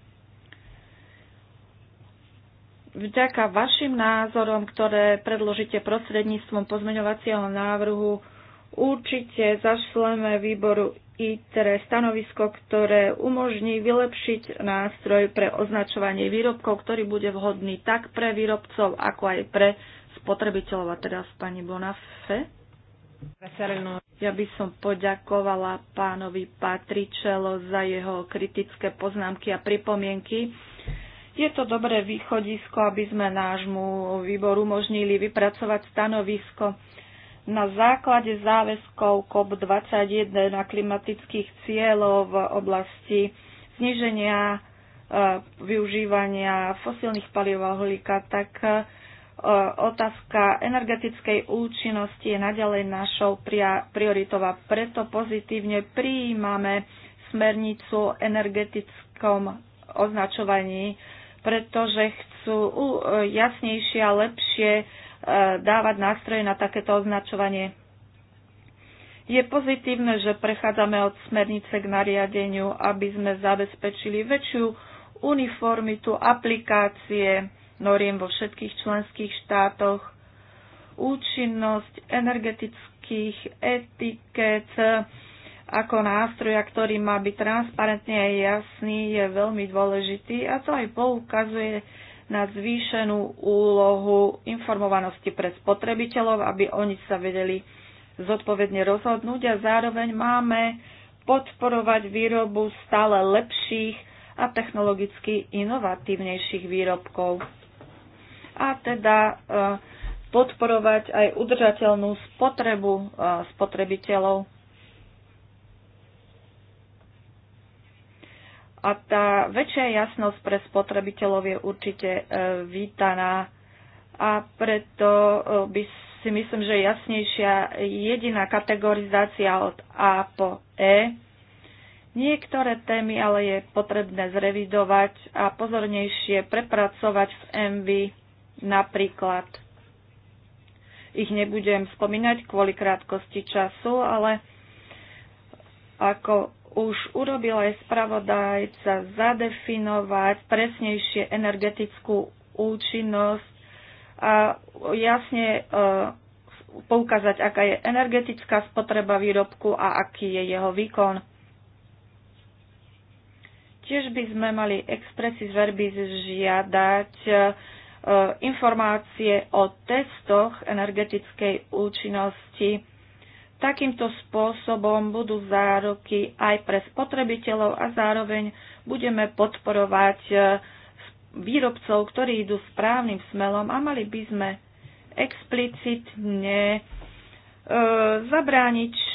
vďaka vašim názorom, ktoré predložíte prostredníctvom pozmeňovacieho návrhu, určite zašleme výboru ITRE stanovisko, ktoré umožní vylepšiť nástroj pre označovanie výrobkov, ktorý bude vhodný tak pre výrobcov, ako aj pre spotrebiteľov. A teraz pani Bonafé. Ja by som poďakovala pánovi Patričelo za jeho kritické poznámky a pripomienky. Je to dobré východisko, aby sme nášmu výboru umožnili vypracovať stanovisko na základe záväzkov COP21 na klimatických cieľov v oblasti zniženia e, využívania fosílnych palív a uhlíka, tak e, otázka energetickej účinnosti je naďalej našou prioritou a preto pozitívne prijímame smernicu o energetickom označovaní, pretože chcú jasnejšie a lepšie dávať nástroje na takéto označovanie. Je pozitívne, že prechádzame od smernice k nariadeniu, aby sme zabezpečili väčšiu uniformitu aplikácie noriem vo všetkých členských štátoch, účinnosť energetických etiket ako nástroja, ktorý má byť transparentne a jasný, je veľmi dôležitý a to aj poukazuje na zvýšenú úlohu informovanosti pre spotrebiteľov, aby oni sa vedeli zodpovedne rozhodnúť a zároveň máme podporovať výrobu stále lepších a technologicky inovatívnejších výrobkov. A teda eh, podporovať aj udržateľnú spotrebu eh, spotrebiteľov. A tá väčšia jasnosť pre spotrebiteľov je určite e, vítaná a preto e, by si myslím, že jasnejšia jediná kategorizácia od A po E. Niektoré témy ale je potrebné zrevidovať a pozornejšie prepracovať v MV napríklad. Ich nebudem spomínať kvôli krátkosti času, ale ako už urobil aj spravodajca zadefinovať presnejšie energetickú účinnosť a jasne e, poukázať, aká je energetická spotreba výrobku a aký je jeho výkon. Tiež by sme mali expressis verbis žiadať e, informácie o testoch energetickej účinnosti Takýmto spôsobom budú záruky aj pre spotrebiteľov a zároveň budeme podporovať e, výrobcov, ktorí idú správnym smelom a mali by sme explicitne e, zabrániť e,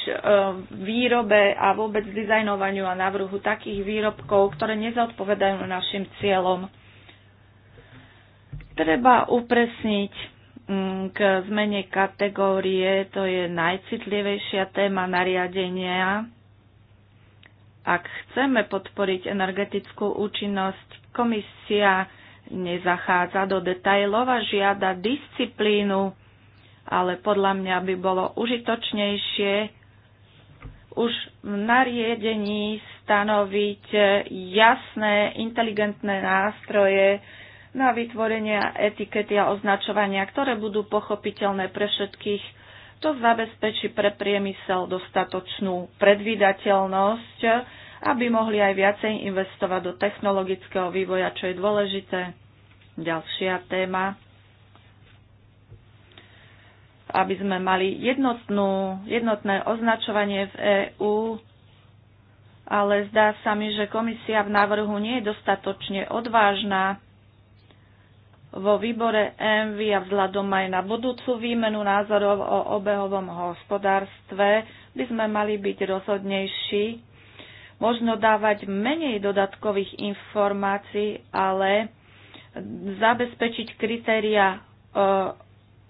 výrobe a vôbec dizajnovaniu a navrhu takých výrobkov, ktoré nezodpovedajú našim cieľom. Treba upresniť Mm, k zmene kategórie, to je najcitlivejšia téma nariadenia. Ak chceme podporiť energetickú účinnosť, komisia nezachádza do detailov a žiada disciplínu, ale podľa mňa by bolo užitočnejšie už v nariadení stanoviť jasné, inteligentné nástroje, na vytvorenia etikety a označovania, ktoré budú pochopiteľné pre všetkých. To zabezpečí pre priemysel dostatočnú predvídateľnosť, aby mohli aj viacej investovať do technologického vývoja, čo je dôležité. Ďalšia téma aby sme mali jednotnú, jednotné označovanie v EÚ, ale zdá sa mi, že komisia v návrhu nie je dostatočne odvážna vo výbore MV a vzhľadom aj na budúcu výmenu názorov o obehovom hospodárstve by sme mali byť rozhodnejší, možno dávať menej dodatkových informácií, ale zabezpečiť kritéria e,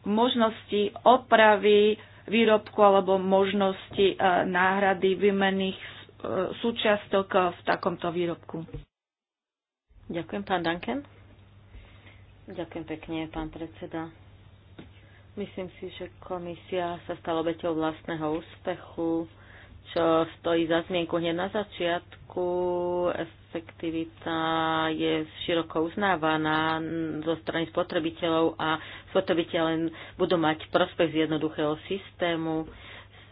možnosti opravy výrobku alebo možnosti e, náhrady výmenných e, súčiastok v takomto výrobku. Ďakujem, pán Duncan. Ďakujem pekne, pán predseda. Myslím si, že komisia sa stala obeťou vlastného úspechu, čo stojí za zmienku hneď na začiatku. Efektivita je široko uznávaná zo strany spotrebiteľov a len budú mať prospech z jednoduchého systému.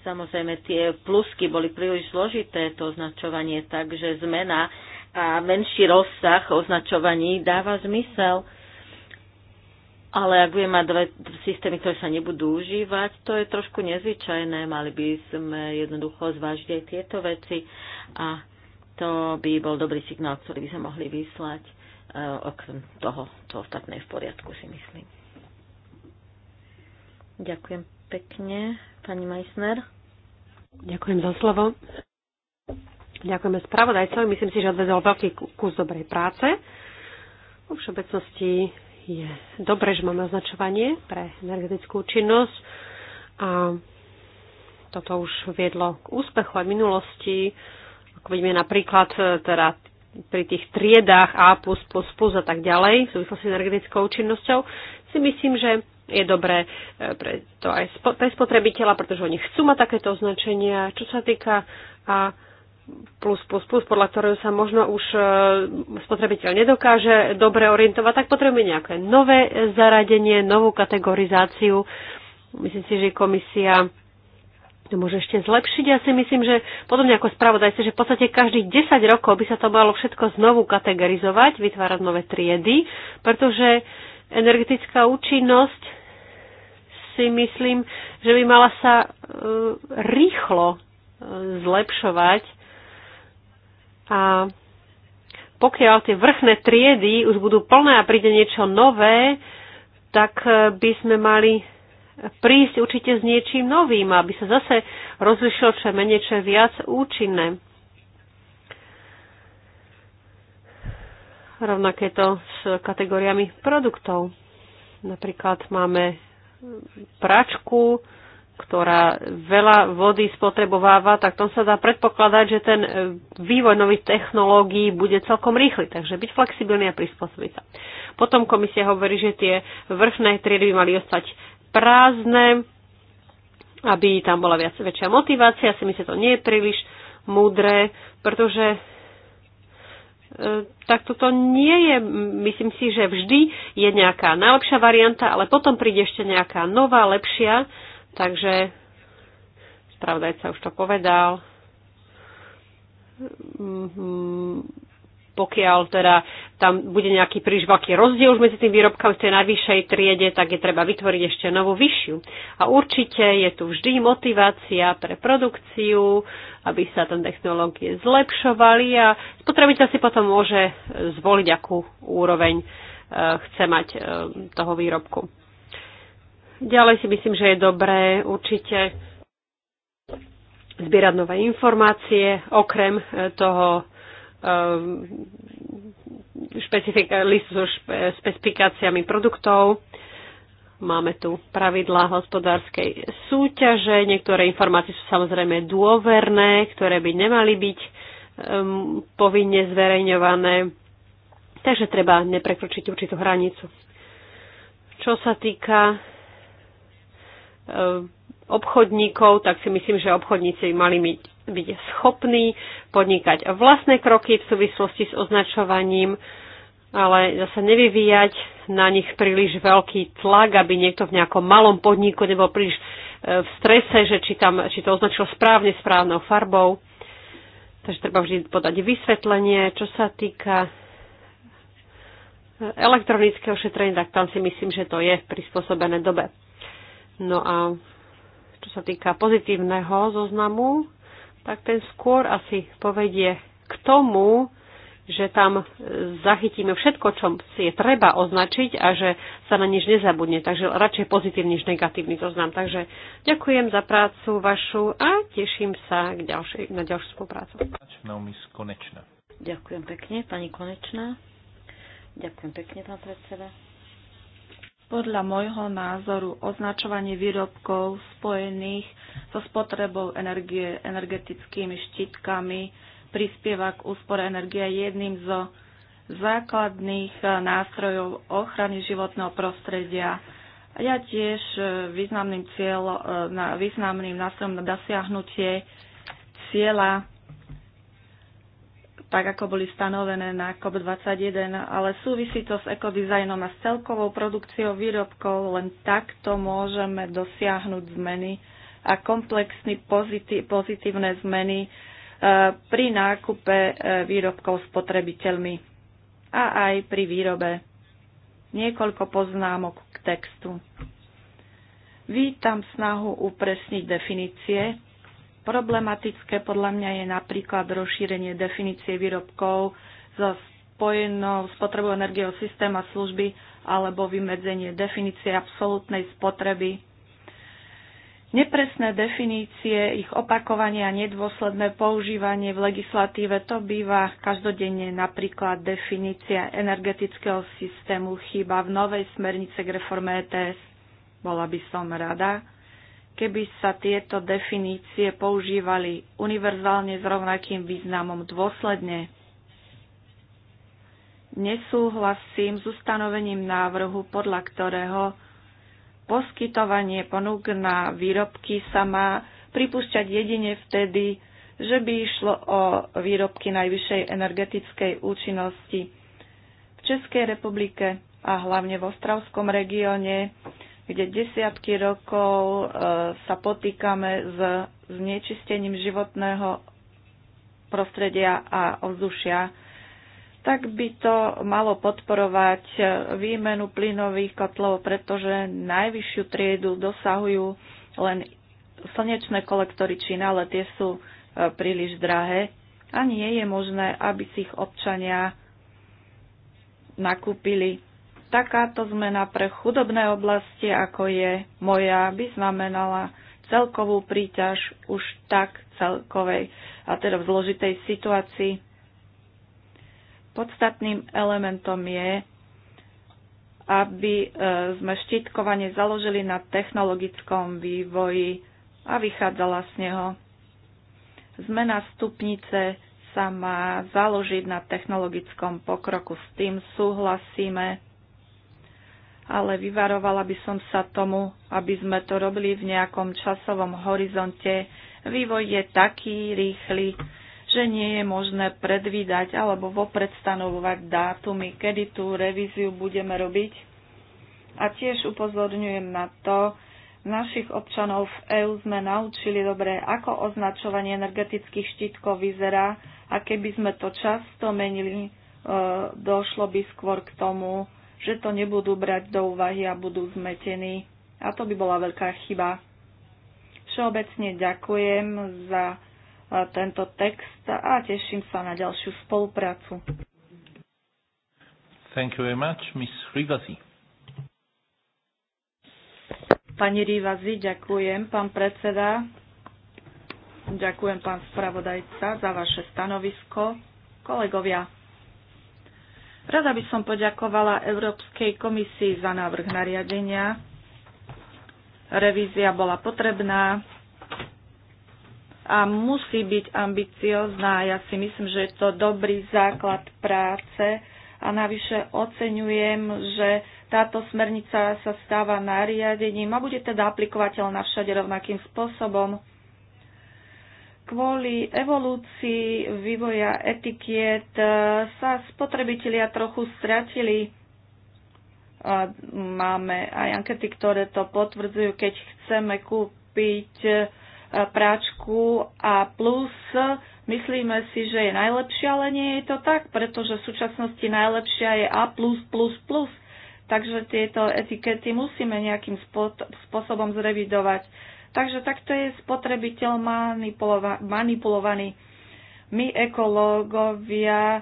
Samozrejme, tie plusky boli príliš zložité, to označovanie, takže zmena a menší rozsah označovaní dáva zmysel ale ak budeme mať dve systémy, ktoré sa nebudú užívať, to je trošku nezvyčajné. Mali by sme jednoducho zvážiť aj tieto veci a to by bol dobrý signál, ktorý by sme mohli vyslať. E, okrem toho, to ostatné je v poriadku, si myslím. Ďakujem pekne, pani Meissner. Ďakujem za slovo. Ďakujeme spravodajcovi. Myslím si, že odvedol veľký kus dobrej práce. Vo všeobecnosti je dobre, že máme označovanie pre energetickú činnosť a toto už viedlo k úspechu aj v minulosti. Ako vidíme napríklad e, teda pri tých triedách A++, a tak ďalej v súvislosti s energetickou činnosťou, si myslím, že je dobré e, pre to aj pre spotrebiteľa, pretože oni chcú mať takéto označenia. Čo sa týka a plus, plus, plus, podľa ktorého sa možno už e, spotrebiteľ nedokáže dobre orientovať, tak potrebujeme nejaké nové zaradenie, novú kategorizáciu. Myslím si, že komisia to môže ešte zlepšiť. Ja si myslím, že podobne ako spravodajce, že v podstate každých 10 rokov by sa to malo všetko znovu kategorizovať, vytvárať nové triedy, pretože energetická účinnosť si myslím, že by mala sa e, rýchlo e, zlepšovať a pokiaľ tie vrchné triedy už budú plné a príde niečo nové, tak e, by sme mali prísť určite s niečím novým, aby sa zase rozlišilo čo menej, čo viac účinné. Rovnaké to s kategóriami produktov. Napríklad máme pračku, ktorá veľa vody spotrebováva, tak tom sa dá predpokladať, že ten e, vývoj nových technológií bude celkom rýchly. Takže byť flexibilný a prispôsobiť sa. Potom komisia hovorí, že tie vrchné triedy by mali ostať prázdne, aby tam bola viac, väčšia motivácia. si myslím, že to nie je príliš múdre, pretože e, tak toto nie je, myslím si, že vždy je nejaká najlepšia varianta, ale potom príde ešte nejaká nová, lepšia Takže spravodajca už to povedal. Pokiaľ teda tam bude nejaký príliš veľký rozdiel už medzi tým výrobkami v tej najvyššej triede, tak je treba vytvoriť ešte novú vyššiu. A určite je tu vždy motivácia pre produkciu, aby sa tam technológie zlepšovali a spotrebiteľ si potom môže zvoliť, akú úroveň eh, chce mať eh, toho výrobku. Ďalej si myslím, že je dobré určite zbierať nové informácie, okrem e, toho e, listu so špe- specifikáciami produktov. Máme tu pravidlá hospodárskej súťaže. Niektoré informácie sú samozrejme dôverné, ktoré by nemali byť um, povinne zverejňované. Takže treba neprekročiť určitú hranicu. Čo sa týka Eh, obchodníkov, tak si myslím, že obchodníci mali byť, byť schopní podnikať vlastné kroky v súvislosti s označovaním, ale zase nevyvíjať na nich príliš veľký tlak, aby niekto v nejakom malom podniku nebol príliš eh, v strese, že či, tam, či to označil správne, správnou farbou. Takže treba vždy podať vysvetlenie, čo sa týka eh, elektronického šetrenia, tak tam si myslím, že to je prispôsobené dobe. No a čo sa týka pozitívneho zoznamu, tak ten skôr asi povedie k tomu, že tam zachytíme všetko, čo si je treba označiť a že sa na nič nezabudne. Takže radšej pozitívny než negatívny zoznam. Takže ďakujem za prácu vašu a teším sa k ďalšej, na ďalšiu spoluprácu. Ďakujem pekne, pani Konečná. Ďakujem pekne, pán predseda. Podľa môjho názoru označovanie výrobkov spojených so spotrebou energie energetickými štítkami prispieva k úspore energie jedným zo základných e, nástrojov ochrany životného prostredia. Ja tiež e, významným, cieľ, e, významným nástrojom na dosiahnutie cieľa tak ako boli stanovené na COP21, ale súvisí to s ekodizajnom a s celkovou produkciou výrobkov, len takto môžeme dosiahnuť zmeny a komplexné pozitív, pozitívne zmeny e, pri nákupe e, výrobkov spotrebiteľmi a aj pri výrobe. Niekoľko poznámok k textu. Vítam snahu upresniť definície Problematické podľa mňa je napríklad rozšírenie definície výrobkov so spojenou spotrebou energie o systém a služby alebo vymedzenie definície absolútnej spotreby. Nepresné definície, ich opakovanie a nedôsledné používanie v legislatíve to býva každodenne napríklad definícia energetického systému chýba v novej smernice k reforme ETS. Bola by som rada, keby sa tieto definície používali univerzálne s rovnakým významom dôsledne. Nesúhlasím s ustanovením návrhu, podľa ktorého poskytovanie ponúk na výrobky sa má pripúšťať jedine vtedy, že by išlo o výrobky najvyššej energetickej účinnosti. V Českej republike a hlavne v Ostravskom regióne kde desiatky rokov e, sa potýkame s znečistením životného prostredia a ovzdušia, tak by to malo podporovať e, výmenu plynových kotlov, pretože najvyššiu triedu dosahujú len slnečné kolektory Čín, ale tie sú e, príliš drahé a nie je možné, aby si ich občania nakúpili. Takáto zmena pre chudobné oblasti, ako je moja, by znamenala celkovú príťaž už tak celkovej a teda v zložitej situácii. Podstatným elementom je, aby e, sme štítkovanie založili na technologickom vývoji a vychádzala z neho. Zmena stupnice sa má založiť na technologickom pokroku. S tým súhlasíme ale vyvarovala by som sa tomu, aby sme to robili v nejakom časovom horizonte. Vývoj je taký rýchly, že nie je možné predvídať alebo vopred stanovovať dátumy, kedy tú revíziu budeme robiť. A tiež upozorňujem na to, našich občanov v EÚ sme naučili dobre, ako označovanie energetických štítkov vyzerá a keby sme to často menili, e, došlo by skôr k tomu, že to nebudú brať do úvahy a budú zmetení. A to by bola veľká chyba. Všeobecne ďakujem za e, tento text a teším sa na ďalšiu spoluprácu. Thank you very much, Ms. Rivasi. Pani Rivasi, ďakujem, pán predseda. Ďakujem, pán spravodajca, za vaše stanovisko. Kolegovia, Rada by som poďakovala Európskej komisii za návrh nariadenia. Revízia bola potrebná a musí byť ambiciozná. Ja si myslím, že je to dobrý základ práce a navyše oceňujem, že táto smernica sa stáva nariadením a bude teda aplikovateľná všade rovnakým spôsobom kvôli evolúcii vývoja etikiet e, sa spotrebitelia trochu stratili. E, máme aj ankety, ktoré to potvrdzujú, keď chceme kúpiť e, práčku A+, plus, myslíme si, že je najlepšia, ale nie je to tak, pretože v súčasnosti najlepšia je A++++. Takže tieto etikety musíme nejakým spôsobom zrevidovať. Takže takto je spotrebiteľ manipulova- manipulovaný. My ekológovia e,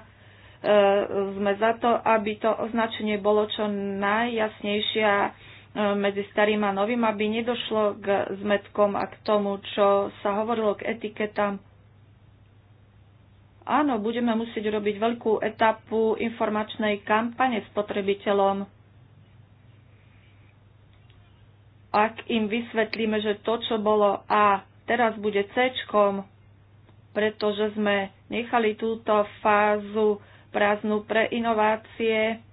sme za to, aby to označenie bolo čo najjasnejšie e, medzi starým a novým, aby nedošlo k zmetkom a k tomu, čo sa hovorilo k etiketám. Áno, budeme musieť robiť veľkú etapu informačnej kampane spotrebiteľom ak im vysvetlíme, že to, čo bolo A, teraz bude C, pretože sme nechali túto fázu prázdnu pre inovácie,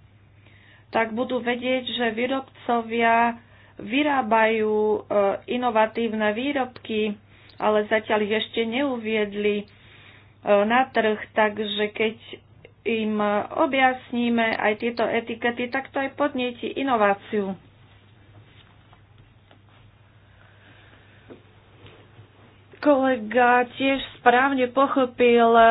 tak budú vedieť, že výrobcovia vyrábajú e, inovatívne výrobky, ale zatiaľ ich ešte neuviedli e, na trh, takže keď im objasníme aj tieto etikety, tak to aj podnieti inováciu. kolega tiež správne pochopil e,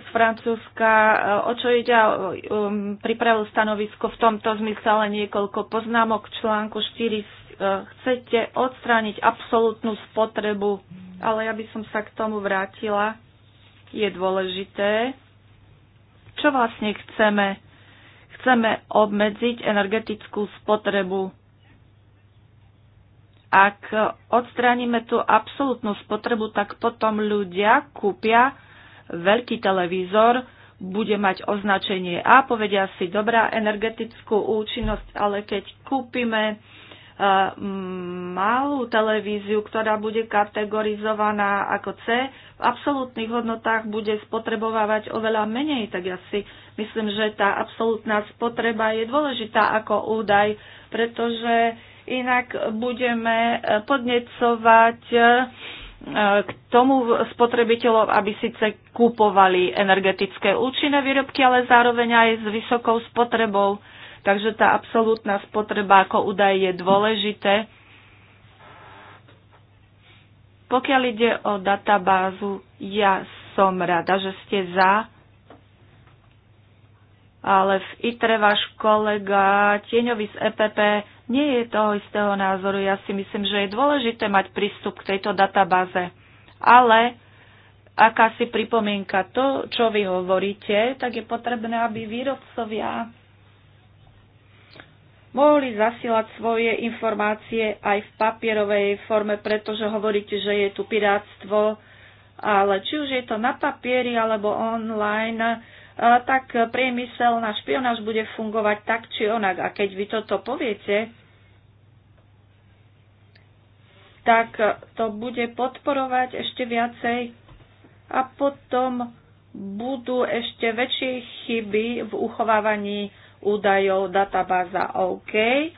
z Francúzska, e, o čo ide a e, um, pripravil stanovisko v tomto zmysle, ale niekoľko poznámok článku 4. Chcete odstrániť absolútnu spotrebu, ale ja by som sa k tomu vrátila. Je dôležité, čo vlastne chceme. Chceme obmedziť energetickú spotrebu ak odstránime tú absolútnu spotrebu, tak potom ľudia kúpia veľký televízor, bude mať označenie A, povedia si dobrá energetickú účinnosť, ale keď kúpime eh, malú televíziu, ktorá bude kategorizovaná ako C, v absolútnych hodnotách bude spotrebovávať oveľa menej, tak ja si myslím, že tá absolútna spotreba je dôležitá ako údaj, pretože Inak budeme eh, podnecovať eh, k tomu spotrebiteľov, aby síce kúpovali energetické účinné výrobky, ale zároveň aj s vysokou spotrebou. Takže tá absolútna spotreba ako údaj je dôležité. Pokiaľ ide o databázu, ja som rada, že ste za, ale v ITRE váš kolega Tieňovi z EPP nie je toho istého názoru. Ja si myslím, že je dôležité mať prístup k tejto databáze. Ale aká si pripomienka, to, čo vy hovoríte, tak je potrebné, aby výrobcovia mohli zasielať svoje informácie aj v papierovej forme, pretože hovoríte, že je tu pirátstvo, ale či už je to na papieri alebo online, tak priemysel na špionáž bude fungovať tak či onak. A keď vy toto poviete, tak to bude podporovať ešte viacej a potom budú ešte väčšie chyby v uchovávaní údajov databáza OK. E,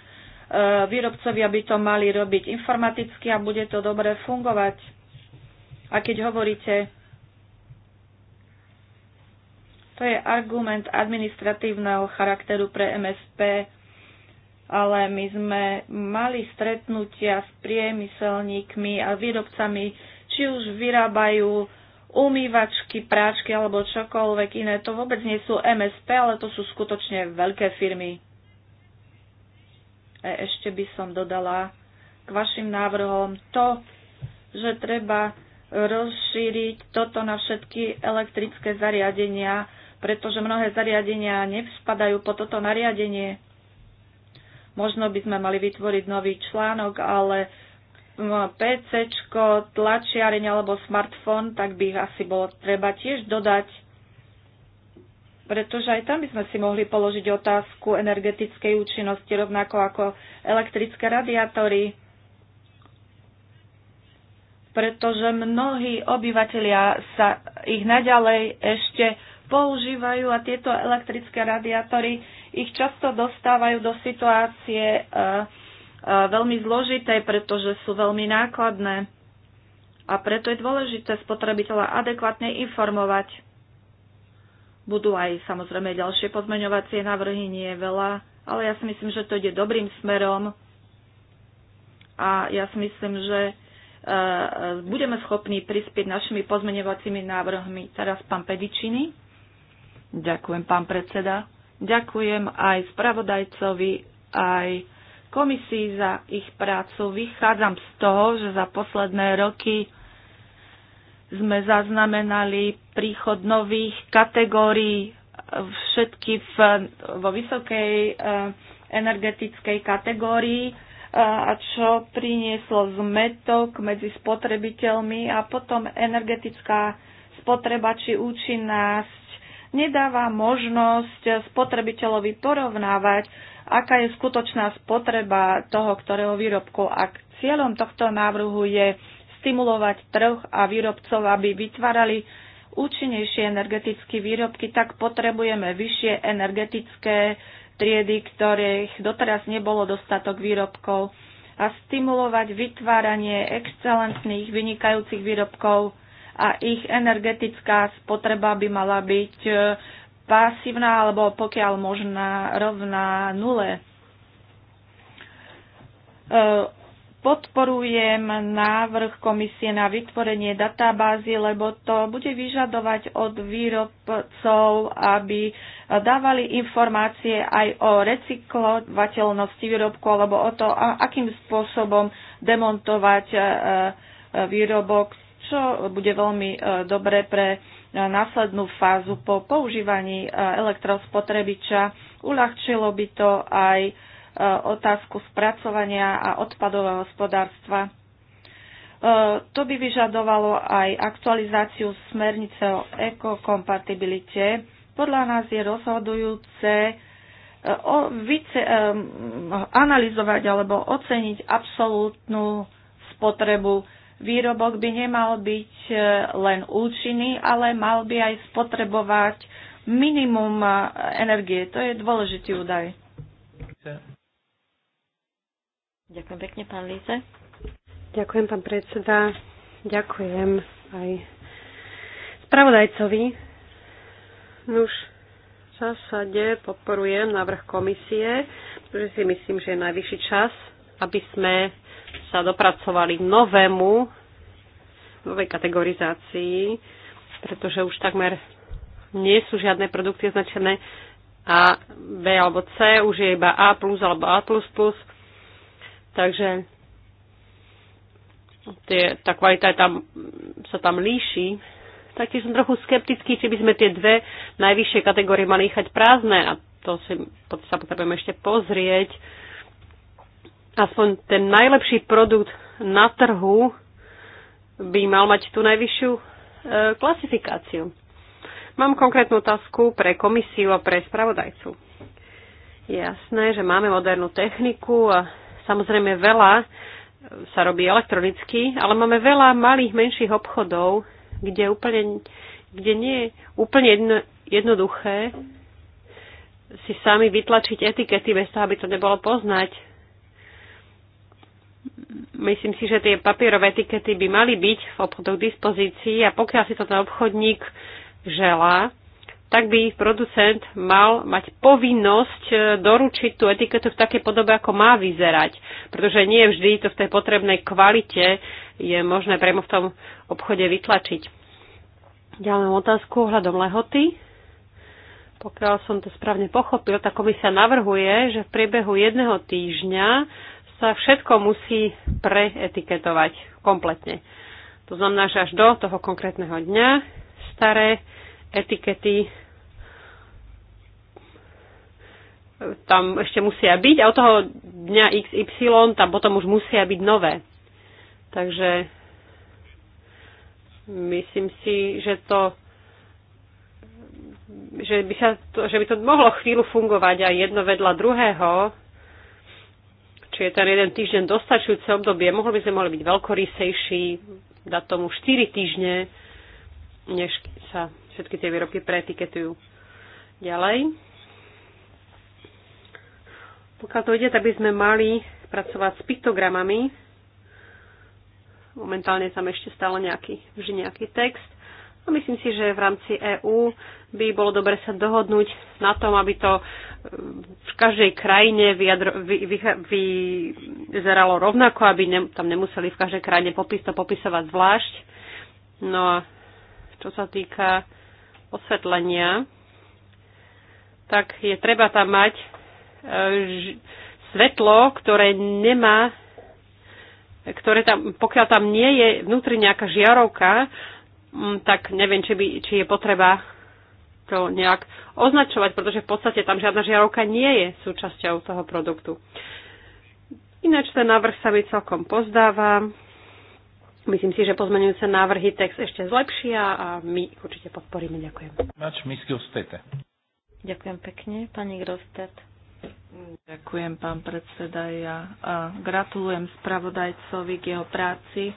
výrobcovia by to mali robiť informaticky a bude to dobre fungovať. A keď hovoríte, to je argument administratívneho charakteru pre MSP, ale my sme mali stretnutia s priemyselníkmi a výrobcami, či už vyrábajú umývačky, práčky alebo čokoľvek iné. To vôbec nie sú MSP, ale to sú skutočne veľké firmy. A ešte by som dodala k vašim návrhom to, že treba rozšíriť toto na všetky elektrické zariadenia, pretože mnohé zariadenia nevspadajú po toto nariadenie. Možno by sme mali vytvoriť nový článok, ale PC, tlačiareň alebo smartfón, tak by ich asi bolo treba tiež dodať. Pretože aj tam by sme si mohli položiť otázku energetickej účinnosti, rovnako ako elektrické radiátory. Pretože mnohí obyvateľia sa ich naďalej ešte používajú a tieto elektrické radiátory ich často dostávajú do situácie e, e, veľmi zložité, pretože sú veľmi nákladné. A preto je dôležité spotrebiteľa adekvátne informovať. Budú aj samozrejme ďalšie pozmeňovacie návrhy, nie je veľa, ale ja si myslím, že to ide dobrým smerom. A ja si myslím, že e, budeme schopní prispieť našimi pozmeňovacími návrhmi. Teraz pán Pedičiny. Ďakujem, pán predseda. Ďakujem aj spravodajcovi, aj komisii za ich prácu. Vychádzam z toho, že za posledné roky sme zaznamenali príchod nových kategórií, e, všetky v, vo vysokej e, energetickej kategórii, e, a čo prinieslo zmetok medzi spotrebiteľmi a potom energetická spotreba či účinnosť nedáva možnosť spotrebiteľovi porovnávať, aká je skutočná spotreba toho, ktorého výrobku. Ak cieľom tohto návrhu je stimulovať trh a výrobcov, aby vytvárali účinnejšie energetické výrobky, tak potrebujeme vyššie energetické triedy, ktorých doteraz nebolo dostatok výrobkov a stimulovať vytváranie excelentných, vynikajúcich výrobkov a ich energetická spotreba by mala byť e, pasívna alebo pokiaľ možná rovná nule. E, podporujem návrh komisie na vytvorenie databázy, lebo to bude vyžadovať od výrobcov, aby dávali informácie aj o recyklovateľnosti výrobku alebo o to, akým spôsobom demontovať e, výrobok čo bude veľmi e, dobre pre e, následnú fázu po používaní e, elektrospotrebiča. Uľahčilo by to aj otázku spracovania a odpadového hospodárstva. To by vyžadovalo aj aktualizáciu smernice o ekokompatibilite. Podľa nás je rozhodujúce um, analyzovať alebo oceniť absolútnu spotrebu výrobok by nemal byť e, len účinný, ale mal by aj spotrebovať minimum e, energie. To je dôležitý údaj. Ďakujem pekne, pán Líze. Ďakujem, pán predseda. Ďakujem aj spravodajcovi. Nuž, v zásade podporujem návrh komisie, pretože si myslím, že je najvyšší čas, aby sme sa dopracovali novému, novej kategorizácii, pretože už takmer nie sú žiadne produkty označené A, B alebo C, už je iba A+, alebo A++. Takže tie, tá kvalita je tam, sa tam líši. Taktiež som trochu skeptický, či by sme tie dve najvyššie kategórie mali nechať prázdne a to si to sa potrebujeme ešte pozrieť aspoň ten najlepší produkt na trhu by mal mať tú najvyššiu e, klasifikáciu. Mám konkrétnu otázku pre komisiu a pre spravodajcu. Je jasné, že máme modernú techniku a samozrejme veľa sa robí elektronicky, ale máme veľa malých, menších obchodov, kde, úplne, kde nie je úplne jedno, jednoduché si sami vytlačiť etikety bez toho, aby to nebolo poznať Myslím si, že tie papierové etikety by mali byť v obchodoch k dispozícii a pokiaľ si to ten obchodník želá, tak by producent mal mať povinnosť e, doručiť tú etiketu v takej podobe, ako má vyzerať. Pretože nie vždy to v tej potrebnej kvalite je možné priamo v tom obchode vytlačiť. Ďalej otázku ohľadom lehoty. Pokiaľ som to správne pochopil, tak komisia navrhuje, že v priebehu jedného týždňa sa všetko musí preetiketovať kompletne. To znamená, že až do toho konkrétneho dňa staré etikety tam ešte musia byť a od toho dňa XY tam potom už musia byť nové. Takže myslím si, že to že by, sa to, že by to mohlo chvíľu fungovať aj jedno vedľa druhého, či je ten jeden týždeň dostačujúce obdobie. Mohli by sme mohli byť veľkorysejší, dať tomu 4 týždne, než sa všetky tie výrobky preetiketujú. Ďalej. Pokiaľ to ide, tak by sme mali pracovať s piktogramami. Momentálne tam ešte stále nejaký, vždy nejaký text. A myslím si, že v rámci EÚ by bolo dobre sa dohodnúť na tom, aby to e, v každej krajine vyjadro, vy, vy, vyzeralo rovnako, aby ne, tam nemuseli v každej krajine popis to popisovať zvlášť. No a čo sa týka osvetlenia, tak je treba tam mať e, ž, svetlo, ktoré nemá ktoré tam, pokiaľ tam nie je vnútri nejaká žiarovka, Mm, tak neviem, či, by, či je potreba to nejak označovať, pretože v podstate tam žiadna žiarovka nie je súčasťou toho produktu. Ináč ten návrh sa mi celkom pozdáva. Myslím si, že pozmenujúce návrhy text ešte zlepšia a my ich určite podporíme. Ďakujem. Mač Grostete. Ďakujem pekne, pani Grostet. Ďakujem, pán predseda. Ja gratulujem spravodajcovi k jeho práci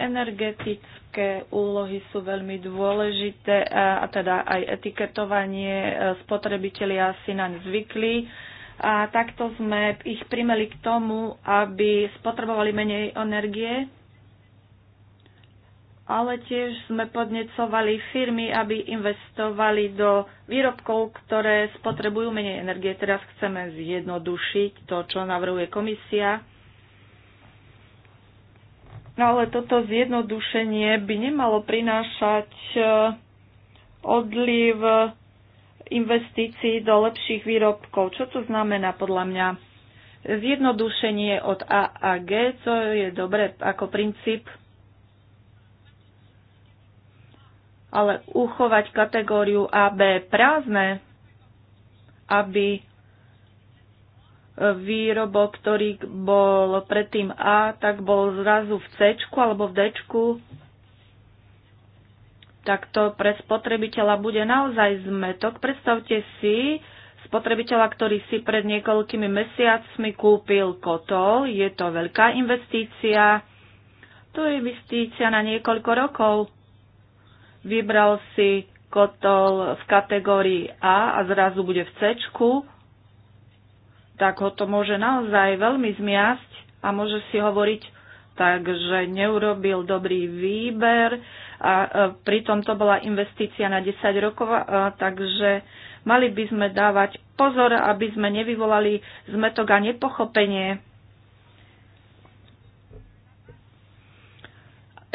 Energetic, etické úlohy sú veľmi dôležité, a teda aj etiketovanie e, spotrebitelia si naň zvykli. A takto sme ich primeli k tomu, aby spotrebovali menej energie, ale tiež sme podnecovali firmy, aby investovali do výrobkov, ktoré spotrebujú menej energie. Teraz chceme zjednodušiť to, čo navrhuje komisia No ale toto zjednodušenie by nemalo prinášať e, odliv investícií do lepších výrobkov. Čo to znamená podľa mňa? Zjednodušenie od A a G, co je dobre ako princíp, ale uchovať kategóriu AB prázdne, aby výrobok, ktorý bol predtým A, tak bol zrazu v C alebo v D, tak to pre spotrebiteľa bude naozaj zmetok. Predstavte si spotrebiteľa, ktorý si pred niekoľkými mesiacmi kúpil kotol. Je to veľká investícia. To je investícia na niekoľko rokov. Vybral si kotol v kategórii A a zrazu bude v C tak ho to môže naozaj veľmi zmiasť a môže si hovoriť, takže neurobil dobrý výber a e, pritom to bola investícia na 10 rokov, e, takže mali by sme dávať pozor, aby sme nevyvolali zmetok a nepochopenie.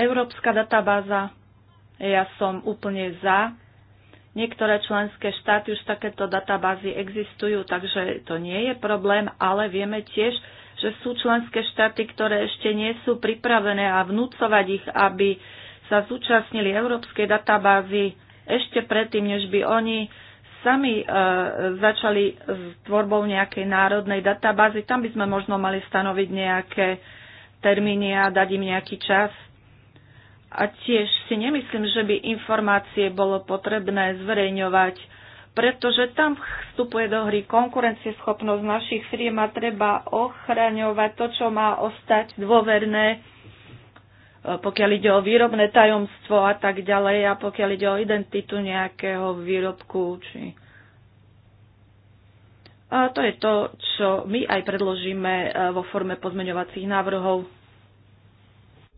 Európska databáza, ja som úplne za, Niektoré členské štáty už takéto databázy existujú, takže to nie je problém, ale vieme tiež, že sú členské štáty, ktoré ešte nie sú pripravené a vnúcovať ich, aby sa zúčastnili európskej databázy ešte predtým, než by oni sami e, začali s tvorbou nejakej národnej databázy. Tam by sme možno mali stanoviť nejaké termíny a dať im nejaký čas. A tiež si nemyslím, že by informácie bolo potrebné zverejňovať, pretože tam vstupuje do hry konkurencieschopnosť našich firiem a treba ochraňovať to, čo má ostať dôverné, e, pokiaľ ide o výrobné tajomstvo a tak ďalej a pokiaľ ide o identitu nejakého výrobku. Či... A to je to, čo my aj predložíme e, vo forme pozmeňovacích návrhov.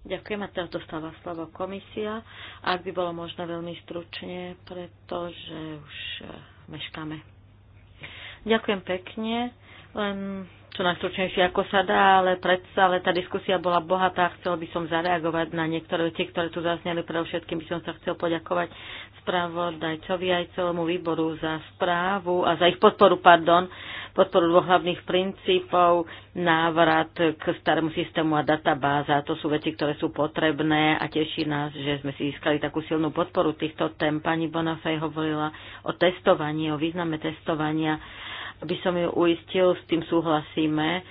Ďakujem a teraz dostáva slovo komisia. Ak by bolo možno veľmi stručne, pretože už eh, meškáme. Ďakujem pekne. Len čo najstručnejšie, ako sa dá, ale predsa, ale tá diskusia bola bohatá. Chcel by som zareagovať na niektoré tie, ktoré tu zazneli. Pre všetkým by som sa chcel poďakovať spravodajcovi aj celému výboru za správu a za ich podporu, pardon, podporu dvoch hlavných princípov, návrat k starému systému a databáza. To sú veci, ktoré sú potrebné a teší nás, že sme si získali takú silnú podporu týchto tém. Pani Bonafej hovorila o testovaní, o význame testovania aby som ju uistil, s tým súhlasíme. E,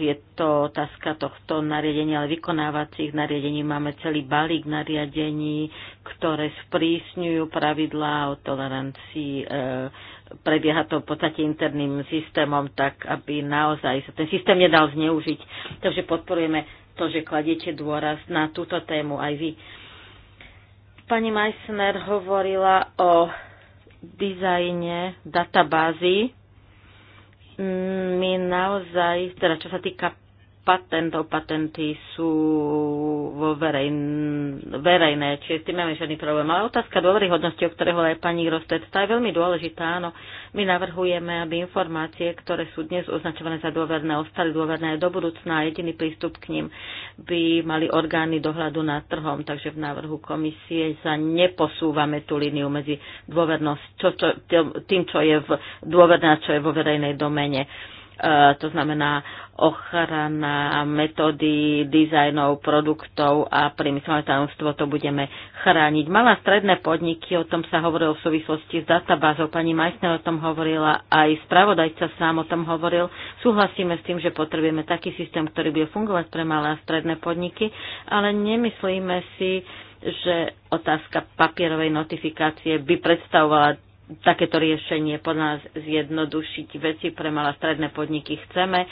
je to otázka tohto nariadenia, ale vykonávacích nariadení máme celý balík nariadení, ktoré sprísňujú pravidlá o tolerancii. E, prebieha to v podstate interným systémom, tak aby naozaj sa ten systém nedal zneužiť. Takže podporujeme to, že kladiete dôraz na túto tému aj vy. Pani Meissner hovorila o dizajne databázy my naozaj, teda čo sa týka patentov. Patenty sú vo verejn, verejné, čiže s tým nemáme žiadny problém. Ale otázka hodnosti, o ktorej hovorila aj pani Grostet, tá je veľmi dôležitá. Áno, my navrhujeme, aby informácie, ktoré sú dnes označované za dôverné, ostali dôverné do budúcna a jediný prístup k ním by mali orgány dohľadu nad trhom. Takže v návrhu komisie sa neposúvame tú líniu medzi dôvernosť, čo, čo, tým, čo je v dôverné a čo je vo verejnej domene. Uh, E, to znamená ochrana metódy, dizajnov, produktov a priemyselné tajomstvo to budeme chrániť. Malé stredné podniky, o tom sa hovorilo v súvislosti s databázou, pani Majsner o tom hovorila, aj spravodajca sám o tom hovoril. Súhlasíme s tým, že potrebujeme taký systém, ktorý bude fungovať pre malé a stredné podniky, ale nemyslíme si, že otázka papierovej notifikácie by predstavovala takéto riešenie podľa nás zjednodušiť veci pre malé stredné podniky chceme,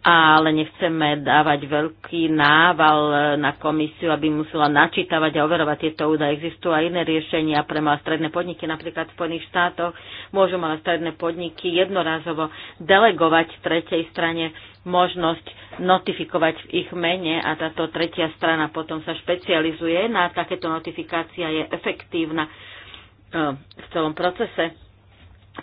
ale nechceme dávať veľký nával na komisiu, aby musela načítavať a overovať tieto údaje. Existujú aj iné riešenia pre malé stredné podniky, napríklad v Spojených štátoch môžu malé stredné podniky jednorazovo delegovať tretej strane možnosť notifikovať v ich mene a táto tretia strana potom sa špecializuje na takéto notifikácia je efektívna E, v celom procese.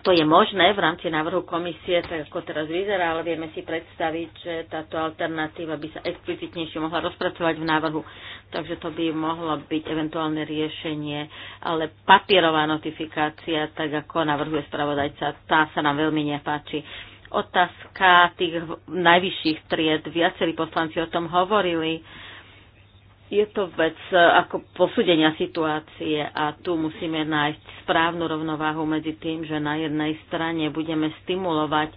To je možné v rámci návrhu komisie, tak ako teraz vyzerá, ale vieme si predstaviť, že táto alternatíva by sa explicitnejšie mohla rozpracovať v návrhu. Takže to by mohlo byť eventuálne riešenie, ale papierová notifikácia, tak ako navrhuje spravodajca, tá sa nám veľmi nepáči otázka tých najvyšších tried. Viacerí poslanci o tom hovorili je to vec e, ako posúdenia situácie a tu musíme nájsť správnu rovnováhu medzi tým, že na jednej strane budeme stimulovať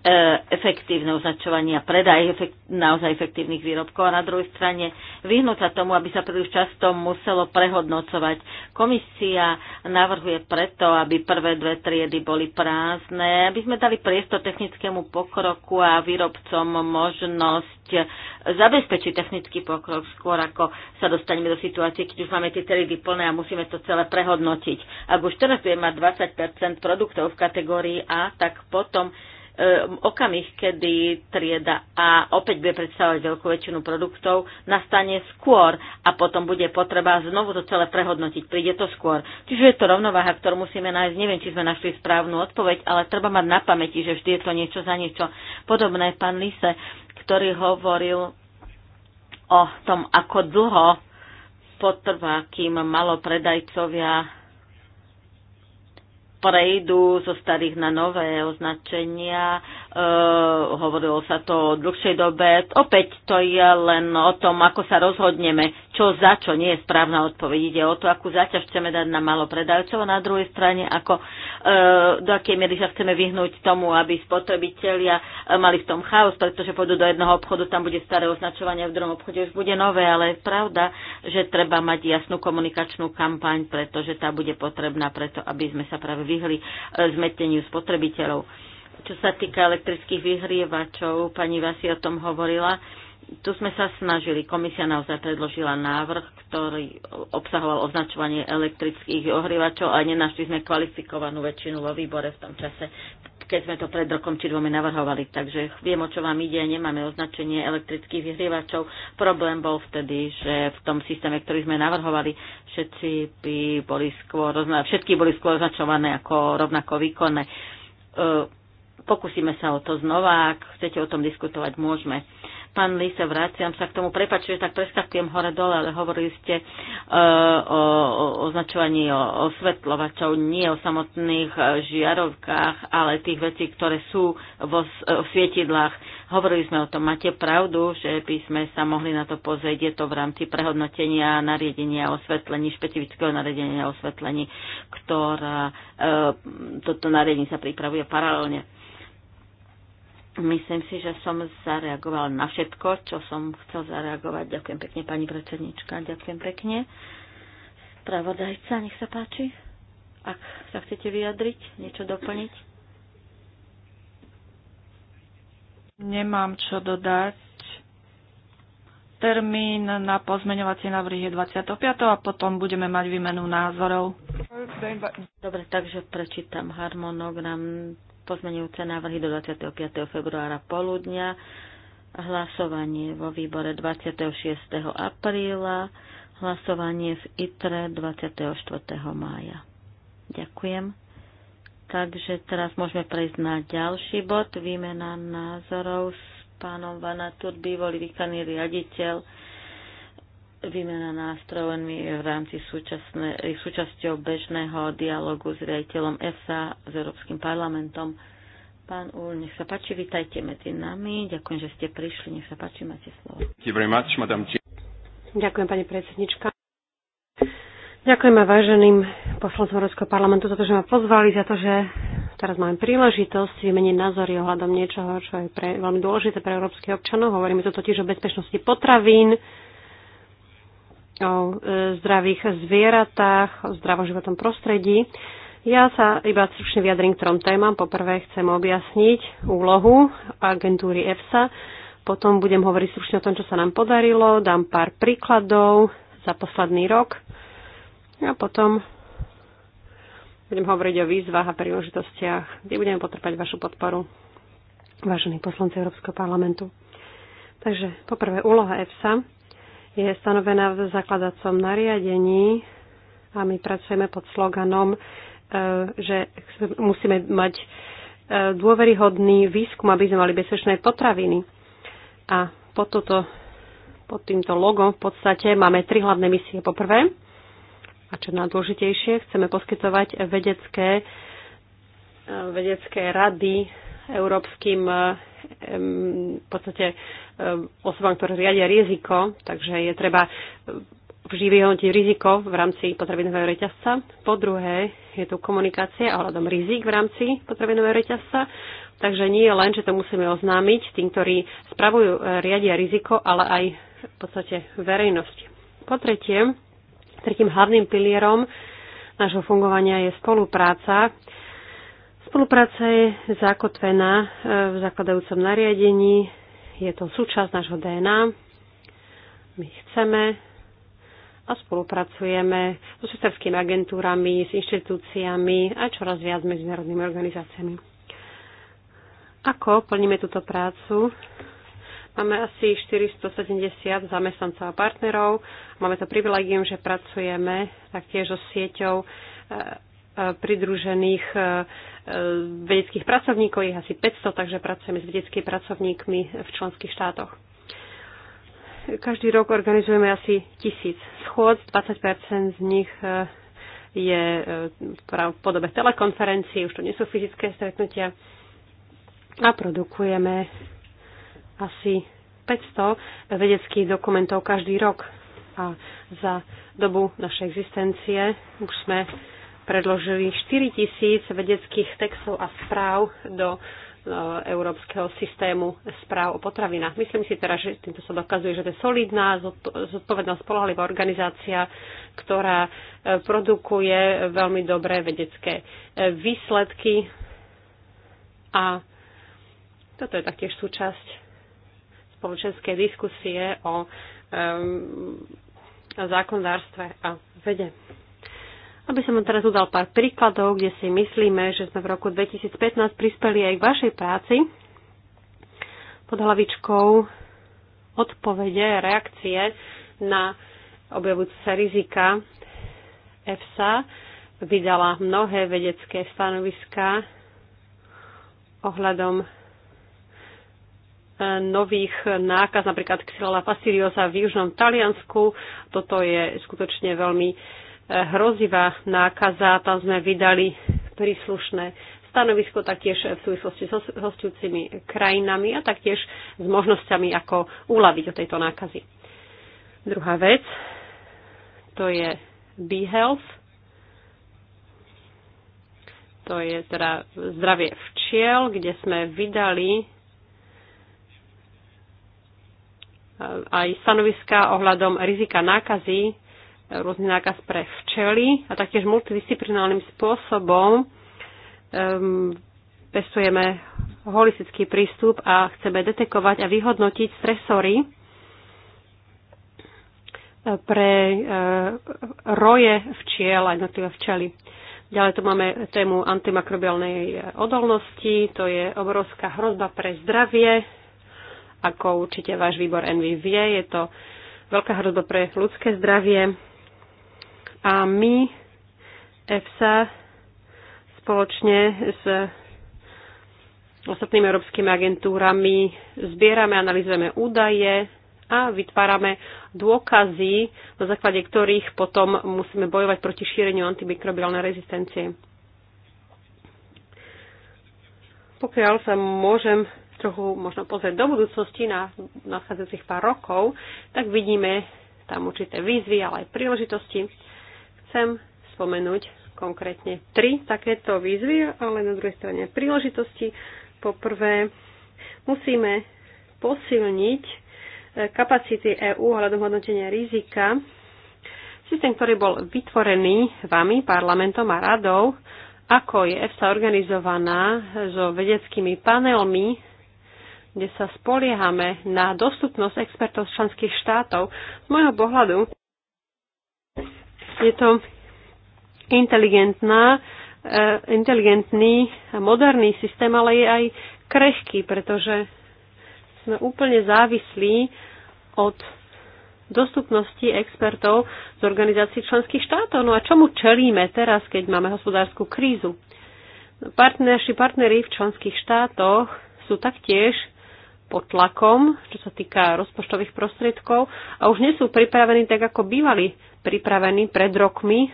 E, efektívne označovanie a predaj efekt, naozaj efektívnych výrobkov a na druhej strane vyhnúť sa tomu, aby sa príliš často muselo prehodnocovať. Komisia navrhuje preto, aby prvé dve triedy boli prázdne, aby sme dali priestor technickému pokroku a výrobcom možnosť zabezpečiť technický pokrok skôr, ako sa dostaneme do situácie, keď už máme tie triedy plné a musíme to celé prehodnotiť. Ak už teraz budeme mať 20 produktov v kategórii A, tak potom Ehm, okamih, kedy trieda A opäť bude predstavovať veľkú väčšinu produktov, nastane skôr a potom bude potreba znovu to celé prehodnotiť. Príde to skôr. Čiže je to rovnováha, ktorú musíme nájsť. Neviem, či sme našli správnu odpoveď, ale treba mať na pamäti, že vždy je to niečo za niečo. Podobné pán Lise, ktorý hovoril o tom, ako dlho potrvá, kým malo predajcovia prejdú zo starých na nové označenia. E, hovorilo sa to o dlhšej dobe. Opäť to je len o tom, ako sa rozhodneme, čo za čo nie je správna odpoveď. Ide o to, akú zaťaž chceme dať na predajcov a na druhej strane, ako, e, do akej miery sa chceme vyhnúť tomu, aby spotrebitelia e, mali v tom chaos, pretože pôjdu do jedného obchodu, tam bude staré označovanie, v druhom obchode už bude nové, ale je pravda, že treba mať jasnú komunikačnú kampaň, pretože tá bude potrebná preto, aby sme sa práve vyhli e, zmeteniu spotrebiteľov. Čo sa týka elektrických vyhrievačov, pani Vasi o tom hovorila, tu sme sa snažili, komisia naozaj predložila návrh, ktorý obsahoval označovanie elektrických ohrievačov a nenašli sme kvalifikovanú väčšinu vo výbore v tom čase, keď sme to pred rokom či dvomi navrhovali. Takže viem, o čo vám ide, nemáme označenie elektrických vyhrievačov. Problém bol vtedy, že v tom systéme, ktorý sme navrhovali, všetci by boli skôr, všetky boli skôr označované ako rovnako výkonné. E, pokúsime sa o to znova, ak chcete o tom diskutovať, môžeme. Pán Lise, vraciam sa k tomu. Prepačte, tak preskakujem hore-dole, ale hovorili ste uh, o, o označovaní o osvetľovačov, nie o samotných e, žiarovkách, ale tých vecí, ktoré sú vo e, svietidlách. Hovorili sme o tom, máte pravdu, že by sme sa mohli na to pozrieť, je to v rámci prehodnotenia nariadenia o osvetlení, špecifického nariadenia o osvetlení, ktorá e, toto nariadenie sa pripravuje paralelne. Myslím si, že som zareagoval na všetko, čo som chcel zareagovať. Ďakujem pekne, pani predsednička. Ďakujem pekne. Spravodajca, nech sa páči. Ak sa chcete vyjadriť, niečo doplniť. Nemám čo dodať. Termín na pozmeňovacie návrhy je 25. a potom budeme mať výmenu názorov. Dobre, takže prečítam harmonogram pozmenujúce návrhy do 25. februára poludnia, hlasovanie vo výbore 26. apríla, hlasovanie v ITRE 24. mája. Ďakujem. Takže teraz môžeme prejsť na ďalší bod, výmena názorov s pánom Vanatúr, bývalý výkonný riaditeľ Výmena nástrojmi v rámci súčasne, eh, súčasťou bežného dialogu s riaditeľom ESA, s Európskym parlamentom. Pán Úl, nech sa páči, vítajte medzi nami. Ďakujem, že ste prišli. Nech sa páči, máte slovo. Ďakujem, pani predsednička. Ďakujem aj váženým poslancom Európskeho parlamentu za to, že ma pozvali, za to, že teraz máme príležitosť vymeniť názory ohľadom niečoho, čo je pre, veľmi dôležité pre európskych občanov. Hovoríme tu totiž o bezpečnosti potravín, o e, zdravých zvieratách, o zdravom životnom prostredí. Ja sa iba stručne vyjadrím k trom témam. Poprvé chcem objasniť úlohu agentúry EFSA. Potom budem hovoriť stručne o tom, čo sa nám podarilo. Dám pár príkladov za posledný rok. A potom budem hovoriť o výzvach a príležitostiach, kde budeme potrpať vašu podporu, vážení poslanci Európskeho parlamentu. Takže poprvé úloha EFSA je stanovená v zakladacom nariadení a my pracujeme pod sloganom, e, že musíme mať e, dôveryhodný výskum, aby sme mali bezpečné potraviny. A pod, toto, pod týmto logom v podstate máme tri hlavné misie. poprvé, a čo najdôležitejšie, chceme poskytovať vedecké, e, vedecké rady európskym eh, v podstate eh, osobám, ktoré riadia riziko, takže je treba eh, vždy vyhodnotiť riziko v rámci potravinového reťazca. Po druhé, je tu komunikácia ohľadom rizik v rámci potravinového reťazca. Takže nie je len, že to musíme oznámiť tým, ktorí spravujú, riadia riziko, ale aj v podstate verejnosť. Po tretie, tretím hlavným pilierom nášho fungovania je spolupráca Spolupráca je zakotvená e, v zakladajúcom nariadení. Je to súčasť nášho DNA. My chceme a spolupracujeme so sesterskými agentúrami, s inštitúciami a čoraz viac medzinárodnými organizáciami. Ako plníme túto prácu? Máme asi 470 zamestnancov a partnerov. Máme to privilegium, že pracujeme taktiež so sieťou e, e, pridružených E, vedeckých pracovníkov, ich asi 500, takže pracujeme s vedeckými pracovníkmi v členských štátoch. Každý rok organizujeme asi tisíc schôd, 20 z nich e, je e, v podobe telekonferencií, už to nie sú fyzické stretnutia a produkujeme asi 500 vedeckých dokumentov každý rok. A za dobu našej existencie už sme predložili 4 tisíc vedeckých textov a správ do e, európskeho systému správ o potravinách. Myslím si teraz, že týmto sa dokazuje, že to je solidná, zodpovedná, spolahlivá organizácia, ktorá e, produkuje veľmi dobré vedecké e, výsledky a toto je taktiež súčasť spoločenskej diskusie o um, o zákonodárstve a vede aby som vám teraz udal pár príkladov, kde si myslíme, že sme v roku 2015 prispeli aj k vašej práci pod hlavičkou odpovede, reakcie na objavujúce sa rizika EFSA vydala mnohé vedecké stanoviská ohľadom e, nových nákaz, napríklad Xylella fastidiosa v južnom Taliansku. Toto je skutočne veľmi uh, hrozivá nákaza. Tam sme vydali príslušné stanovisko taktiež v súvislosti s hostujúcimi krajinami a taktiež s možnosťami, ako uľaviť od tejto nákazy. Druhá vec, to je BeHealth, to je teda zdravie včiel, kde sme vydali eh, aj stanoviska ohľadom rizika nákazy rôzny nákaz pre včely a taktiež multidisciplinárnym spôsobom um, pestujeme holistický prístup a chceme detekovať a vyhodnotiť stresory eh, pre uh, roje včiel a jednotlivé včely. Ďalej tu máme tému antimakrobiálnej eh, odolnosti, to je obrovská hrozba pre zdravie, ako určite váš výbor NVV, je to veľká hrozba pre ľudské zdravie. A my, EFSA, spoločne s ostatnými európskymi agentúrami zbierame, analizujeme údaje a vytvárame dôkazy, na základe ktorých potom musíme bojovať proti šíreniu antimikrobiálnej rezistencie. Pokiaľ sa môžem trochu možno pozrieť do budúcnosti na nadchádzajúcich pár rokov, tak vidíme tam určité výzvy, ale aj príležitosti. Chcem spomenúť konkrétne tri takéto výzvy, ale na druhej strane príležitosti. Po prvé, musíme posilniť e, kapacity EÚ hľadom hodnotenia rizika. Systém, ktorý bol vytvorený vami, parlamentom a radou, ako je EFSA organizovaná so vedeckými panelmi, kde sa spoliehame na dostupnosť expertov z členských štátov. Z môjho pohľadu je to inteligentná, eh, inteligentný, moderný systém, ale je aj krehký, pretože sme úplne závislí od dostupnosti expertov z organizácií členských štátov. No a čomu čelíme teraz, keď máme hospodárskú krízu? naši partneri v členských štátoch sú taktiež pod tlakom, čo sa týka rozpočtových prostriedkov a už nie sú pripravení tak, ako bývali pripravení pred rokmi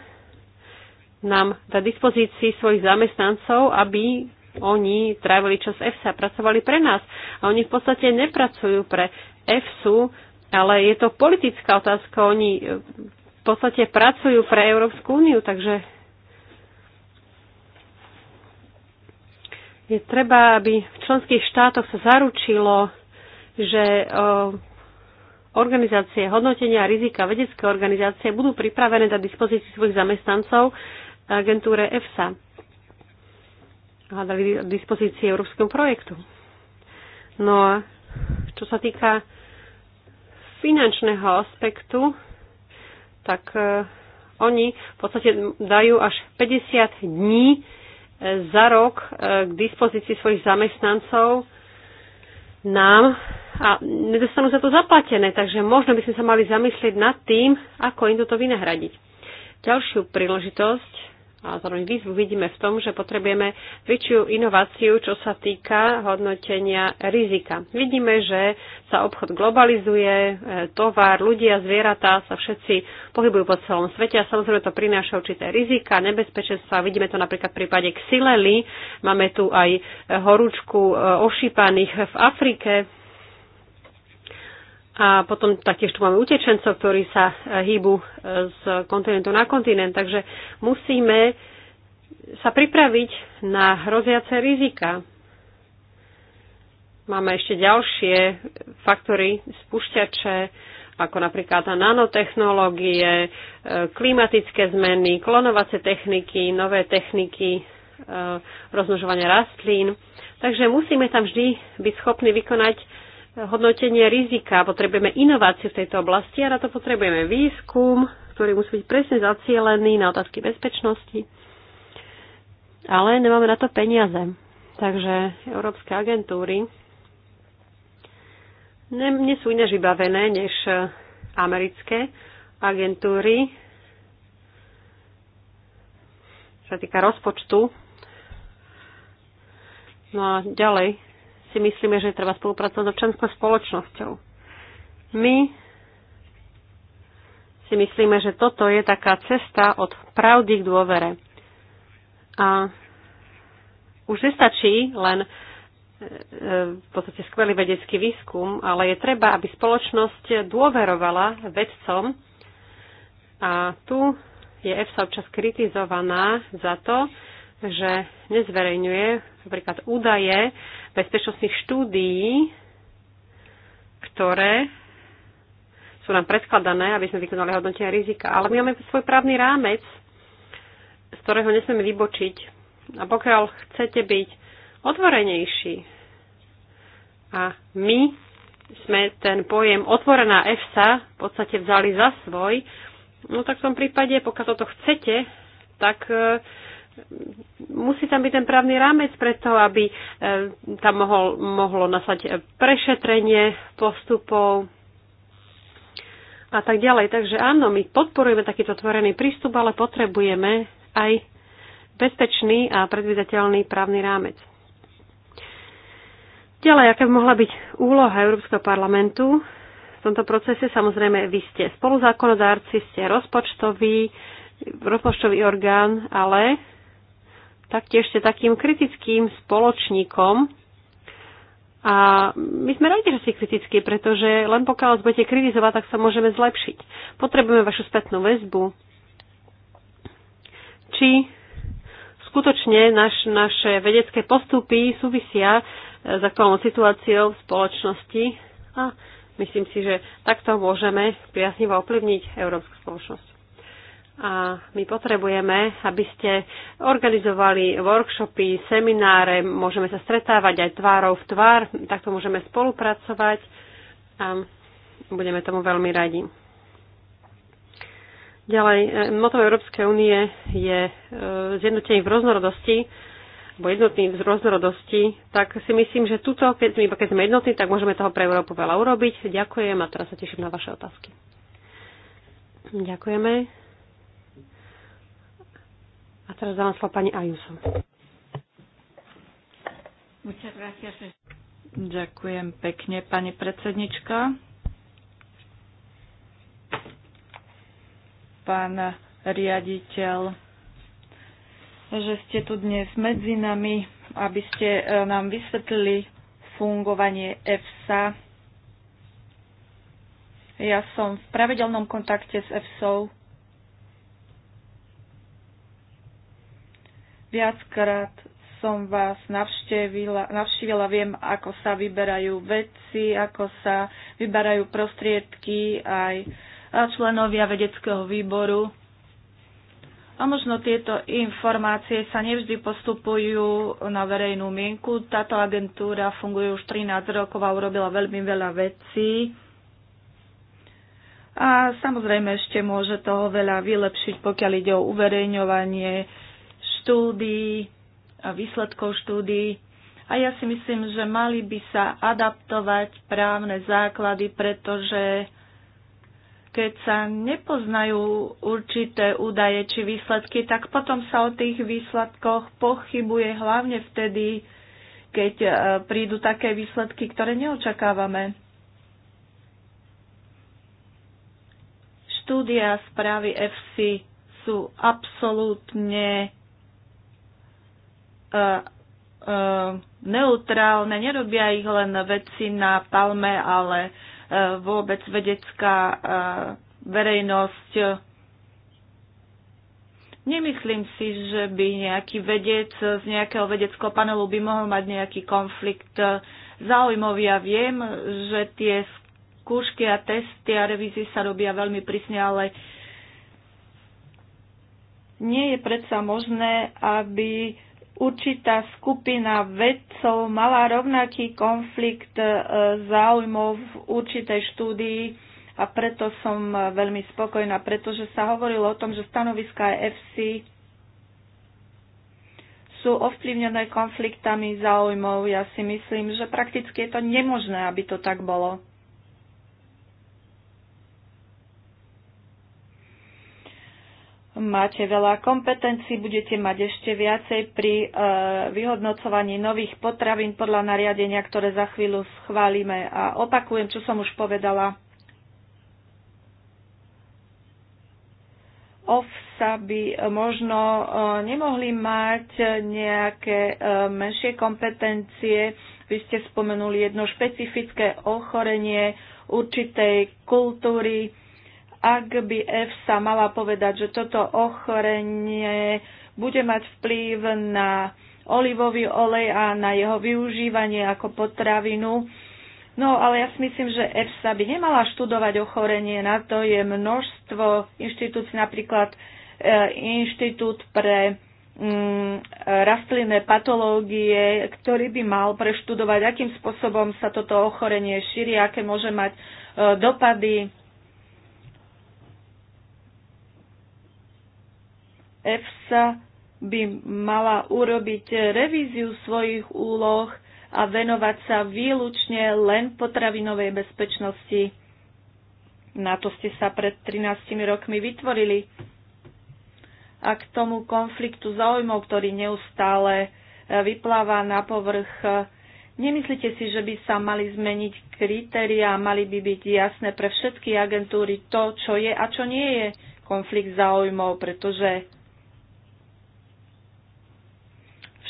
nám na dispozícii svojich zamestnancov, aby oni trávili čas EFSA, pracovali pre nás. A oni v podstate nepracujú pre EFSU, ale je to politická otázka. Oni v podstate pracujú pre Európsku úniu, takže je treba, aby v členských štátoch sa zaručilo, že organizácie hodnotenia rizika, vedecké organizácie budú pripravené na dispozícii svojich zamestnancov agentúre EFSA a dali dispozícii európskeho projektu. No a čo sa týka finančného aspektu, tak e, oni v podstate dajú až 50 dní za rok e, k dispozícii svojich zamestnancov nám a nedostanú za to zaplatené, takže možno by sme sa mali zamyslieť nad tým, ako im toto vynahradiť. Ďalšiu príležitosť a zároveň výzvu vidíme v tom, že potrebujeme väčšiu inováciu, čo sa týka hodnotenia rizika. Vidíme, že sa obchod globalizuje, e, tovar, ľudia, zvieratá sa všetci pohybujú po celom svete a samozrejme to prináša určité rizika, nebezpečenstva. Vidíme to napríklad v prípade ksilely, máme tu aj horúčku e, ošípaných v Afrike, a potom taktiež tu máme utečencov, ktorí sa e, hýbu e, z kontinentu na kontinent. Takže musíme sa pripraviť na hroziace rizika. Máme ešte ďalšie faktory spúšťače, ako napríklad nanotechnológie, e, klimatické zmeny, klonovacie techniky, nové techniky rozmnožovania rastlín. Takže musíme tam vždy byť schopní vykonať hodnotenie rizika. Potrebujeme inovácie v tejto oblasti a na to potrebujeme výskum, ktorý musí byť presne zacielený na otázky bezpečnosti. Ale nemáme na to peniaze. Takže európske agentúry ne, nie sú iné vybavené než americké agentúry, čo sa týka rozpočtu. No a ďalej, si myslíme, že treba spolupracovať s občanskou spoločnosťou. My si myslíme, že toto je taká cesta od pravdy k dôvere. A už nestačí len e, e, v podstate skvelý vedecký výskum, ale je treba, aby spoločnosť dôverovala vedcom. A tu je EFSA občas kritizovaná za to, že nezverejňuje napríklad údaje bezpečnostných štúdií, ktoré sú nám predkladané, aby sme vykonali hodnotenie rizika. Ale my máme svoj právny rámec, z ktorého nesmieme vybočiť. A pokiaľ chcete byť otvorenejší, a my sme ten pojem otvorená EFSA v podstate vzali za svoj, no tak v tom prípade, pokiaľ toto chcete, tak e, musí tam byť ten právny rámec preto, aby e, tam mohol, mohlo nasať prešetrenie postupov a tak ďalej. Takže áno, my podporujeme takýto tvorený prístup, ale potrebujeme aj bezpečný a predvydateľný právny rámec. Ďalej, aká by mohla byť úloha Európskeho parlamentu v tomto procese? Samozrejme, vy ste spoluzákonodárci, ste rozpočtový, rozpočtový orgán, ale taktiež ste takým kritickým spoločníkom. A my sme radi, že ste kritickí, pretože len pokiaľ vás budete kritizovať, tak sa môžeme zlepšiť. Potrebujeme vašu spätnú väzbu. Či skutočne naš, naše vedecké postupy súvisia e, s aktuálnou situáciou v spoločnosti a myslím si, že takto môžeme priaznivo ovplyvniť európsku spoločnosť. A my potrebujeme, aby ste organizovali workshopy, semináre, môžeme sa stretávať aj tvárov v tvár, takto môžeme spolupracovať a budeme tomu veľmi radi. Ďalej, e, motom Európskej únie je e, zjednotenie v rôznorodosti, bo jednotný v rôznorodosti, tak si myslím, že tuto, keď, my keď sme jednotní, tak môžeme toho pre Európu veľa urobiť. Ďakujem a teraz sa teším na vaše otázky. Ďakujeme teraz dávam slovo pani Ajuso. Ďakujem pekne, pani predsednička. Pán riaditeľ, že ste tu dnes medzi nami, aby ste e, nám vysvetlili fungovanie EFSA. Ja som v pravidelnom kontakte s EFSOU Viackrát som vás navštívila, navštívila, viem, ako sa vyberajú veci, ako sa vyberajú prostriedky aj členovia vedeckého výboru. A možno tieto informácie sa nevždy postupujú na verejnú mienku. Táto agentúra funguje už 13 rokov a urobila veľmi veľa vecí. A samozrejme ešte môže toho veľa vylepšiť, pokiaľ ide o uverejňovanie štúdií a výsledkov štúdií. A ja si myslím, že mali by sa adaptovať právne základy, pretože keď sa nepoznajú určité údaje či výsledky, tak potom sa o tých výsledkoch pochybuje hlavne vtedy, keď e, prídu také výsledky, ktoré neočakávame. Štúdia správy FC sú absolútne E, e, neutrálne, nerobia ich len vedci na palme, ale e, vôbec vedecká verejnosť. Nemyslím si, že by nejaký vedec z nejakého vedeckého panelu by mohol mať nejaký konflikt záujmov. Ja viem, že tie skúšky a testy a revízy sa robia veľmi prísne, ale nie je predsa možné, aby určitá skupina vedcov mala rovnaký konflikt e, záujmov v určitej štúdii a preto som e, veľmi spokojná, pretože sa hovorilo o tom, že stanoviská FC sú ovplyvnené konfliktami záujmov. Ja si myslím, že prakticky je to nemožné, aby to tak bolo. máte veľa kompetencií, budete mať ešte viacej pri e, vyhodnocovaní nových potravín podľa nariadenia, ktoré za chvíľu schválime. A opakujem, čo som už povedala. OFSA by možno e, nemohli mať nejaké e, menšie kompetencie. Vy ste spomenuli jedno špecifické ochorenie určitej kultúry ak by F sa mala povedať, že toto ochorenie bude mať vplyv na olivový olej a na jeho využívanie ako potravinu. No ale ja si myslím, že EFSA by nemala študovať ochorenie. Na to je množstvo inštitúcií, napríklad e, Inštitút pre mm, rastlinné patológie, ktorý by mal preštudovať, akým spôsobom sa toto ochorenie šíri, aké môže mať e, dopady EFSA by mala urobiť revíziu svojich úloh a venovať sa výlučne len potravinovej bezpečnosti. Na to ste sa pred 13 rokmi vytvorili. A k tomu konfliktu záujmov, ktorý neustále e, vypláva na povrch, e, nemyslíte si, že by sa mali zmeniť kritéria, mali by byť jasné pre všetky agentúry to, čo je a čo nie je konflikt záujmov, pretože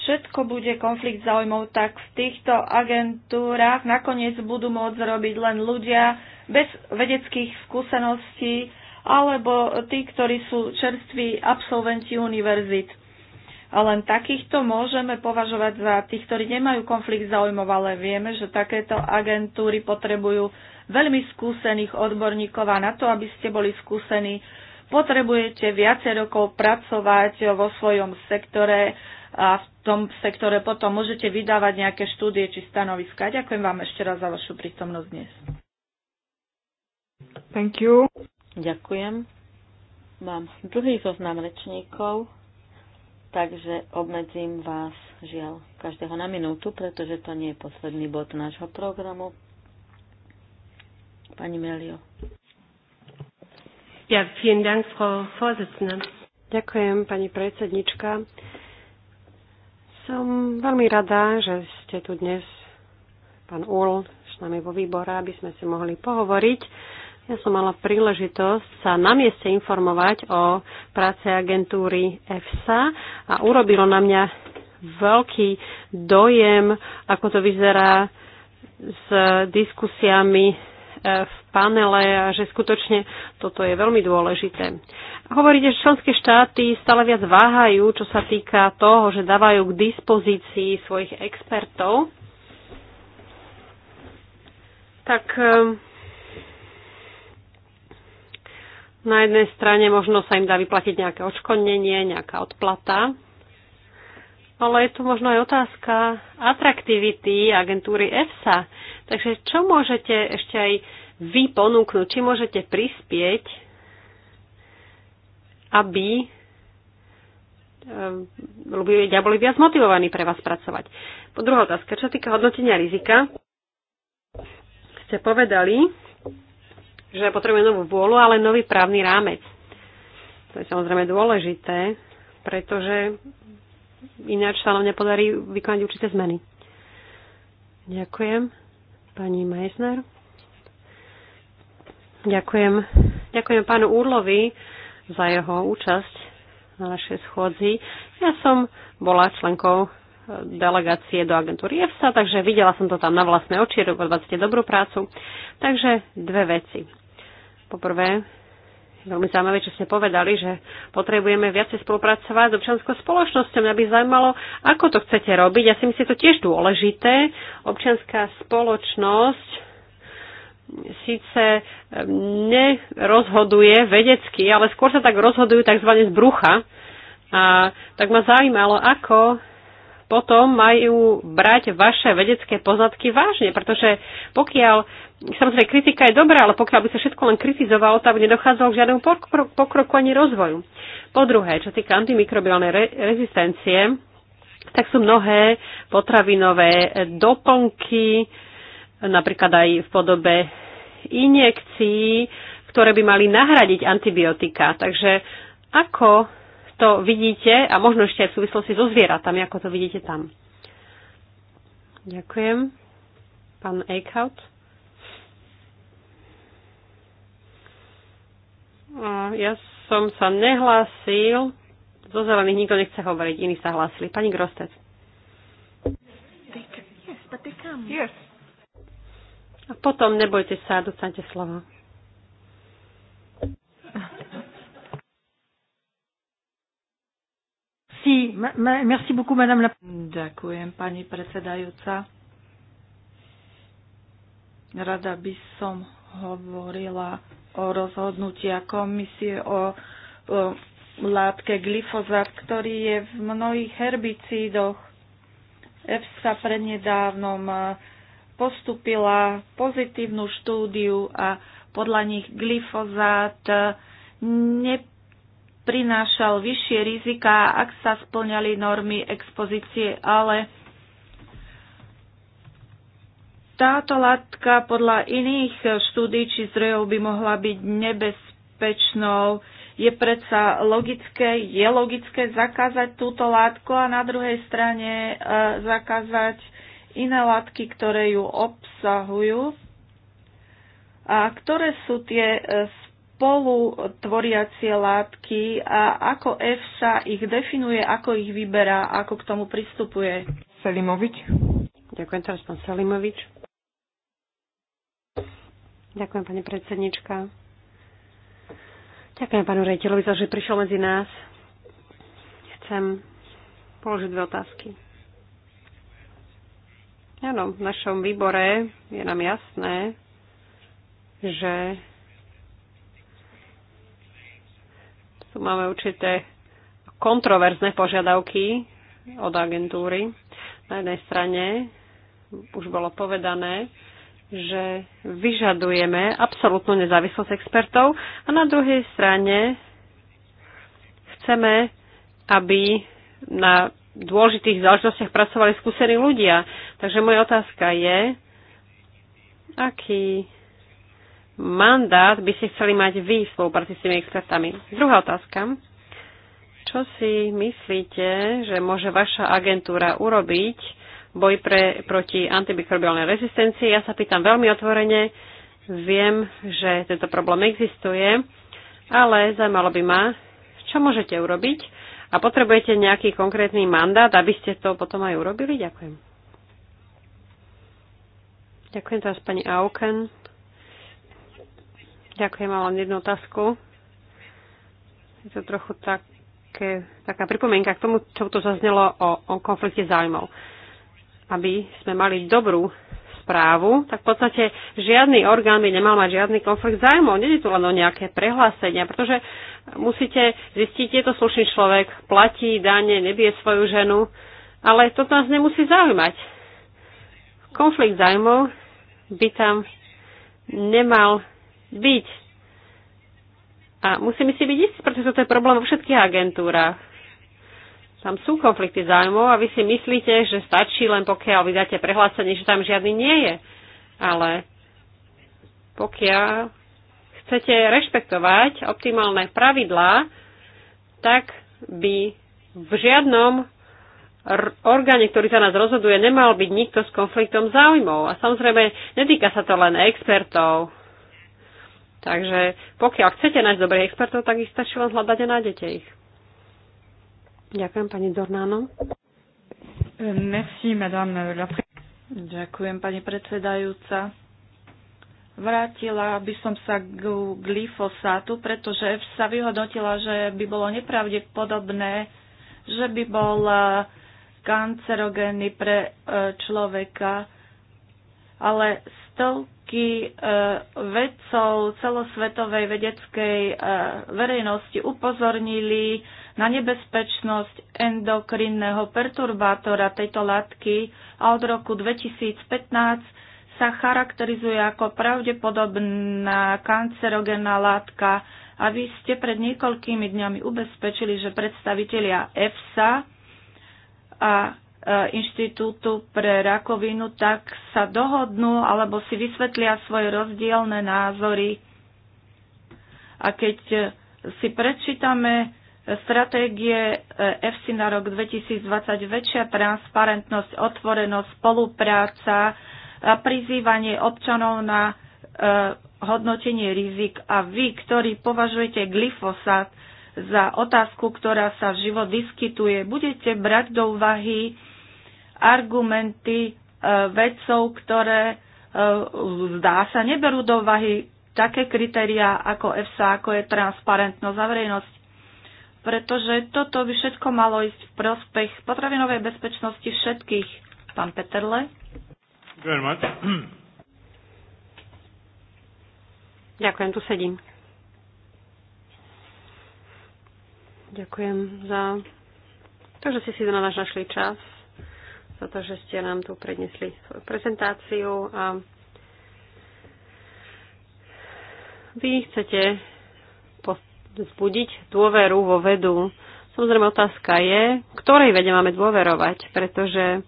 všetko bude konflikt záujmov, tak v týchto agentúrach nakoniec budú môcť robiť len ľudia bez vedeckých skúseností alebo tí, ktorí sú čerství absolventi univerzit. A len takýchto môžeme považovať za tých, ktorí nemajú konflikt záujmov, ale vieme, že takéto agentúry potrebujú veľmi skúsených odborníkov a na to, aby ste boli skúsení, potrebujete viacej rokov pracovať vo svojom sektore a v tom sektore potom môžete vydávať nejaké štúdie či stanoviska. Ďakujem vám ešte raz za vašu prítomnosť dnes. Thank you. Ďakujem. Mám druhý zoznam rečníkov, takže obmedzím vás, žiaľ, každého na minútu, pretože to nie je posledný bod nášho programu. Pani Melio. Ja, vielen Dank, Frau Vorsitzende. Ďakujem, pani predsednička. Som veľmi rada, že ste tu dnes, pán Ul, s nami vo výbore, aby sme si mohli pohovoriť. Ja som mala príležitosť sa na mieste informovať o práce agentúry EFSA a urobilo na mňa veľký dojem, ako to vyzerá s diskusiami v panele a že skutočne toto je veľmi dôležité. hovoríte, že členské štáty stále viac váhajú, čo sa týka toho, že dávajú k dispozícii svojich expertov. Tak ehm, na jednej strane možno sa im dá vyplatiť nejaké odškodnenie, nejaká odplata, ale je tu možno aj otázka atraktivity agentúry EFSA. Takže čo môžete ešte aj vy ponúknuť, či môžete prispieť, aby eh, ľudia boli viac motivovaní pre vás pracovať. Po druhá otázka, čo týka hodnotenia rizika, ste povedali, že potrebujeme novú vôľu, ale nový právny rámec. To je samozrejme dôležité, pretože ináč sa nám nepodarí vykonať určité zmeny. Ďakujem. Pani Majsner. Ďakujem. Ďakujem pánu Úrlovi za jeho účasť na našej schôdzi. Ja som bola členkou eh, delegácie do agentúry EFSA, takže videla som to tam na vlastné oči, robila ste dobrú prácu. Takže dve veci. Poprvé, veľmi zaujímavé, čo ste povedali, že potrebujeme viacej spolupracovať s občianskou spoločnosťou. Mňa by zaujímalo, ako to chcete robiť. Ja si myslím, že to tiež dôležité. Občianská spoločnosť síce ehm, nerozhoduje vedecky, ale skôr sa tak rozhodujú tzv. z brucha. A tak ma zaujímalo, ako potom majú brať vaše vedecké poznatky vážne, pretože pokiaľ Samozrejme, kritika je dobrá, ale pokiaľ by sa všetko len kritizovalo, tak by nedochádzalo k žiadnemu pokroku ani rozvoju. Po druhé, čo týka antimikrobiálnej re- rezistencie, tak sú mnohé potravinové eh, doplnky, napríklad aj v podobe injekcií, ktoré by mali nahradiť antibiotika. Takže ako to vidíte, a možno ešte aj v súvislosti so zvieratami, ako to vidíte tam? Ďakujem. Pán Eichhout. Ja som sa nehlásil. Zo zelených nikto nechce hovoriť, iní sa hlásili. Pani Grostec. A potom nebojte sa, dostanete slovo. merci beaucoup, madame la... Ďakujem, pani predsedajúca. Rada by som hovorila o rozhodnutia komisie o, o látke glyfozát, ktorý je v mnohých herbicídoch. EFSA prednedávnom postupila pozitívnu štúdiu a podľa nich glyfozát neprinášal vyššie rizika, ak sa splňali normy expozície, ale táto látka podľa iných štúdí či zdrojov by mohla byť nebezpečnou. Je predsa logické, je logické zakázať túto látku a na druhej strane e, zakázať iné látky, ktoré ju obsahujú a ktoré sú tie e, spolutvoriacie látky a ako EFSA ich definuje, ako ich vyberá, ako k tomu pristupuje. Selimovič. Ďakujem teraz pán Selimovič. Ďakujem, pani predsednička. Ďakujem panu rejiteľovi za, že prišiel medzi nás. Chcem položiť dve otázky. Áno, v našom výbore je nám jasné, že tu máme určité kontroverzné požiadavky od agentúry. Na jednej strane už bolo povedané, že vyžadujeme absolútnu nezávislosť expertov a na druhej strane chceme, aby na dôležitých záležitostiach pracovali skúsení ľudia. Takže moja otázka je, aký mandát by ste chceli mať vy v spolupráci s tými expertami? Druhá otázka. Čo si myslíte, že môže vaša agentúra urobiť, boj pre, proti antimikrobiálnej rezistencii. Ja sa pýtam veľmi otvorene, viem, že tento problém existuje, ale zaujímalo by ma, čo môžete urobiť a potrebujete nejaký konkrétny mandát, aby ste to potom aj urobili? Ďakujem. Ďakujem teraz pani Auken. Ďakujem, mám len jednu otázku. Je to trochu také, taká pripomienka k tomu, čo tu zaznelo o, o konflikte záujmov aby sme mali dobrú správu, tak v podstate žiadny orgán by nemal mať žiadny konflikt zájmov. Nede tu len o nejaké prehlásenia, pretože musíte zistiť, je to slušný človek, platí dane, nebije svoju ženu, ale toto nás nemusí zaujímať. Konflikt zájmov by tam nemal byť. A musíme si byť istí, pretože toto je problém vo všetkých agentúrach tam sú konflikty zájmov a vy si myslíte, že stačí len pokiaľ vydáte prehlásenie, že tam žiadny nie je. Ale pokiaľ chcete rešpektovať optimálne pravidlá, tak by v žiadnom orgáne, ktorý za nás rozhoduje, nemal byť nikto s konfliktom záujmov. A samozrejme, netýka sa to len expertov. Takže pokiaľ chcete nájsť dobrých expertov, tak ich stačí len hľadať a nájdete ich. Ďakujem pani Dornáno. Merci, madame la Ďakujem, pani predsedajúca. Vrátila by som sa k glyfosátu, pretože sa vyhodnotila, že by bolo nepravdepodobné, že by bol eh, kancerogénny pre eh, človeka, ale stovky eh, vedcov celosvetovej vedeckej verejnosti upozornili na nebezpečnosť endokrinného perturbátora tejto látky a od roku 2015 sa charakterizuje ako pravdepodobná kancerogénna látka a vy ste pred niekoľkými dňami ubezpečili, že predstavitelia EFSA a e, Inštitútu pre rakovinu, tak sa dohodnú alebo si vysvetlia svoje rozdielne názory. A keď e, si prečítame stratégie EFSI na rok 2020 väčšia transparentnosť, otvorenosť, spolupráca a prizývanie občanov na e, hodnotenie rizik. A vy, ktorí považujete glyfosát za otázku, ktorá sa život vyskytuje, budete brať do úvahy argumenty e, vedcov, ktoré e, zdá sa neberú do úvahy také kritériá ako EFSA, ako je transparentnosť a verejnosť pretože toto by všetko malo ísť v prospech potravinovej bezpečnosti všetkých. Pán Peterle. Ďakujem, tu sedím. Ďakujem za to, že ste si na nás našli čas, za to, že ste nám tu prednesli svoju prezentáciu a vy chcete vzbudiť dôveru vo vedu. Samozrejme otázka je, ktorej vede máme dôverovať, pretože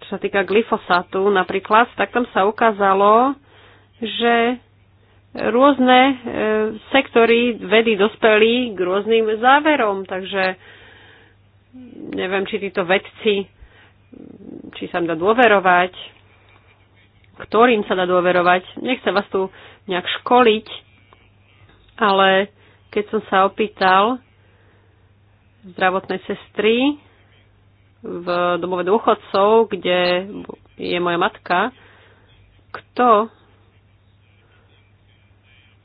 čo sa týka glyfosátu napríklad, tak tam sa ukázalo, že rôzne e, sektory vedy dospeli k rôznym záverom, takže neviem, či títo vedci, či sa im dá dôverovať, ktorým sa dá dôverovať. Nechcem vás tu nejak školiť, ale keď som sa opýtal zdravotnej sestry v domove dôchodcov, kde je moja matka, kto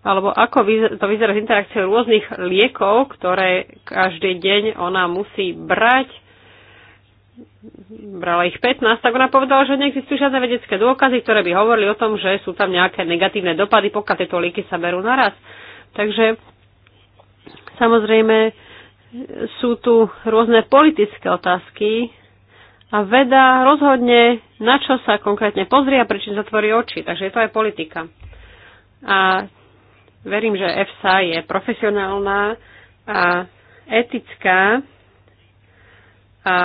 alebo ako to vyzerá s interakciou rôznych liekov, ktoré každý deň ona musí brať. Brala ich 15, tak ona povedala, že neexistujú žiadne vedecké dôkazy, ktoré by hovorili o tom, že sú tam nejaké negatívne dopady, pokiaľ tieto lieky sa berú naraz. Takže Samozrejme, sú tu rôzne politické otázky a veda rozhodne, na čo sa konkrétne pozrie a prečo zatvorí oči. Takže je to aj politika. A verím, že EFSA je profesionálna a etická a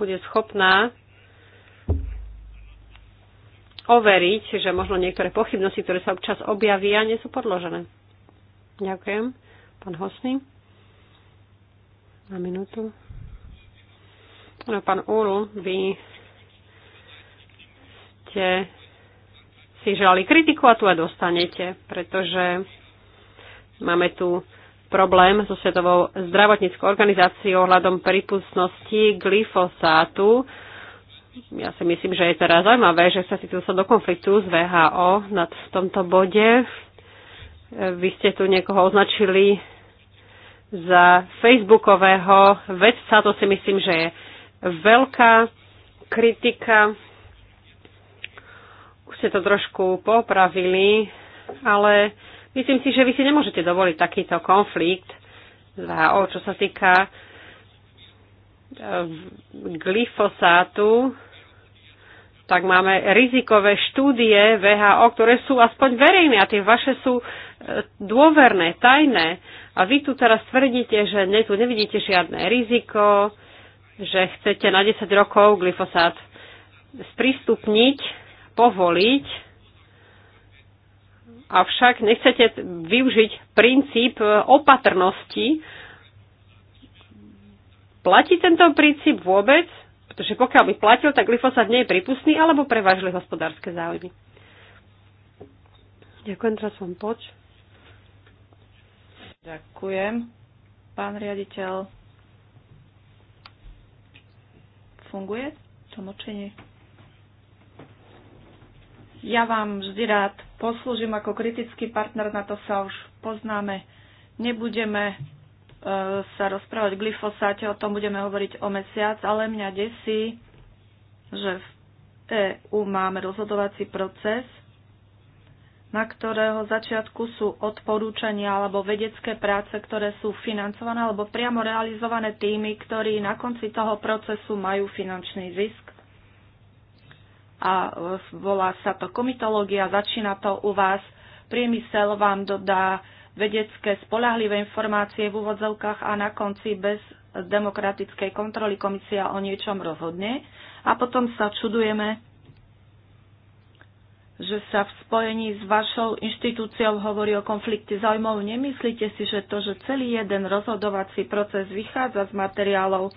bude schopná overiť, že možno niektoré pochybnosti, ktoré sa občas objavia, nie sú podložené. Ďakujem. Pán Hosný. Na minútu. No, pán Úru, vy ste si želali kritiku a tu aj dostanete, pretože máme tu problém so Svetovou zdravotníckou organizáciou ohľadom prípustnosti glyfosátu. Ja si myslím, že je teraz zaujímavé, že sa si tu sa do konfliktu s VHO nad tomto bode. Vy ste tu niekoho označili za facebookového vedca. To si myslím, že je veľká kritika. Už ste to trošku popravili, ale myslím si, že vy si nemôžete dovoliť takýto konflikt. Za, o, čo sa týka eh, glyfosátu, tak máme rizikové štúdie VHO, ktoré sú aspoň verejné a tie vaše sú e, dôverné, tajné. A vy tu teraz tvrdíte, že ne, tu nevidíte žiadne riziko, že chcete na 10 rokov glyfosát sprístupniť, povoliť, avšak nechcete využiť princíp e, opatrnosti. Platí tento princíp vôbec? Pretože pokiaľ by platil, tak glyfosát nie je prípustný, alebo prevážili hospodárske záujmy. Ďakujem, teraz vám poč. Ďakujem, pán riaditeľ. Funguje močenie? Ja vám vždy rád poslúžim ako kritický partner, na to sa už poznáme. Nebudeme sa rozprávať glyfosáte, o tom budeme hovoriť o mesiac, ale mňa desí, že v EÚ máme rozhodovací proces, na ktorého začiatku sú odporúčania alebo vedecké práce, ktoré sú financované alebo priamo realizované tými, ktorí na konci toho procesu majú finančný zisk. A e, volá sa to komitológia, začína to u vás, priemysel vám dodá vedecké spolahlivé informácie v úvodzovkách a na konci bez demokratickej kontroly komisia o niečom rozhodne a potom sa čudujeme, že sa v spojení s vašou inštitúciou hovorí o konflikte záujmov. Nemyslíte si, že to, že celý jeden rozhodovací proces vychádza z materiálov,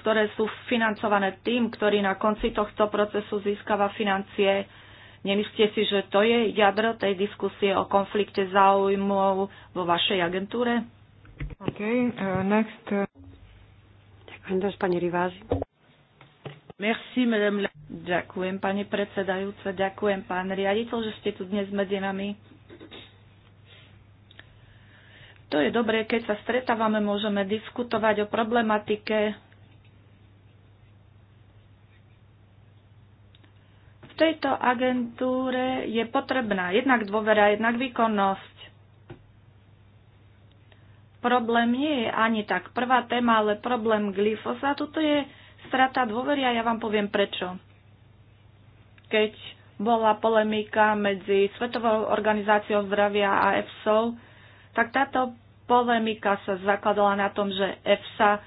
ktoré sú financované tým, ktorý na konci tohto procesu získava financie, Nemyslíte si, že to je jadro tej diskusie o konflikte záujmov vo vašej agentúre? OK, uh, next. Ďakujem dosť, pani Rivázi. Merci, madame. Ďakujem, pani predsedajúca, ďakujem, pán riaditeľ, že ste tu dnes medzi nami. To je dobré, keď sa stretávame, môžeme diskutovať o problematike tejto agentúre je potrebná jednak dôvera, jednak výkonnosť. Problém nie je ani tak prvá téma, ale problém glyfosátu to je strata dôvery a ja vám poviem prečo. Keď bola polemika medzi Svetovou organizáciou zdravia a EFSO, tak táto polemika sa zakladala na tom, že EFSA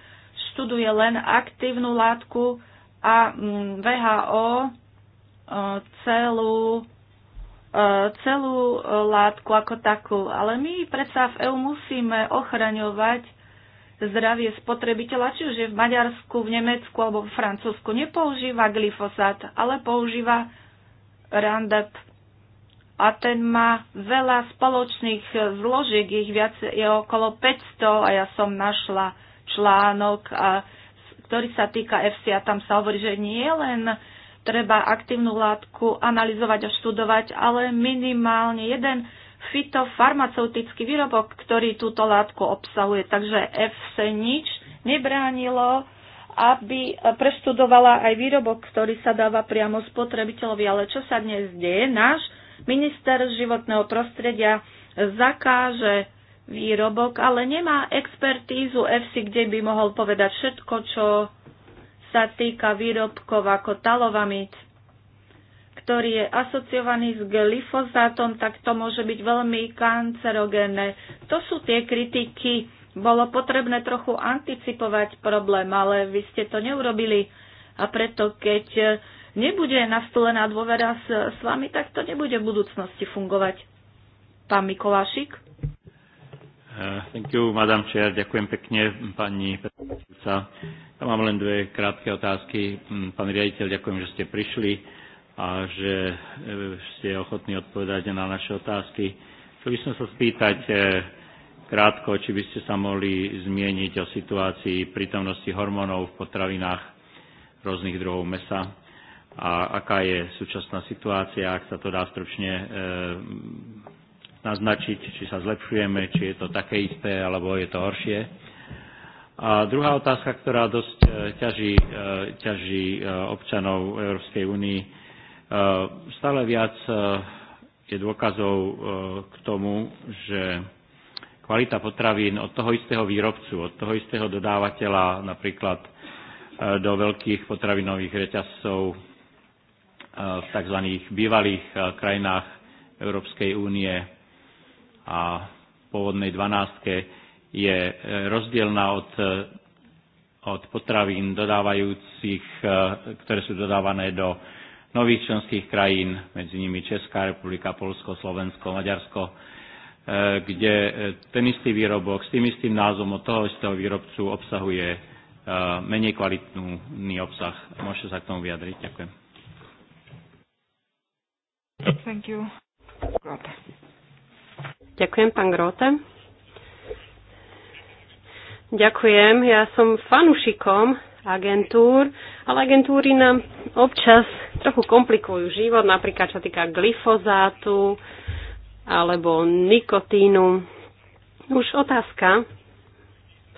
študuje len aktívnu látku a mm, VHO celú e, celú látku ako takú. Ale my predsa v EÚ musíme ochraňovať zdravie spotrebiteľa, či už je v Maďarsku, v Nemecku alebo v Francúzsku. Nepoužíva glyfosát, ale používa Roundup. A ten má veľa spoločných zložiek, ich viac, je okolo 500 a ja som našla článok, a, ktorý sa týka FC a tam sa hovorí, že nie len treba aktívnu látku analyzovať a študovať, ale minimálne jeden fitofarmaceutický výrobok, ktorý túto látku obsahuje. Takže FC nič nebránilo, aby preštudovala aj výrobok, ktorý sa dáva priamo spotrebiteľovi. Ale čo sa dnes deje? Náš minister životného prostredia zakáže výrobok, ale nemá expertízu EFSI, kde by mohol povedať všetko, čo sa týka výrobkov ako talovamid, ktorý je asociovaný s glyfozátom, tak to môže byť veľmi kancerogénne. To sú tie kritiky. Bolo potrebné trochu anticipovať problém, ale vy ste to neurobili. A preto, keď nebude nastolená dôvera s, s vami, tak to nebude v budúcnosti fungovať. Pán Mikolášik? Eh, thank you, Madam Chair. Ďakujem pekne, pani predsedajúca. Ja mám len dve krátke otázky. Mm, pán riaditeľ, ďakujem, že ste prišli a že eh, ste ochotní odpovedať na naše otázky. Chcel by som sa spýtať eh, krátko, či by ste sa mohli zmieniť o situácii prítomnosti hormónov v potravinách rôznych druhov mesa a aká je súčasná situácia, ak sa to dá stručne naznačiť, či sa zlepšujeme, či je to také isté, alebo je to horšie. A druhá otázka, ktorá dosť e, ťaží, e, ťaží e, občanov Európskej únii, stále viac je dôkazov k tomu, že kvalita potravín od toho istého výrobcu, od toho istého dodávateľa, napríklad do veľkých potravinových reťazcov v tzv. bývalých krajinách Európskej únie a pôvodnej dvanástke je e, rozdielna od, e, od potravín dodávajúcich, e, ktoré sú dodávané do nových členských krajín, medzi nimi Česká republika, Polsko, Slovensko, Maďarsko, kde ten istý výrobok s tým istým názvom od toho istého výrobcu obsahuje menej kvalitný obsah. Môžete sa k tomu vyjadriť. Ďakujem. Thank you. Ďakujem, pán Grote. Ďakujem, ja som fanušikom agentúr, ale agentúry nám občas trochu komplikujú život, napríklad čo týka glyfozátu alebo nikotínu. Už otázka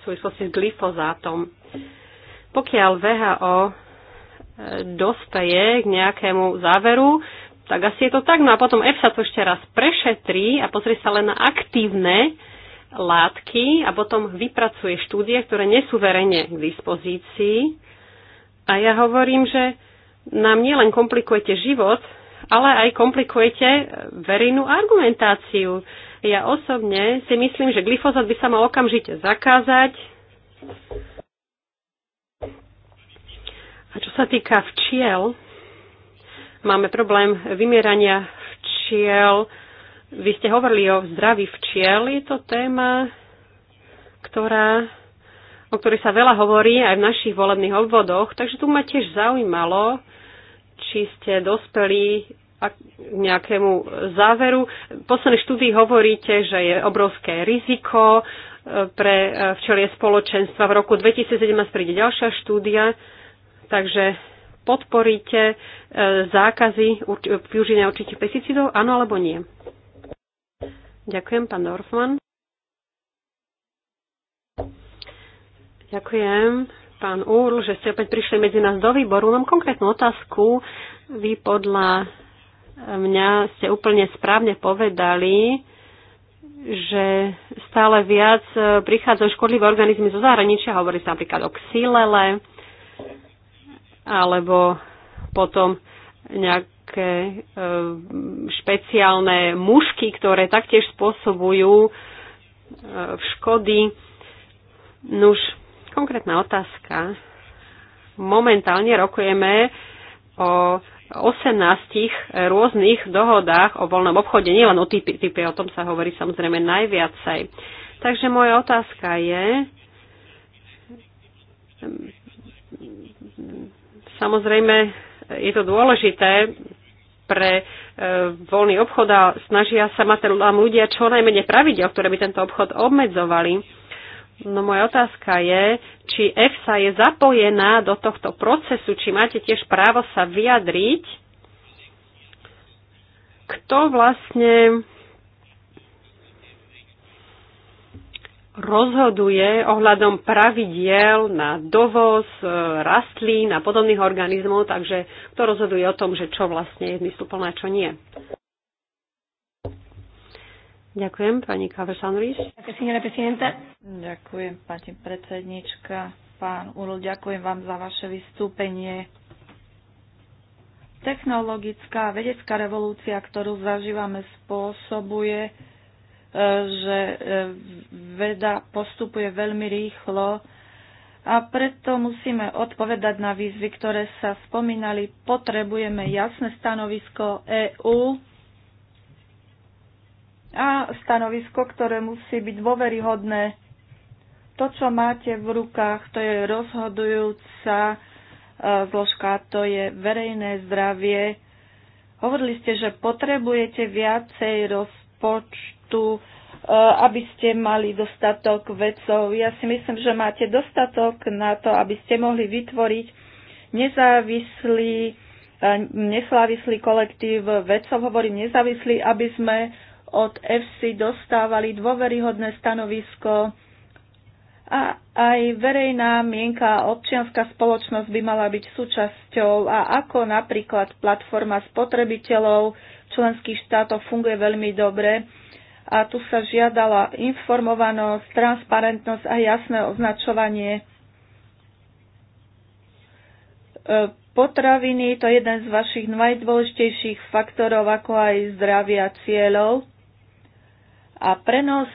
v súvislosti s glyfozátom. Pokiaľ VHO e, dospeje k nejakému záveru, tak asi je to tak. No a potom sa to ešte raz prešetrí a pozrie sa len na aktívne látky a potom vypracuje štúdie, ktoré nie sú verejne k dispozícii. A ja hovorím, že nám nielen komplikujete život, ale aj komplikujete verejnú argumentáciu. Ja osobne si myslím, že glyfozát by sa mal okamžite zakázať. A čo sa týka včiel, Máme problém vymierania včiel. Vy ste hovorili o zdraví včiel. Je to téma, ktorá, o ktorej sa veľa hovorí aj v našich volebných obvodoch. Takže tu ma tiež zaujímalo, či ste dospeli k nejakému záveru. V poslednej štúdii hovoríte, že je obrovské riziko e, pre e, včelie spoločenstva. V roku 2017 príde ďalšia štúdia, takže podporíte e, zákazy využívania určitých pesticídov, áno alebo nie? Ďakujem, pán Dorfman. Ďakujem, pán Úrl, že ste opäť prišli medzi nás do výboru. Mám konkrétnu otázku. Vy podľa mňa ste úplne správne povedali, že stále viac prichádzajú škodlivé organizmy zo zahraničia. Hovorí sa napríklad o xylele, alebo potom nejaké e, špeciálne mušky, ktoré taktiež spôsobujú e, škody. Nuž, konkrétna otázka. Momentálne rokujeme o 18 rôznych dohodách o voľnom obchode, nielen o type, type, o tom sa hovorí samozrejme najviacej. Takže moja otázka je, Samozrejme, je to dôležité pre e, voľný obchod a snažia sa mať tam ľudia čo najmenej pravidel, ktoré by tento obchod obmedzovali. No moja otázka je, či EFSA je zapojená do tohto procesu, či máte tiež právo sa vyjadriť, kto vlastne rozhoduje ohľadom pravidiel na dovoz e, rastlín a podobných organizmov, takže to rozhoduje o tom, že čo vlastne je zmysluplné a čo nie. Ďakujem, pani Kavesanris. Ďakujem, pani predsednička. Pán Uro ďakujem vám za vaše vystúpenie. Technologická vedecká revolúcia, ktorú zažívame, spôsobuje, že e, veda postupuje veľmi rýchlo a preto musíme odpovedať na výzvy, ktoré sa spomínali. Potrebujeme jasné stanovisko EÚ a stanovisko, ktoré musí byť dôveryhodné. To, čo máte v rukách, to je rozhodujúca e, zložka, to je verejné zdravie. Hovorili ste, že potrebujete viacej rozpočtu tu, e, aby ste mali dostatok vedcov. Ja si myslím, že máte dostatok na to, aby ste mohli vytvoriť nezávislý, e, neslávislý kolektív vedcov, hovorím nezávislý, aby sme od FC dostávali dôveryhodné stanovisko a aj verejná mienka a občianská spoločnosť by mala byť súčasťou a ako napríklad platforma spotrebiteľov v členských štátoch funguje veľmi dobre, a tu sa žiadala informovanosť, transparentnosť a jasné označovanie e, potraviny. To je jeden z vašich najdôležitejších faktorov, ako aj zdravia cieľov a prenos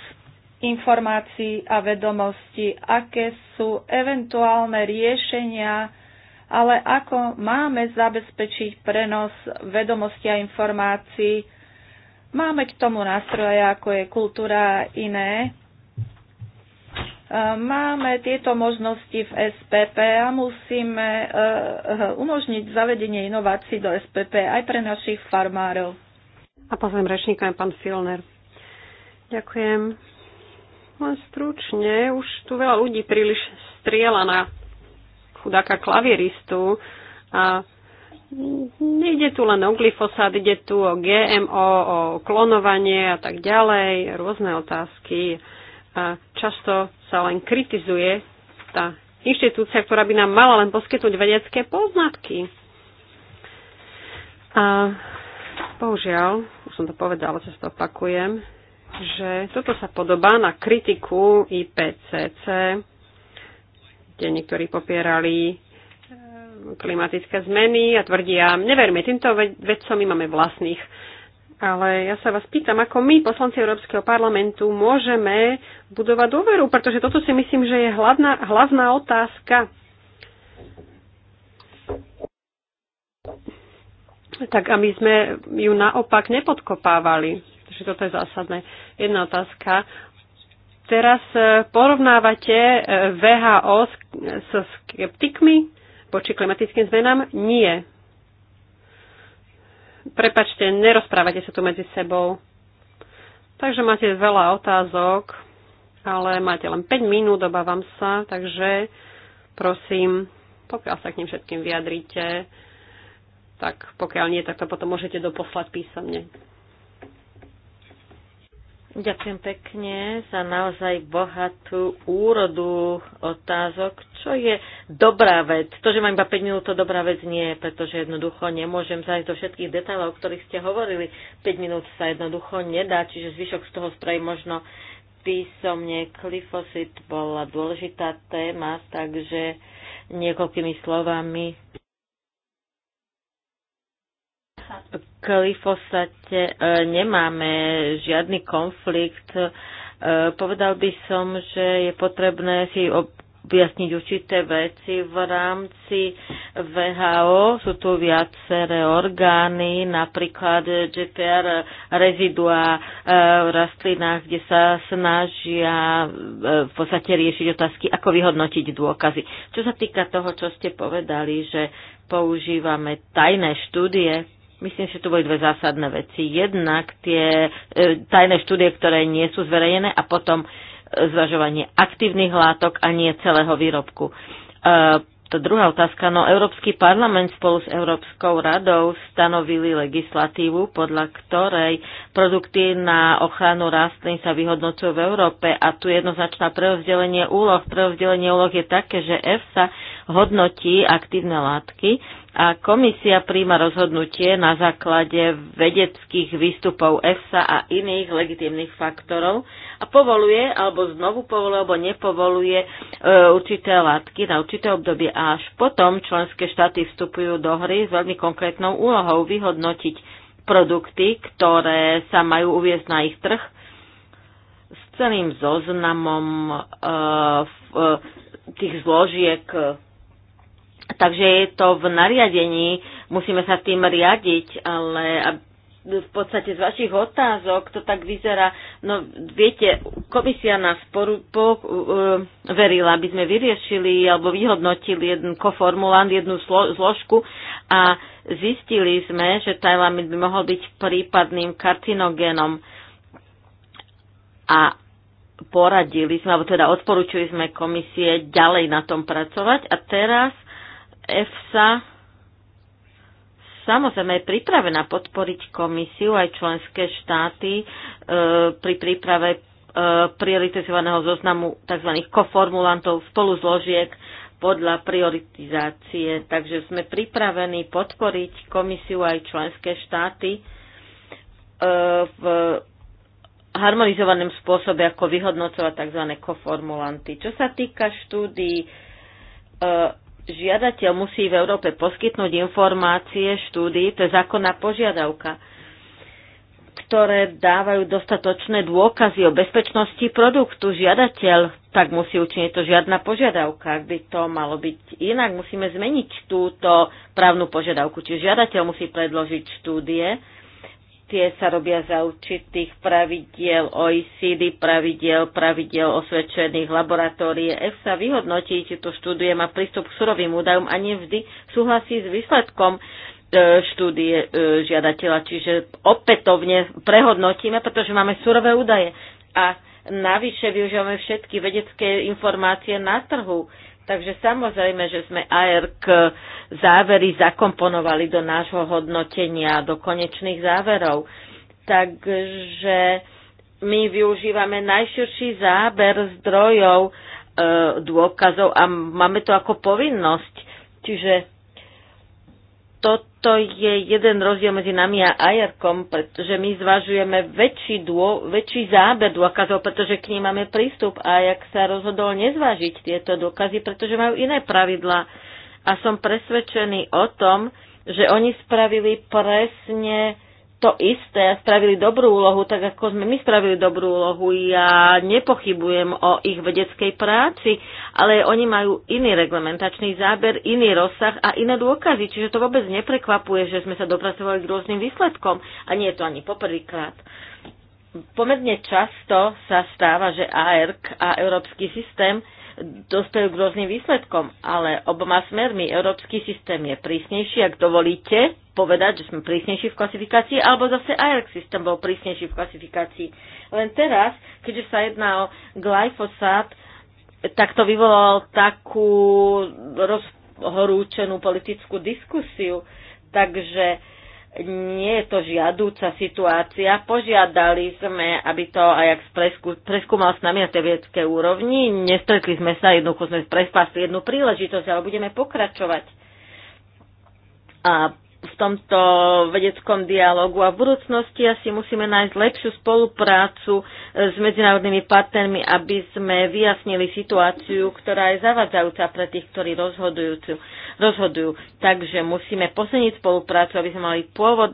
informácií a vedomostí, aké sú eventuálne riešenia, ale ako máme zabezpečiť prenos vedomostí a informácií, Máme k tomu nástroje, ako je kultúra iné. E, máme tieto možnosti v SPP a musíme e, umožniť zavedenie inovácií do SPP aj pre našich farmárov. A pozvem rečníka je pán Filner. Ďakujem. Len stručne, už tu veľa ľudí príliš striela na chudáka klavieristu a nejde tu len o glyfosát, ide tu o GMO, o klonovanie a tak ďalej, rôzne otázky. A často sa len kritizuje tá inštitúcia, ktorá by nám mala len poskytnúť vedecké poznatky. A bohužiaľ, už som to povedala, že to opakujem, že toto sa podobá na kritiku IPCC, kde niektorí popierali klimatické zmeny a tvrdia, neverme týmto vedcom, my máme vlastných. Ale ja sa vás pýtam, ako my, poslanci Európskeho parlamentu, môžeme budovať dôveru, pretože toto si myslím, že je hlavná, hlavná otázka. Tak aby sme ju naopak nepodkopávali. Takže toto je zásadné. Jedna otázka teraz eh, porovnávate eh, VHO so s skeptikmi? voči klimatickým zmenám? Nie. Prepačte, nerozprávate sa tu medzi sebou. Takže máte veľa otázok, ale máte len 5 minút, obávam sa, takže prosím, pokiaľ sa k ním všetkým vyjadrite, tak pokiaľ nie, tak to potom môžete doposlať písomne. Ďakujem pekne za naozaj bohatú úrodu otázok, čo je dobrá vec. To, že mám iba 5 minút, to dobrá vec nie, pretože jednoducho nemôžem zájsť do všetkých detailov, o ktorých ste hovorili. 5 minút sa jednoducho nedá, čiže zvyšok z toho spraví možno písomne. Glyfosit bola dôležitá téma, takže niekoľkými slovami Kalifosate e, nemáme žiadny konflikt. E, povedal by som, že je potrebné si objasniť určité veci v rámci VHO. Sú tu viaceré orgány, napríklad GPR rezidua e, v rastlinách, kde sa snažia v podstate riešiť otázky, ako vyhodnotiť dôkazy. Čo sa týka toho, čo ste povedali, že používame tajné štúdie, Myslím, že tu boli dve zásadné veci. Jednak tie e, tajné štúdie, ktoré nie sú zverejnené a potom e, zvažovanie aktívnych látok a nie celého výrobku. E, to druhá otázka. No, Európsky parlament spolu s Európskou radou stanovili legislatívu, podľa ktorej produkty na ochranu rastlín sa vyhodnocujú v Európe a tu jednoznačná preozdelenie úloh. Preozdelenie úloh je také, že EFSA hodnotí aktívne látky a komisia príjma rozhodnutie na základe vedeckých výstupov EFSA a iných legitímnych faktorov a povoluje, alebo znovu povoluje, alebo nepovoluje e, určité látky na určité obdobie a až potom členské štáty vstupujú do hry s veľmi konkrétnou úlohou vyhodnotiť produkty, ktoré sa majú uviezť na ich trh s celým zoznamom e, v, e, tých zložiek Takže je to v nariadení, musíme sa tým riadiť, ale v podstate z vašich otázok to tak vyzerá. No viete, komisia nás poru, po, uh, verila, aby sme vyriešili alebo vyhodnotili jeden koformulant, jednu slo, zložku a zistili sme, že tajlamid by mohol byť prípadným karcinogénom. A poradili sme, alebo teda odporúčili sme komisie ďalej na tom pracovať a teraz EFSA samozrejme je pripravená podporiť komisiu aj členské štáty e, pri príprave e, prioritizovaného zoznamu tzv. koformulantov spolu zložiek podľa prioritizácie. Takže sme pripravení podporiť komisiu aj členské štáty e, v harmonizovanom spôsobe, ako vyhodnocovať tzv. koformulanty. Čo sa týka štúdií e, žiadateľ musí v Európe poskytnúť informácie, štúdii, to je zákonná požiadavka, ktoré dávajú dostatočné dôkazy o bezpečnosti produktu. Žiadateľ tak musí učiniť, to žiadna požiadavka. Ak by to malo byť inak, musíme zmeniť túto právnu požiadavku. Čiže žiadateľ musí predložiť štúdie, tie sa robia za určitých pravidiel OECD, pravidiel, pravidiel osvedčených laboratórií. sa vyhodnotí to štúdie, má prístup k surovým údajom a nevždy súhlasí s výsledkom e, štúdie e, žiadateľa. Čiže opätovne prehodnotíme, pretože máme surové údaje. A navyše využívame všetky vedecké informácie na trhu Takže samozrejme, že sme ARK závery zakomponovali do nášho hodnotenia, do konečných záverov. Takže my využívame najširší záber zdrojov, e, dôkazov a máme to ako povinnosť. Čiže toto je jeden rozdiel medzi nami a IARCom, pretože my zvažujeme väčší, dô, väčší záber dôkazov, pretože k ním máme prístup a jak sa rozhodol nezvážiť tieto dôkazy, pretože majú iné pravidlá. A som presvedčený o tom, že oni spravili presne to isté a spravili dobrú úlohu, tak ako sme my spravili dobrú úlohu. Ja nepochybujem o ich vedeckej práci, ale oni majú iný reglementačný záber, iný rozsah a iné dôkazy, čiže to vôbec neprekvapuje, že sme sa dopracovali k rôznym výsledkom a nie je to ani poprvýkrát. Pomerne často sa stáva, že ARK a Európsky systém dostajú k rôznym výsledkom, ale oboma smermi európsky systém je prísnejší, ak dovolíte povedať, že sme prísnejší v klasifikácii, alebo zase IRC systém bol prísnejší v klasifikácii. Len teraz, keďže sa jedná o glyfosát, tak to vyvolal takú rozhorúčenú politickú diskusiu, takže nie je to žiadúca situácia. Požiadali sme, aby to aj ak preskúmal s nami na tej vedeckej úrovni. Nestretli sme sa, jednoducho sme prespasli jednu príležitosť, ale budeme pokračovať. A v tomto vedeckom dialogu a v budúcnosti asi musíme nájsť lepšiu spoluprácu e, s medzinárodnými partnermi, aby sme vyjasnili situáciu, ktorá je zavadzajúca pre tých, ktorí rozhodujú. Takže musíme posilniť spoluprácu, aby sme mali pôvod,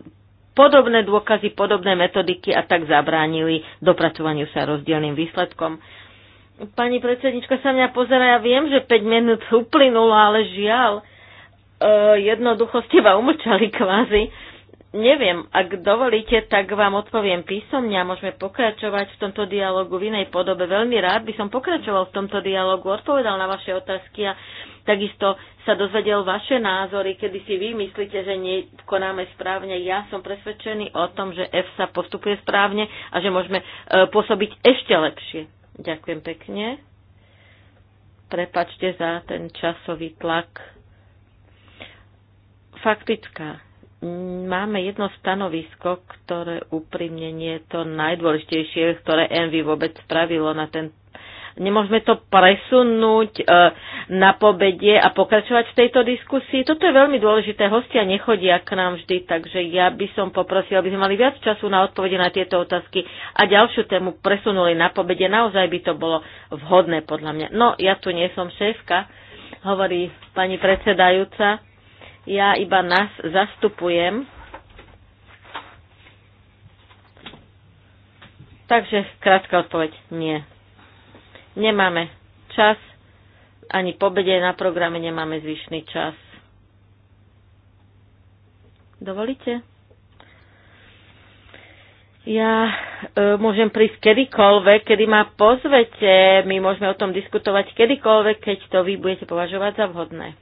podobné dôkazy, podobné metodiky a tak zabránili dopracovaniu sa rozdielným výsledkom. Pani predsednička sa mňa pozera, ja viem, že 5 minút uplynulo, ale žiaľ, E, jednoducho ste ma umlčali kvázi. Neviem, ak dovolíte, tak vám odpoviem písomne a môžeme pokračovať v tomto dialogu v inej podobe. Veľmi rád by som pokračoval v tomto dialogu, odpovedal na vaše otázky a takisto sa dozvedel vaše názory, kedy si vy myslíte, že nekonáme správne. Ja som presvedčený o tom, že F sa postupuje správne a že môžeme e, pôsobiť ešte lepšie. Ďakujem pekne. Prepačte za ten časový tlak faktická. Máme jedno stanovisko, ktoré úprimne nie je to najdôležitejšie, ktoré Envy vôbec spravilo na ten Nemôžeme to presunúť e, na pobedie a pokračovať v tejto diskusii. Toto je veľmi dôležité. Hostia nechodia k nám vždy, takže ja by som poprosil, aby sme mali viac času na odpovede na tieto otázky a ďalšiu tému presunuli na pobede. Naozaj by to bolo vhodné podľa mňa. No, ja tu nie som šéfka, hovorí pani predsedajúca ja iba nás zastupujem. Takže krátka odpoveď, nie. Nemáme čas, ani pobede na programe nemáme zvyšný čas. Dovolíte? Ja e, môžem prísť kedykoľvek, kedy ma pozvete. My môžeme o tom diskutovať kedykoľvek, keď to vy budete považovať za vhodné.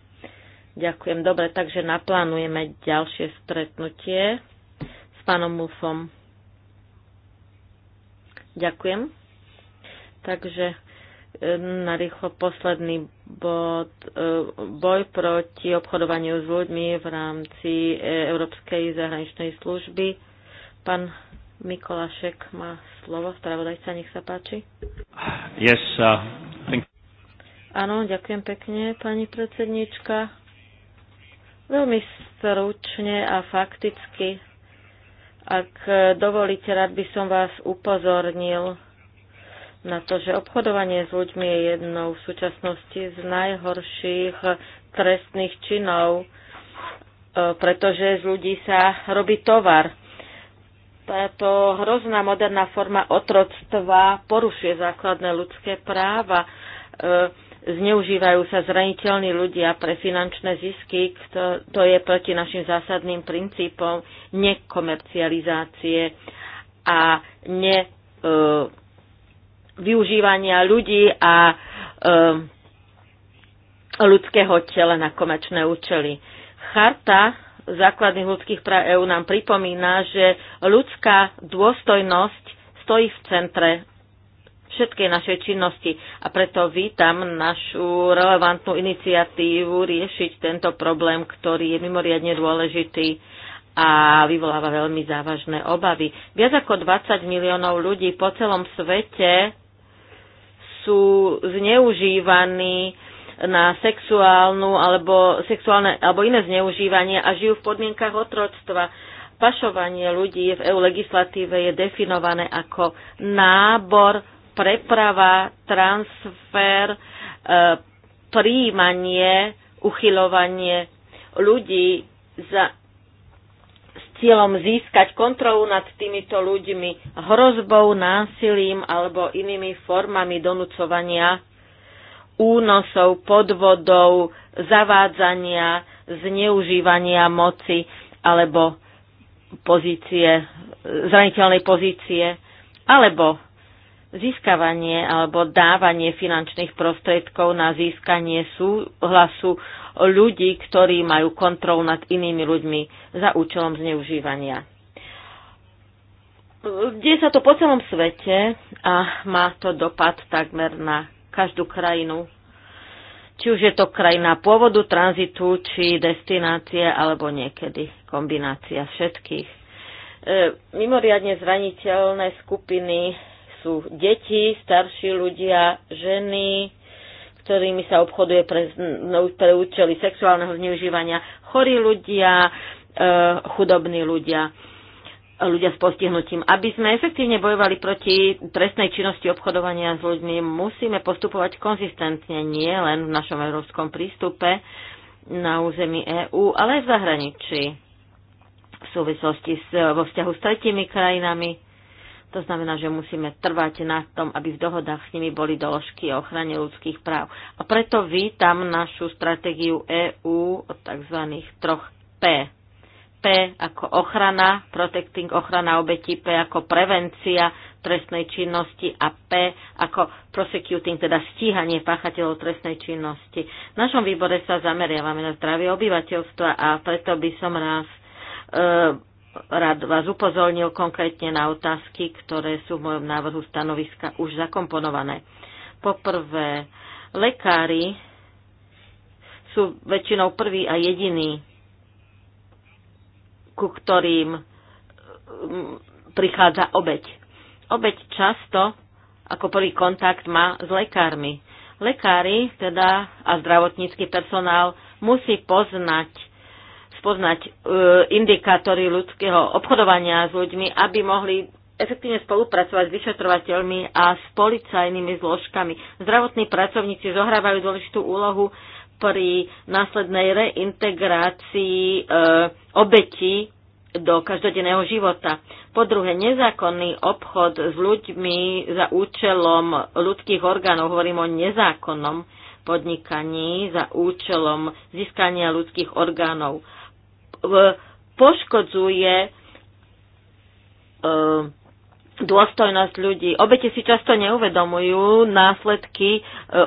Ďakujem. Dobre, takže naplánujeme ďalšie stretnutie s pánom Musom. Ďakujem. Takže na rýchlo posledný bod, e, boj proti obchodovaniu s ľuďmi v rámci e, Európskej zahraničnej služby. Pán Mikolašek má slovo, spravodajca, nech sa páči. Yes, uh, Áno, ďakujem pekne, pani predsednička. Veľmi stručne a fakticky, ak dovolíte, rád by som vás upozornil na to, že obchodovanie s ľuďmi je jednou v súčasnosti z najhorších trestných činov, e, pretože z ľudí sa robí tovar. Táto hrozná moderná forma otroctva porušuje základné ľudské práva. E, zneužívajú sa zraniteľní ľudia pre finančné zisky, to, to je proti našim zásadným princípom nekomercializácie a ne e, využívania ľudí a e, ľudského tela na komerčné účely. Charta základných ľudských práv EÚ nám pripomína, že ľudská dôstojnosť stojí v centre všetkej našej činnosti. A preto vítam našu relevantnú iniciatívu riešiť tento problém, ktorý je mimoriadne dôležitý a vyvoláva veľmi závažné obavy. Viac ako 20 miliónov ľudí po celom svete sú zneužívaní na sexuálnu alebo sexuálne alebo iné zneužívanie a žijú v podmienkach otroctva. Pašovanie ľudí v EU legislatíve je definované ako nábor preprava, transfer, e, príjmanie, uchylovanie ľudí za s cieľom získať kontrolu nad týmito ľuďmi hrozbou, násilím alebo inými formami donúcovania, únosov, podvodov, zavádzania, zneužívania moci alebo pozície, e, zraniteľnej pozície, alebo získavanie alebo dávanie finančných prostriedkov na získanie súhlasu ľudí, ktorí majú kontrol nad inými ľuďmi za účelom zneužívania. Deje sa to po celom svete a má to dopad takmer na každú krajinu. Či už je to krajina pôvodu, tranzitu, či destinácie, alebo niekedy kombinácia všetkých. E, mimoriadne zraniteľné skupiny sú deti, starší ľudia, ženy, ktorými sa obchoduje pre, no, pre účely sexuálneho zneužívania, chorí ľudia, e, chudobní ľudia, ľudia s postihnutím. Aby sme efektívne bojovali proti trestnej činnosti obchodovania s ľuďmi, musíme postupovať konzistentne, nie len v našom európskom prístupe na území EÚ, ale aj v zahraničí v súvislosti s, vo vzťahu s tretími krajinami to znamená, že musíme trvať na tom, aby v dohodách s nimi boli doložky o ochrane ľudských práv. A preto vítam našu stratégiu EÚ od tzv. troch P. P ako ochrana, protecting ochrana obetí, P ako prevencia trestnej činnosti a P ako prosecuting, teda stíhanie páchateľov trestnej činnosti. V našom výbore sa zameriavame na zdravie obyvateľstva a preto by som raz rád vás upozornil konkrétne na otázky, ktoré sú v mojom návrhu stanoviska už zakomponované. Poprvé, lekári sú väčšinou prví a jediní, ku ktorým mm, prichádza obeď. Obeď často ako prvý kontakt má s lekármi. Lekári teda a zdravotnícky personál musí poznať spoznať uh, e, indikátory ľudského obchodovania s ľuďmi, aby mohli efektívne spolupracovať s vyšetrovateľmi a s policajnými zložkami. Zdravotní pracovníci zohrávajú dôležitú úlohu pri následnej reintegrácii e, obetí do každodenného života. Po druhé, nezákonný obchod s ľuďmi za účelom ľudských orgánov, hovorím o nezákonnom podnikaní za účelom získania ľudských orgánov poškodzuje e, dôstojnosť ľudí. Obete si často neuvedomujú následky e,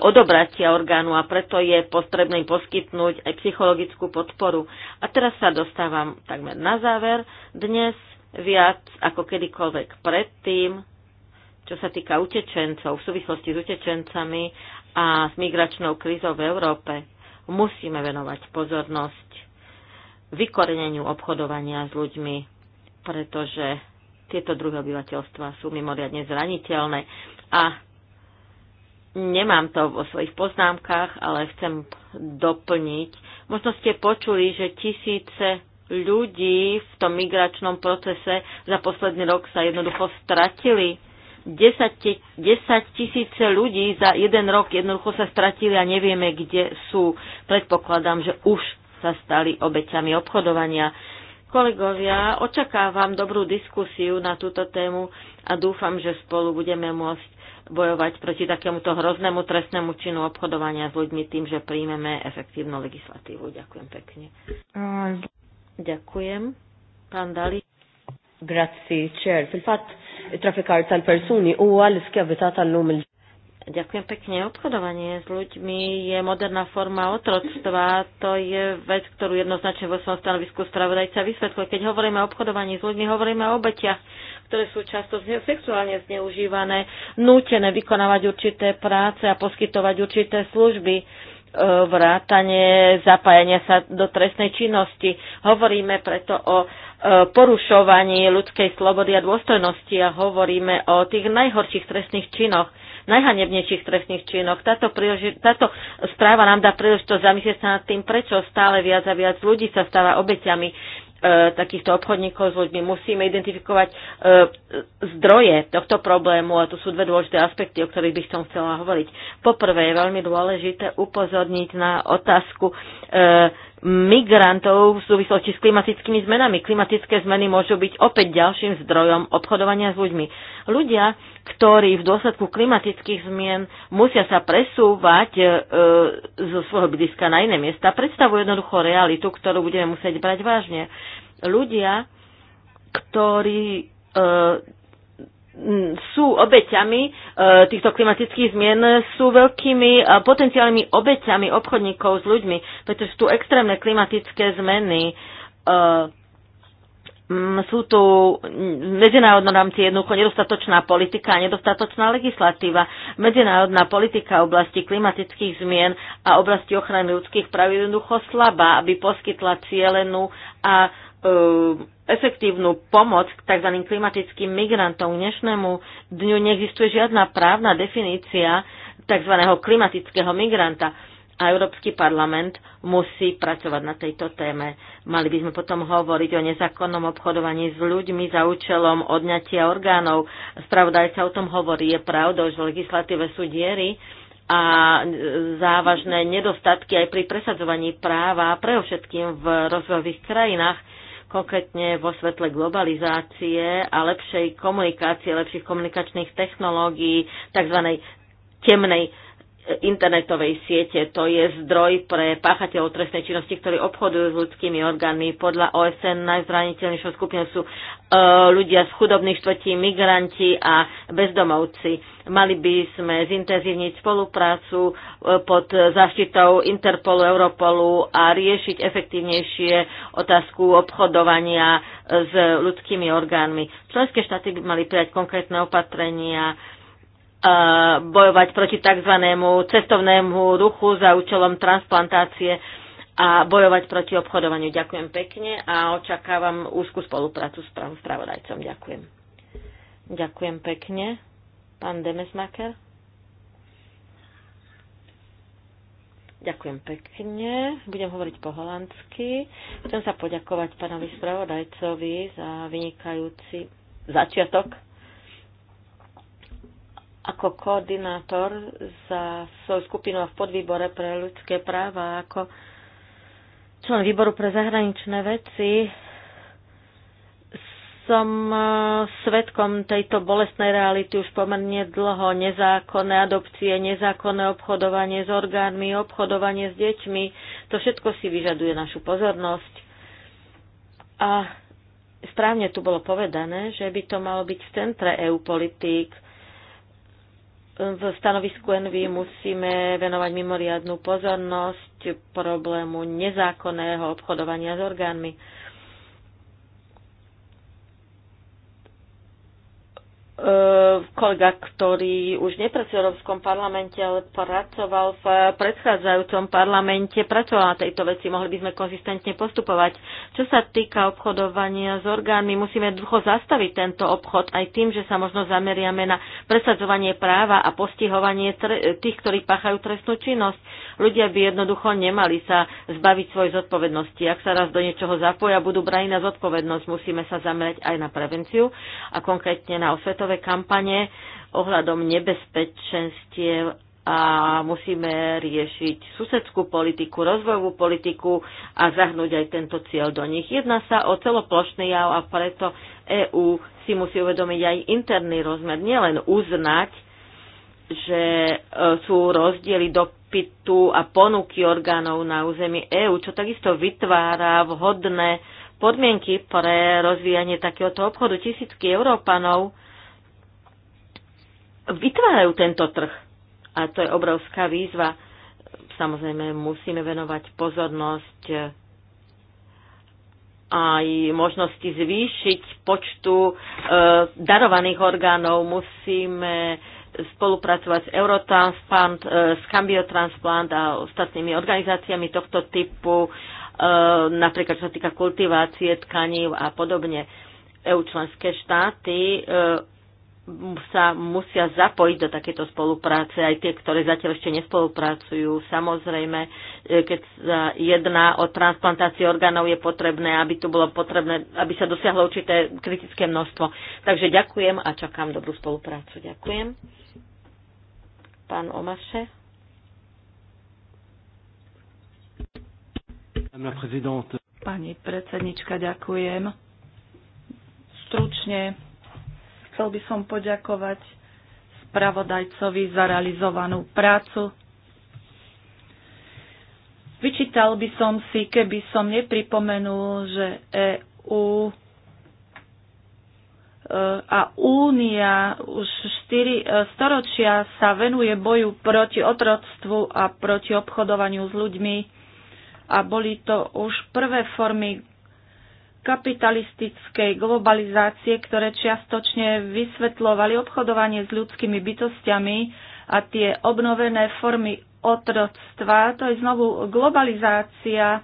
odobratia orgánu a preto je potrebné poskytnúť aj psychologickú podporu. A teraz sa dostávam takmer na záver. Dnes viac ako kedykoľvek predtým, čo sa týka utečencov, v súvislosti s utečencami a s migračnou krízou v Európe, musíme venovať pozornosť vykoreneniu obchodovania s ľuďmi, pretože tieto druhé obyvateľstva sú mimoriadne zraniteľné. A nemám to vo svojich poznámkach, ale chcem doplniť. Možno ste počuli, že tisíce ľudí v tom migračnom procese za posledný rok sa jednoducho stratili. 10, 10 tisíce ľudí za jeden rok jednoducho sa stratili a nevieme, kde sú. Predpokladám, že už sa stali obeťami obchodovania. Kolegovia, očakávam dobrú diskusiu na túto tému a dúfam, že spolu budeme môcť bojovať proti takémuto hroznému trestnému činu obchodovania s ľuďmi tým, že príjmeme efektívnu legislatívu. Ďakujem pekne. Ďakujem. Pán Dali. Grazie, ċer. Fil-fat, tal-persuni huwa l-iskevita tal-lum il Ďakujem pekne. Obchodovanie s ľuďmi je moderná forma otroctva. To je vec, ktorú jednoznačne vo svojom stanovisku spravodajca vysvetľuje. Keď hovoríme o obchodovaní s ľuďmi, hovoríme o obetiach, ktoré sú často sexuálne zneužívané, nútené vykonávať určité práce a poskytovať určité služby e, vrátanie zapájania sa do trestnej činnosti. Hovoríme preto o e, porušovaní ľudskej slobody a dôstojnosti a hovoríme o tých najhorších trestných činoch najhanebnejších trestných činoch. Táto, príleži- táto správa nám dá príležitosť zamyslieť sa nad tým, prečo stále viac a viac ľudí sa stáva obeťami e, takýchto obchodníkov s ľuďmi. Musíme identifikovať e, zdroje tohto problému a tu sú dve dôležité aspekty, o ktorých by som chcela hovoriť. Poprvé je veľmi dôležité upozorniť na otázku e, migrantov v súvislosti s klimatickými zmenami. Klimatické zmeny môžu byť opäť ďalším zdrojom obchodovania s ľuďmi. Ľudia, ktorí v dôsledku klimatických zmien musia sa presúvať e, zo svojho bydliska na iné miesta, predstavujú jednoducho realitu, ktorú budeme musieť brať vážne. Ľudia, ktorí e, sú obeťami e, týchto klimatických zmien, sú veľkými e, potenciálnymi obeťami obchodníkov s ľuďmi, pretože sú tu extrémne klimatické zmeny. E, sú tu v medzinárodnom rámci jednoducho nedostatočná politika a nedostatočná legislatíva. Medzinárodná politika oblasti klimatických zmien a oblasti ochrany ľudských práv je jednoducho slabá, aby poskytla cielenú a Eh, efektívnu pomoc k tzv. klimatickým migrantom. K dnešnému dňu neexistuje žiadna právna definícia tzv. klimatického migranta a Európsky parlament musí pracovať na tejto téme. Mali by sme potom hovoriť o nezákonnom obchodovaní s ľuďmi za účelom odňatia orgánov. Spravodajca o tom hovorí. Je pravdou, že v legislatíve sú diery a závažné nedostatky aj pri presadzovaní práva, pre všetkým v rozvojových krajinách konkrétne vo svetle globalizácie a lepšej komunikácie, lepších komunikačných technológií, tzv. temnej internetovej siete. To je zdroj pre páchateľov trestnej činnosti, ktorí obchodujú s ľudskými orgánmi. Podľa OSN najzraniteľnejšou skupinou sú uh, ľudia z chudobných štvrtí, migranti a bezdomovci. Mali by sme zintenzívniť spoluprácu e, pod záštitou Interpolu, Europolu a riešiť efektívnejšie otázku obchodovania e, s ľudskými orgánmi. Členské štáty by mali prijať konkrétne opatrenia, bojovať proti tzv. cestovnému ruchu za účelom transplantácie a bojovať proti obchodovaniu. Ďakujem pekne a očakávam úzku spoluprácu s pravom spravodajcom. Ďakujem. Ďakujem pekne. Pán Demesmaker. Ďakujem pekne. Budem hovoriť po holandsky. Chcem sa poďakovať pánovi spravodajcovi za vynikajúci začiatok ako koordinátor za svoju skupinu a v podvýbore pre ľudské práva, ako člen výboru pre zahraničné veci, som e, svetkom tejto bolestnej reality už pomerne dlho. Nezákonné adopcie, nezákonné obchodovanie s orgánmi, obchodovanie s deťmi, to všetko si vyžaduje našu pozornosť. A správne tu bolo povedané, že by to malo byť v centre EU politík – v stanovisku NV musíme venovať mimoriadnú pozornosť problému nezákonného obchodovania s orgánmi. E, kolega, ktorý už nepracuje v Európskom parlamente, ale pracoval v predchádzajúcom parlamente, pracoval na tejto veci, mohli by sme konzistentne postupovať. Čo sa týka obchodovania s orgánmi, musíme dlho zastaviť tento obchod aj tým, že sa možno zameriame na presadzovanie práva a postihovanie tých, ktorí páchajú trestnú činnosť. Ľudia by jednoducho nemali sa zbaviť svojej zodpovednosti. Ak sa raz do niečoho zapoja, budú brani na zodpovednosť. Musíme sa zamerať aj na prevenciu a konkrétne na osvetovanie svetové kampane ohľadom nebezpečenstiev a musíme riešiť susedskú politiku, rozvojovú politiku a zahnúť aj tento cieľ do nich. Jedná sa o celoplošný jav a preto EÚ si musí uvedomiť aj interný rozmer, nielen uznať, že e, sú rozdiely dopytu a ponuky orgánov na území EÚ, čo takisto vytvára vhodné podmienky pre rozvíjanie takéhoto obchodu. Tisícky Európanov vytvárajú tento trh. A to je obrovská výzva. Samozrejme, musíme venovať pozornosť eh, aj možnosti zvýšiť počtu e, darovaných orgánov. Musíme spolupracovať s Eurotransplant, e, s Cambiotransplant a ostatnými organizáciami tohto typu, e, napríklad čo sa týka kultivácie tkaní a podobne. EU členské štáty e, sa musia zapojiť do takéto spolupráce, aj tie, ktoré zatiaľ ešte nespolupracujú. Samozrejme, e, keď sa jedná o transplantáciu orgánov, je potrebné, aby tu bolo potrebné, aby sa dosiahlo určité kritické množstvo. Takže ďakujem a čakám dobrú spoluprácu. Ďakujem. Pán Omaše. Pani predsednička, ďakujem. Stručne Chcel by som poďakovať spravodajcovi za realizovanú prácu. Vyčítal by som si, keby som nepripomenul, že EU e, a Únia už 4 e, storočia sa venuje boju proti otroctvu a proti obchodovaniu s ľuďmi a boli to už prvé formy kapitalistickej globalizácie, ktoré čiastočne vysvetľovali obchodovanie s ľudskými bytostiami a tie obnovené formy otroctva. To je znovu globalizácia,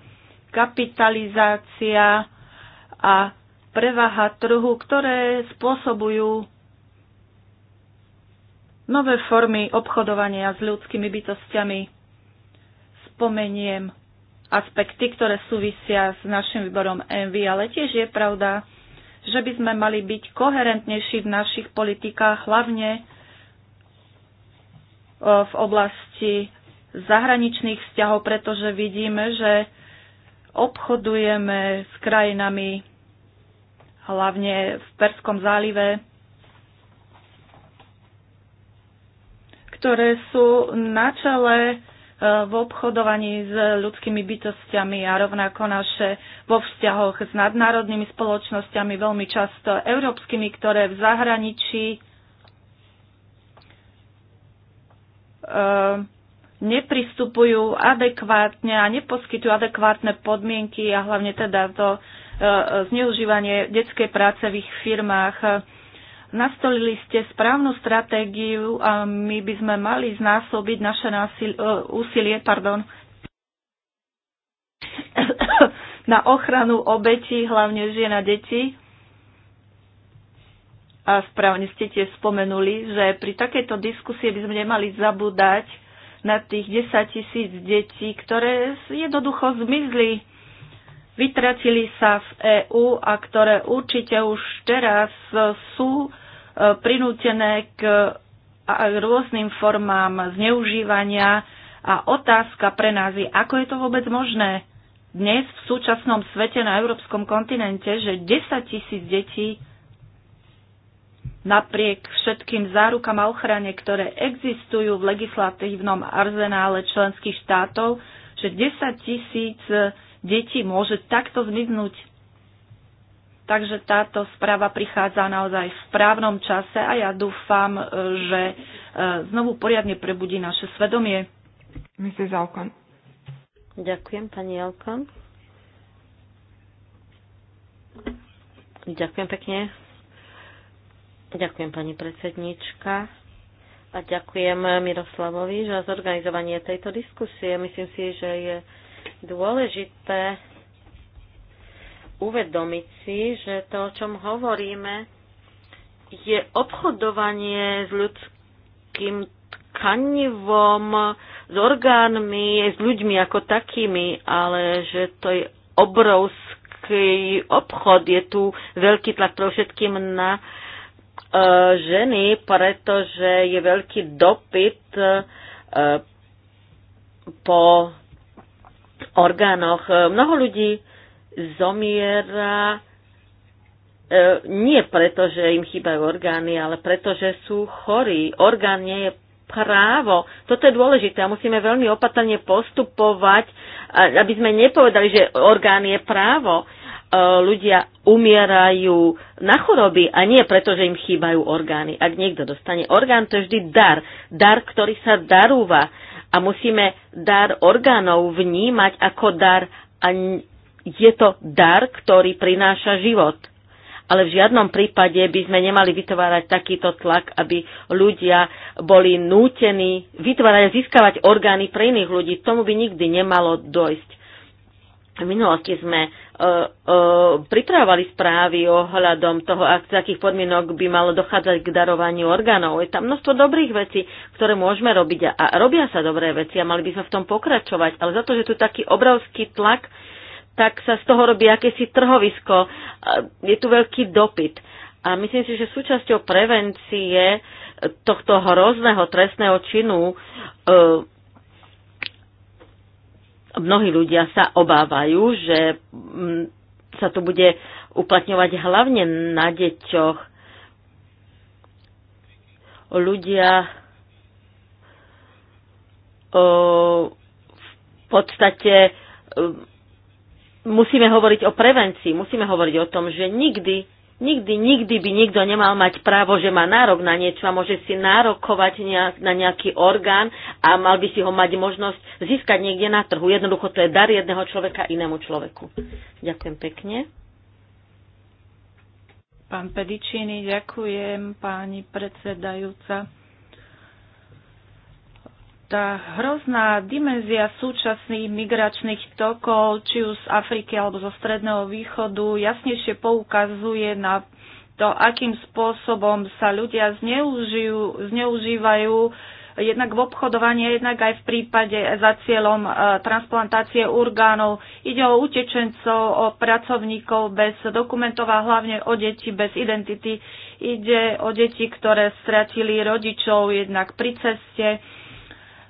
kapitalizácia a prevaha trhu, ktoré spôsobujú nové formy obchodovania s ľudskými bytostiami. Spomeniem aspekty, ktoré súvisia s našim výborom MV, ale tiež je pravda, že by sme mali byť koherentnejší v našich politikách, hlavne e, v oblasti zahraničných vzťahov, pretože vidíme, že obchodujeme s krajinami hlavne v Perskom zálive, ktoré sú na čele v obchodovaní s ľudskými bytostiami a rovnako naše vo vzťahoch s nadnárodnými spoločnosťami, veľmi často európskymi, ktoré v zahraničí eh, nepristupujú adekvátne a neposkytujú adekvátne podmienky a hlavne teda to eh, eh, zneužívanie detskej práce v ich firmách Nastolili ste správnu stratégiu a my by sme mali znásobiť naše násil, e, úsilie pardon, na ochranu obetí, hlavne žien a detí. A správne ste tiež spomenuli, že pri takejto diskusie by sme nemali zabúdať na tých 10 tisíc detí, ktoré jednoducho zmizli, vytratili sa v EÚ a ktoré určite už teraz sú prinútené k rôznym formám zneužívania a otázka pre nás je, ako je to vôbec možné dnes v súčasnom svete na európskom kontinente, že 10 tisíc detí napriek všetkým zárukam a ochrane, ktoré existujú v legislatívnom arzenále členských štátov, že 10 tisíc detí môže takto zmiznúť Takže táto správa prichádza naozaj v správnom čase a ja dúfam, e, že e, znovu poriadne prebudí naše svedomie. Mrs. Alkon. Ďakujem, pani Alkon. Ďakujem pekne. Ďakujem, pani predsednička. A ďakujem Miroslavovi za zorganizovanie tejto diskusie. Myslím si, že je dôležité uvedomiť si, že to, o čom hovoríme, je obchodovanie s ľudským tkanivom, s orgánmi, s ľuďmi ako takými, ale že to je obrovský obchod, je tu veľký tlak pre všetkým na uh, ženy, pretože je veľký dopyt uh, po orgánoch. Mnoho ľudí zomiera e, nie preto, že im chýbajú orgány, ale preto, že sú chorí. Orgán nie je právo. Toto je dôležité a musíme veľmi opatrne postupovať, aby sme nepovedali, že orgán je právo. E, ľudia umierajú na choroby a nie preto, že im chýbajú orgány. Ak niekto dostane orgán, to je vždy dar. Dar, ktorý sa darúva. A musíme dar orgánov vnímať ako dar a je to dar, ktorý prináša život. Ale v žiadnom prípade by sme nemali vytvárať takýto tlak, aby ľudia boli nútení vytvárať a získavať orgány pre iných ľudí. Tomu by nikdy nemalo dojsť. V minulosti sme uh, uh, pripravovali správy ohľadom toho, ak, z akých podmienok by malo dochádzať k darovaniu orgánov. Je tam množstvo dobrých vecí, ktoré môžeme robiť a, a robia sa dobré veci a mali by sme v tom pokračovať. Ale za to, že tu taký obrovský tlak uh, tak sa z toho robí akési trhovisko. Je tu veľký dopyt. A myslím si, že súčasťou prevencie tohto hrozného trestného činu e, mnohí ľudia sa obávajú, že mm, sa to bude uplatňovať hlavne na deťoch. Ľudia e, v podstate e, musíme hovoriť o prevencii, musíme hovoriť o tom, že nikdy, nikdy, nikdy by nikto nemal mať právo, že má nárok na niečo a môže si nárokovať na nejaký orgán a mal by si ho mať možnosť získať niekde na trhu. Jednoducho to je dar jedného človeka inému človeku. Ďakujem pekne. Pán Pedičiny, ďakujem, pani predsedajúca tá hrozná dimenzia súčasných migračných tokov, či už z Afriky alebo zo Stredného východu, jasnejšie poukazuje na to, akým spôsobom sa ľudia zneužijú, zneužívajú jednak v obchodovaní, jednak aj v prípade za cieľom e, transplantácie orgánov. Ide o utečencov, o pracovníkov bez dokumentov a hlavne o deti bez identity. Ide o deti, ktoré stratili rodičov jednak pri ceste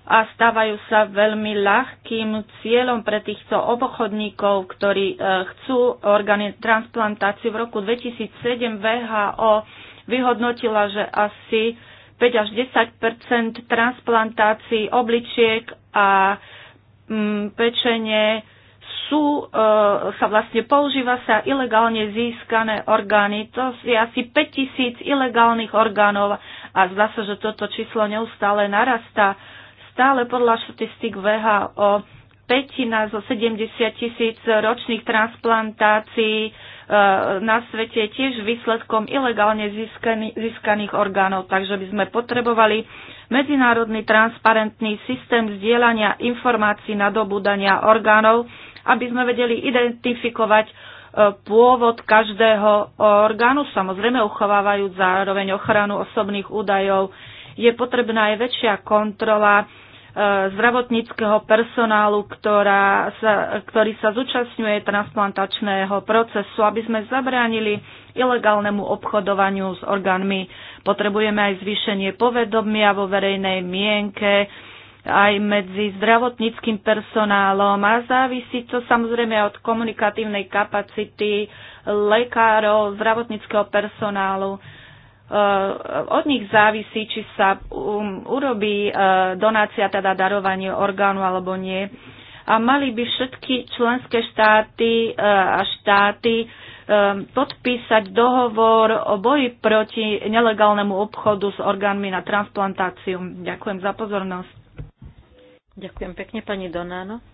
a stávajú sa veľmi ľahkým cieľom pre týchto obchodníkov, ktorí e, chcú transplantáciu. V roku 2007 VHO vyhodnotila, že asi 5 až 10 transplantácií obličiek a mm, pečenie sú, e, sa vlastne používa sa ilegálne získané orgány. To je asi 5000 ilegálnych orgánov a zdá sa, že toto číslo neustále narastá. Stále podľa štatistik VHO petina zo 70 tisíc ročných transplantácií e, na svete tiež výsledkom ilegálne získaných orgánov, takže by sme potrebovali medzinárodný transparentný systém zdieľania informácií na dobúdania orgánov, aby sme vedeli identifikovať e, pôvod každého orgánu, samozrejme uchovávajúc zároveň ochranu osobných údajov. Je potrebná aj väčšia kontrola zdravotníckého personálu, ktorá sa, ktorý sa zúčastňuje transplantačného procesu, aby sme zabránili ilegálnemu obchodovaniu s orgánmi. Potrebujeme aj zvýšenie povedomia vo verejnej mienke, aj medzi zdravotníckým personálom a závisí to samozrejme od komunikatívnej kapacity lekárov, zdravotníckého personálu Eh, od nich závisí, či sa um, urobí uh, donácia, teda darovanie orgánu alebo nie. A mali by všetky členské štáty uh, a štáty um, podpísať dohovor o boji proti nelegálnemu obchodu s orgánmi na transplantáciu. Ďakujem za pozornosť. Ďakujem pekne, pani Donáno.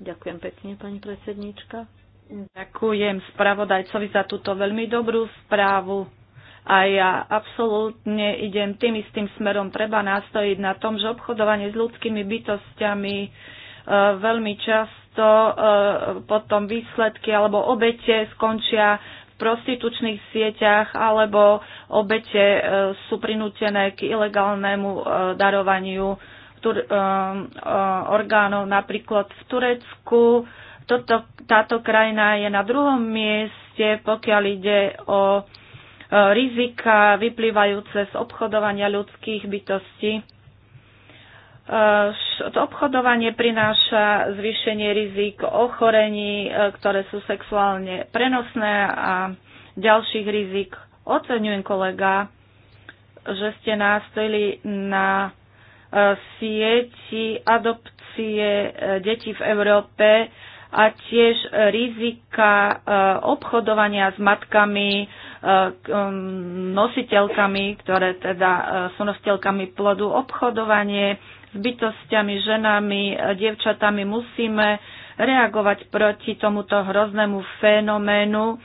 Ďakujem pekne, pani predsedníčka. Ďakujem spravodajcovi za túto veľmi dobrú správu a ja absolútne idem tým istým smerom. Treba nastojiť na tom, že obchodovanie s ľudskými bytostiami e, veľmi často e, potom výsledky alebo obete skončia v prostitučných sieťach alebo obete e, sú prinútené k ilegálnemu darovaniu orgánov. Napríklad v Turecku toto, táto krajina je na druhom mieste, pokiaľ ide o rizika vyplývajúce z obchodovania ľudských bytostí. To obchodovanie prináša zvýšenie rizik ochorení, e, ktoré sú sexuálne prenosné a ďalších rizik. Oceňujem kolega, že ste nástojili na e, sieti adopcie e, detí v Európe a tiež rizika e, obchodovania s matkami, e, nositeľkami, ktoré teda e, sú nositeľkami plodu, obchodovanie s bytostiami, ženami, dievčatami. Musíme reagovať proti tomuto hroznému fenoménu,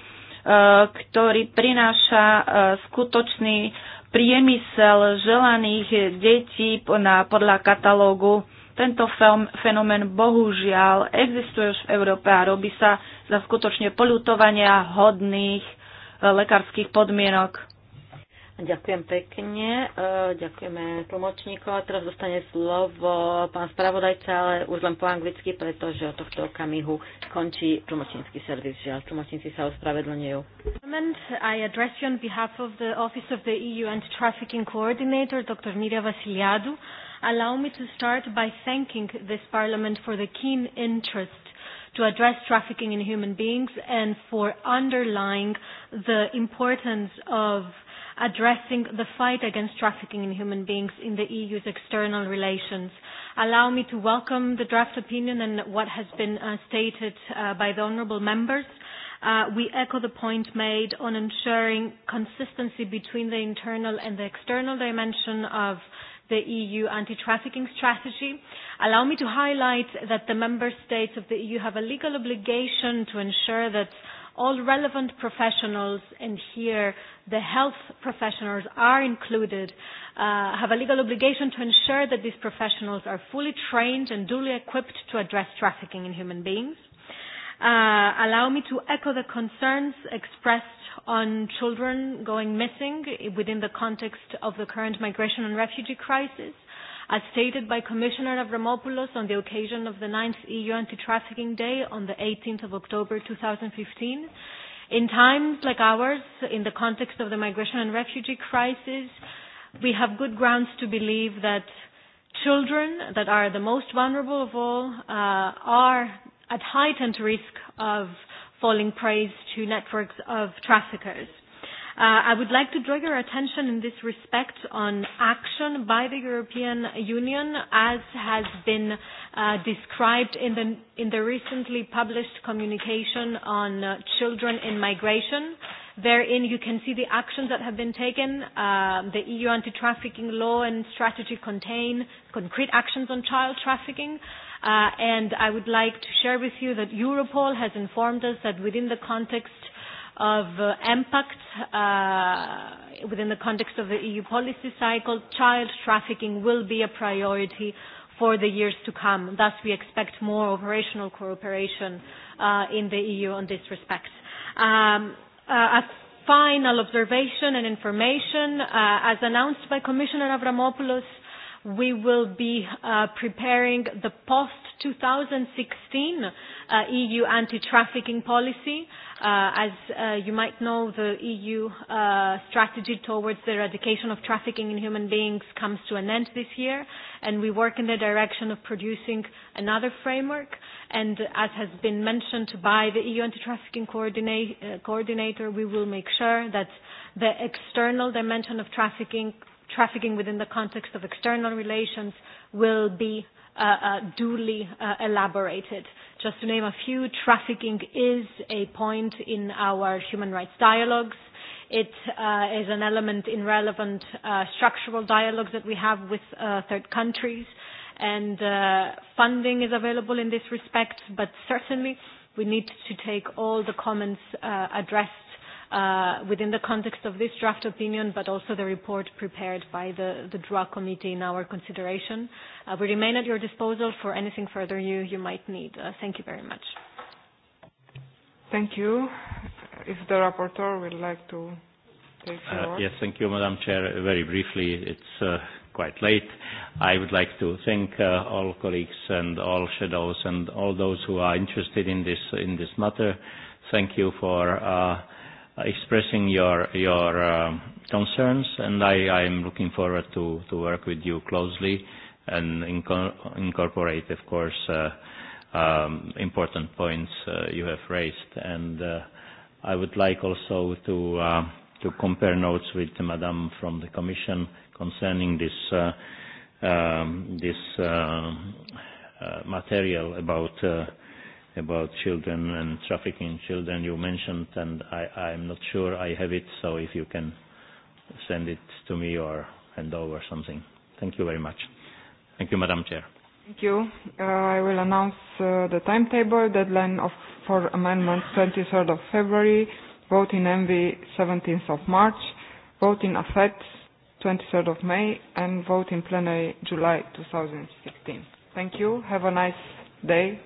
ktorý prináša skutočný priemysel želaných detí podľa katalógu tento fenomén bohužiaľ existuje už v Európe a robí sa za skutočne polutovania hodných e, lekárskych podmienok. Ďakujem pekne, e, ďakujeme tlmočníkov a teraz dostane slovo pán spravodajca, ale už len po anglicky, pretože od tohto okamihu končí tlmočnícky servis, žiaľ, tlmočníci sa ospravedlňujú. I address you on behalf of the Office of the EU Anti-Trafficking Coordinator, Dr. Miria Vasiliadu allow me to start by thanking this Parliament for the keen interest to address trafficking in human beings and for underlying the importance of addressing the fight against trafficking in human beings in the EU's external relations. Allow me to welcome the draft opinion and what has been uh, stated uh, by the honourable members. Uh, we echo the point made on ensuring consistency between the internal and the external dimension of the EU anti-trafficking strategy. Allow me to highlight that the member states of the EU have a legal obligation to ensure that all relevant professionals, and here the health professionals are included, uh, have a legal obligation to ensure that these professionals are fully trained and duly equipped to address trafficking in human beings. Uh, allow me to echo the concerns expressed on children going missing within the context of the current migration and refugee crisis. As stated by Commissioner Avramopoulos on the occasion of the 9th EU Anti-Trafficking Day on the 18th of October 2015, in times like ours, in the context of the migration and refugee crisis, we have good grounds to believe that children that are the most vulnerable of all uh, are at heightened risk of falling prey to networks of traffickers. Uh, I would like to draw your attention in this respect on action by the European Union, as has been uh, described in the, in the recently published communication on uh, children in migration. Therein, you can see the actions that have been taken. Uh, the EU anti-trafficking law and strategy contain concrete actions on child trafficking. Uh, Uh, and I would like to share with you that Europol has informed us that within the context of uh, impact, uh, within the context of the EU policy cycle, child trafficking will be a priority for the years to come. Thus, we expect more operational cooperation uh, in the EU on this respect. Um, uh, a final observation and information, uh, as announced by Commissioner Avramopoulos, we will be uh, preparing the post-2016 uh, EU anti-trafficking policy. Uh, as uh, you might know, the EU uh, strategy towards the eradication of trafficking in human beings comes to an end this year, and we work in the direction of producing another framework. And as has been mentioned by the EU anti-trafficking coordinate, uh, coordinator, we will make sure that the external dimension of trafficking trafficking within the context of external relations will be uh, uh, duly uh, elaborated. Just to name a few, trafficking is a point in our human rights dialogues. It uh, is an element in relevant uh, structural dialogues that we have with uh, third countries, and uh, funding is available in this respect, but certainly we need to take all the comments uh, addressed uh, within the context of this draft opinion, but also the report prepared by the, the drug committee in our consideration. Uh, we remain at your disposal for anything further you, you might need. Uh, thank you very much. Thank you. If the rapporteur would like to take the Uh, yes, thank you, Madam Chair. Very briefly, it's uh, quite late. I would like to thank uh, all colleagues and all shadows and all those who are interested in this in this matter. Thank you for. Uh, Uh, expressing your your um, concerns, and I am looking forward to to work with you closely and inco incorporate, of course, uh, um, important points uh, you have raised. And uh, I would like also to uh, to compare notes with Madame from the Commission concerning this uh, um, this uh, uh, material about. Uh, about children and trafficking children you mentioned, and I, I'm not sure I have it, so if you can send it to me or hand over something. Thank you very much. Thank you, Madam Chair. Thank you. Uh, I will announce uh, the timetable, deadline of, for amendments 23rd of February, vote in MV 17th of March, vote in AFET 23rd of May, and vote in plenary July 2016. Thank you. Have a nice day.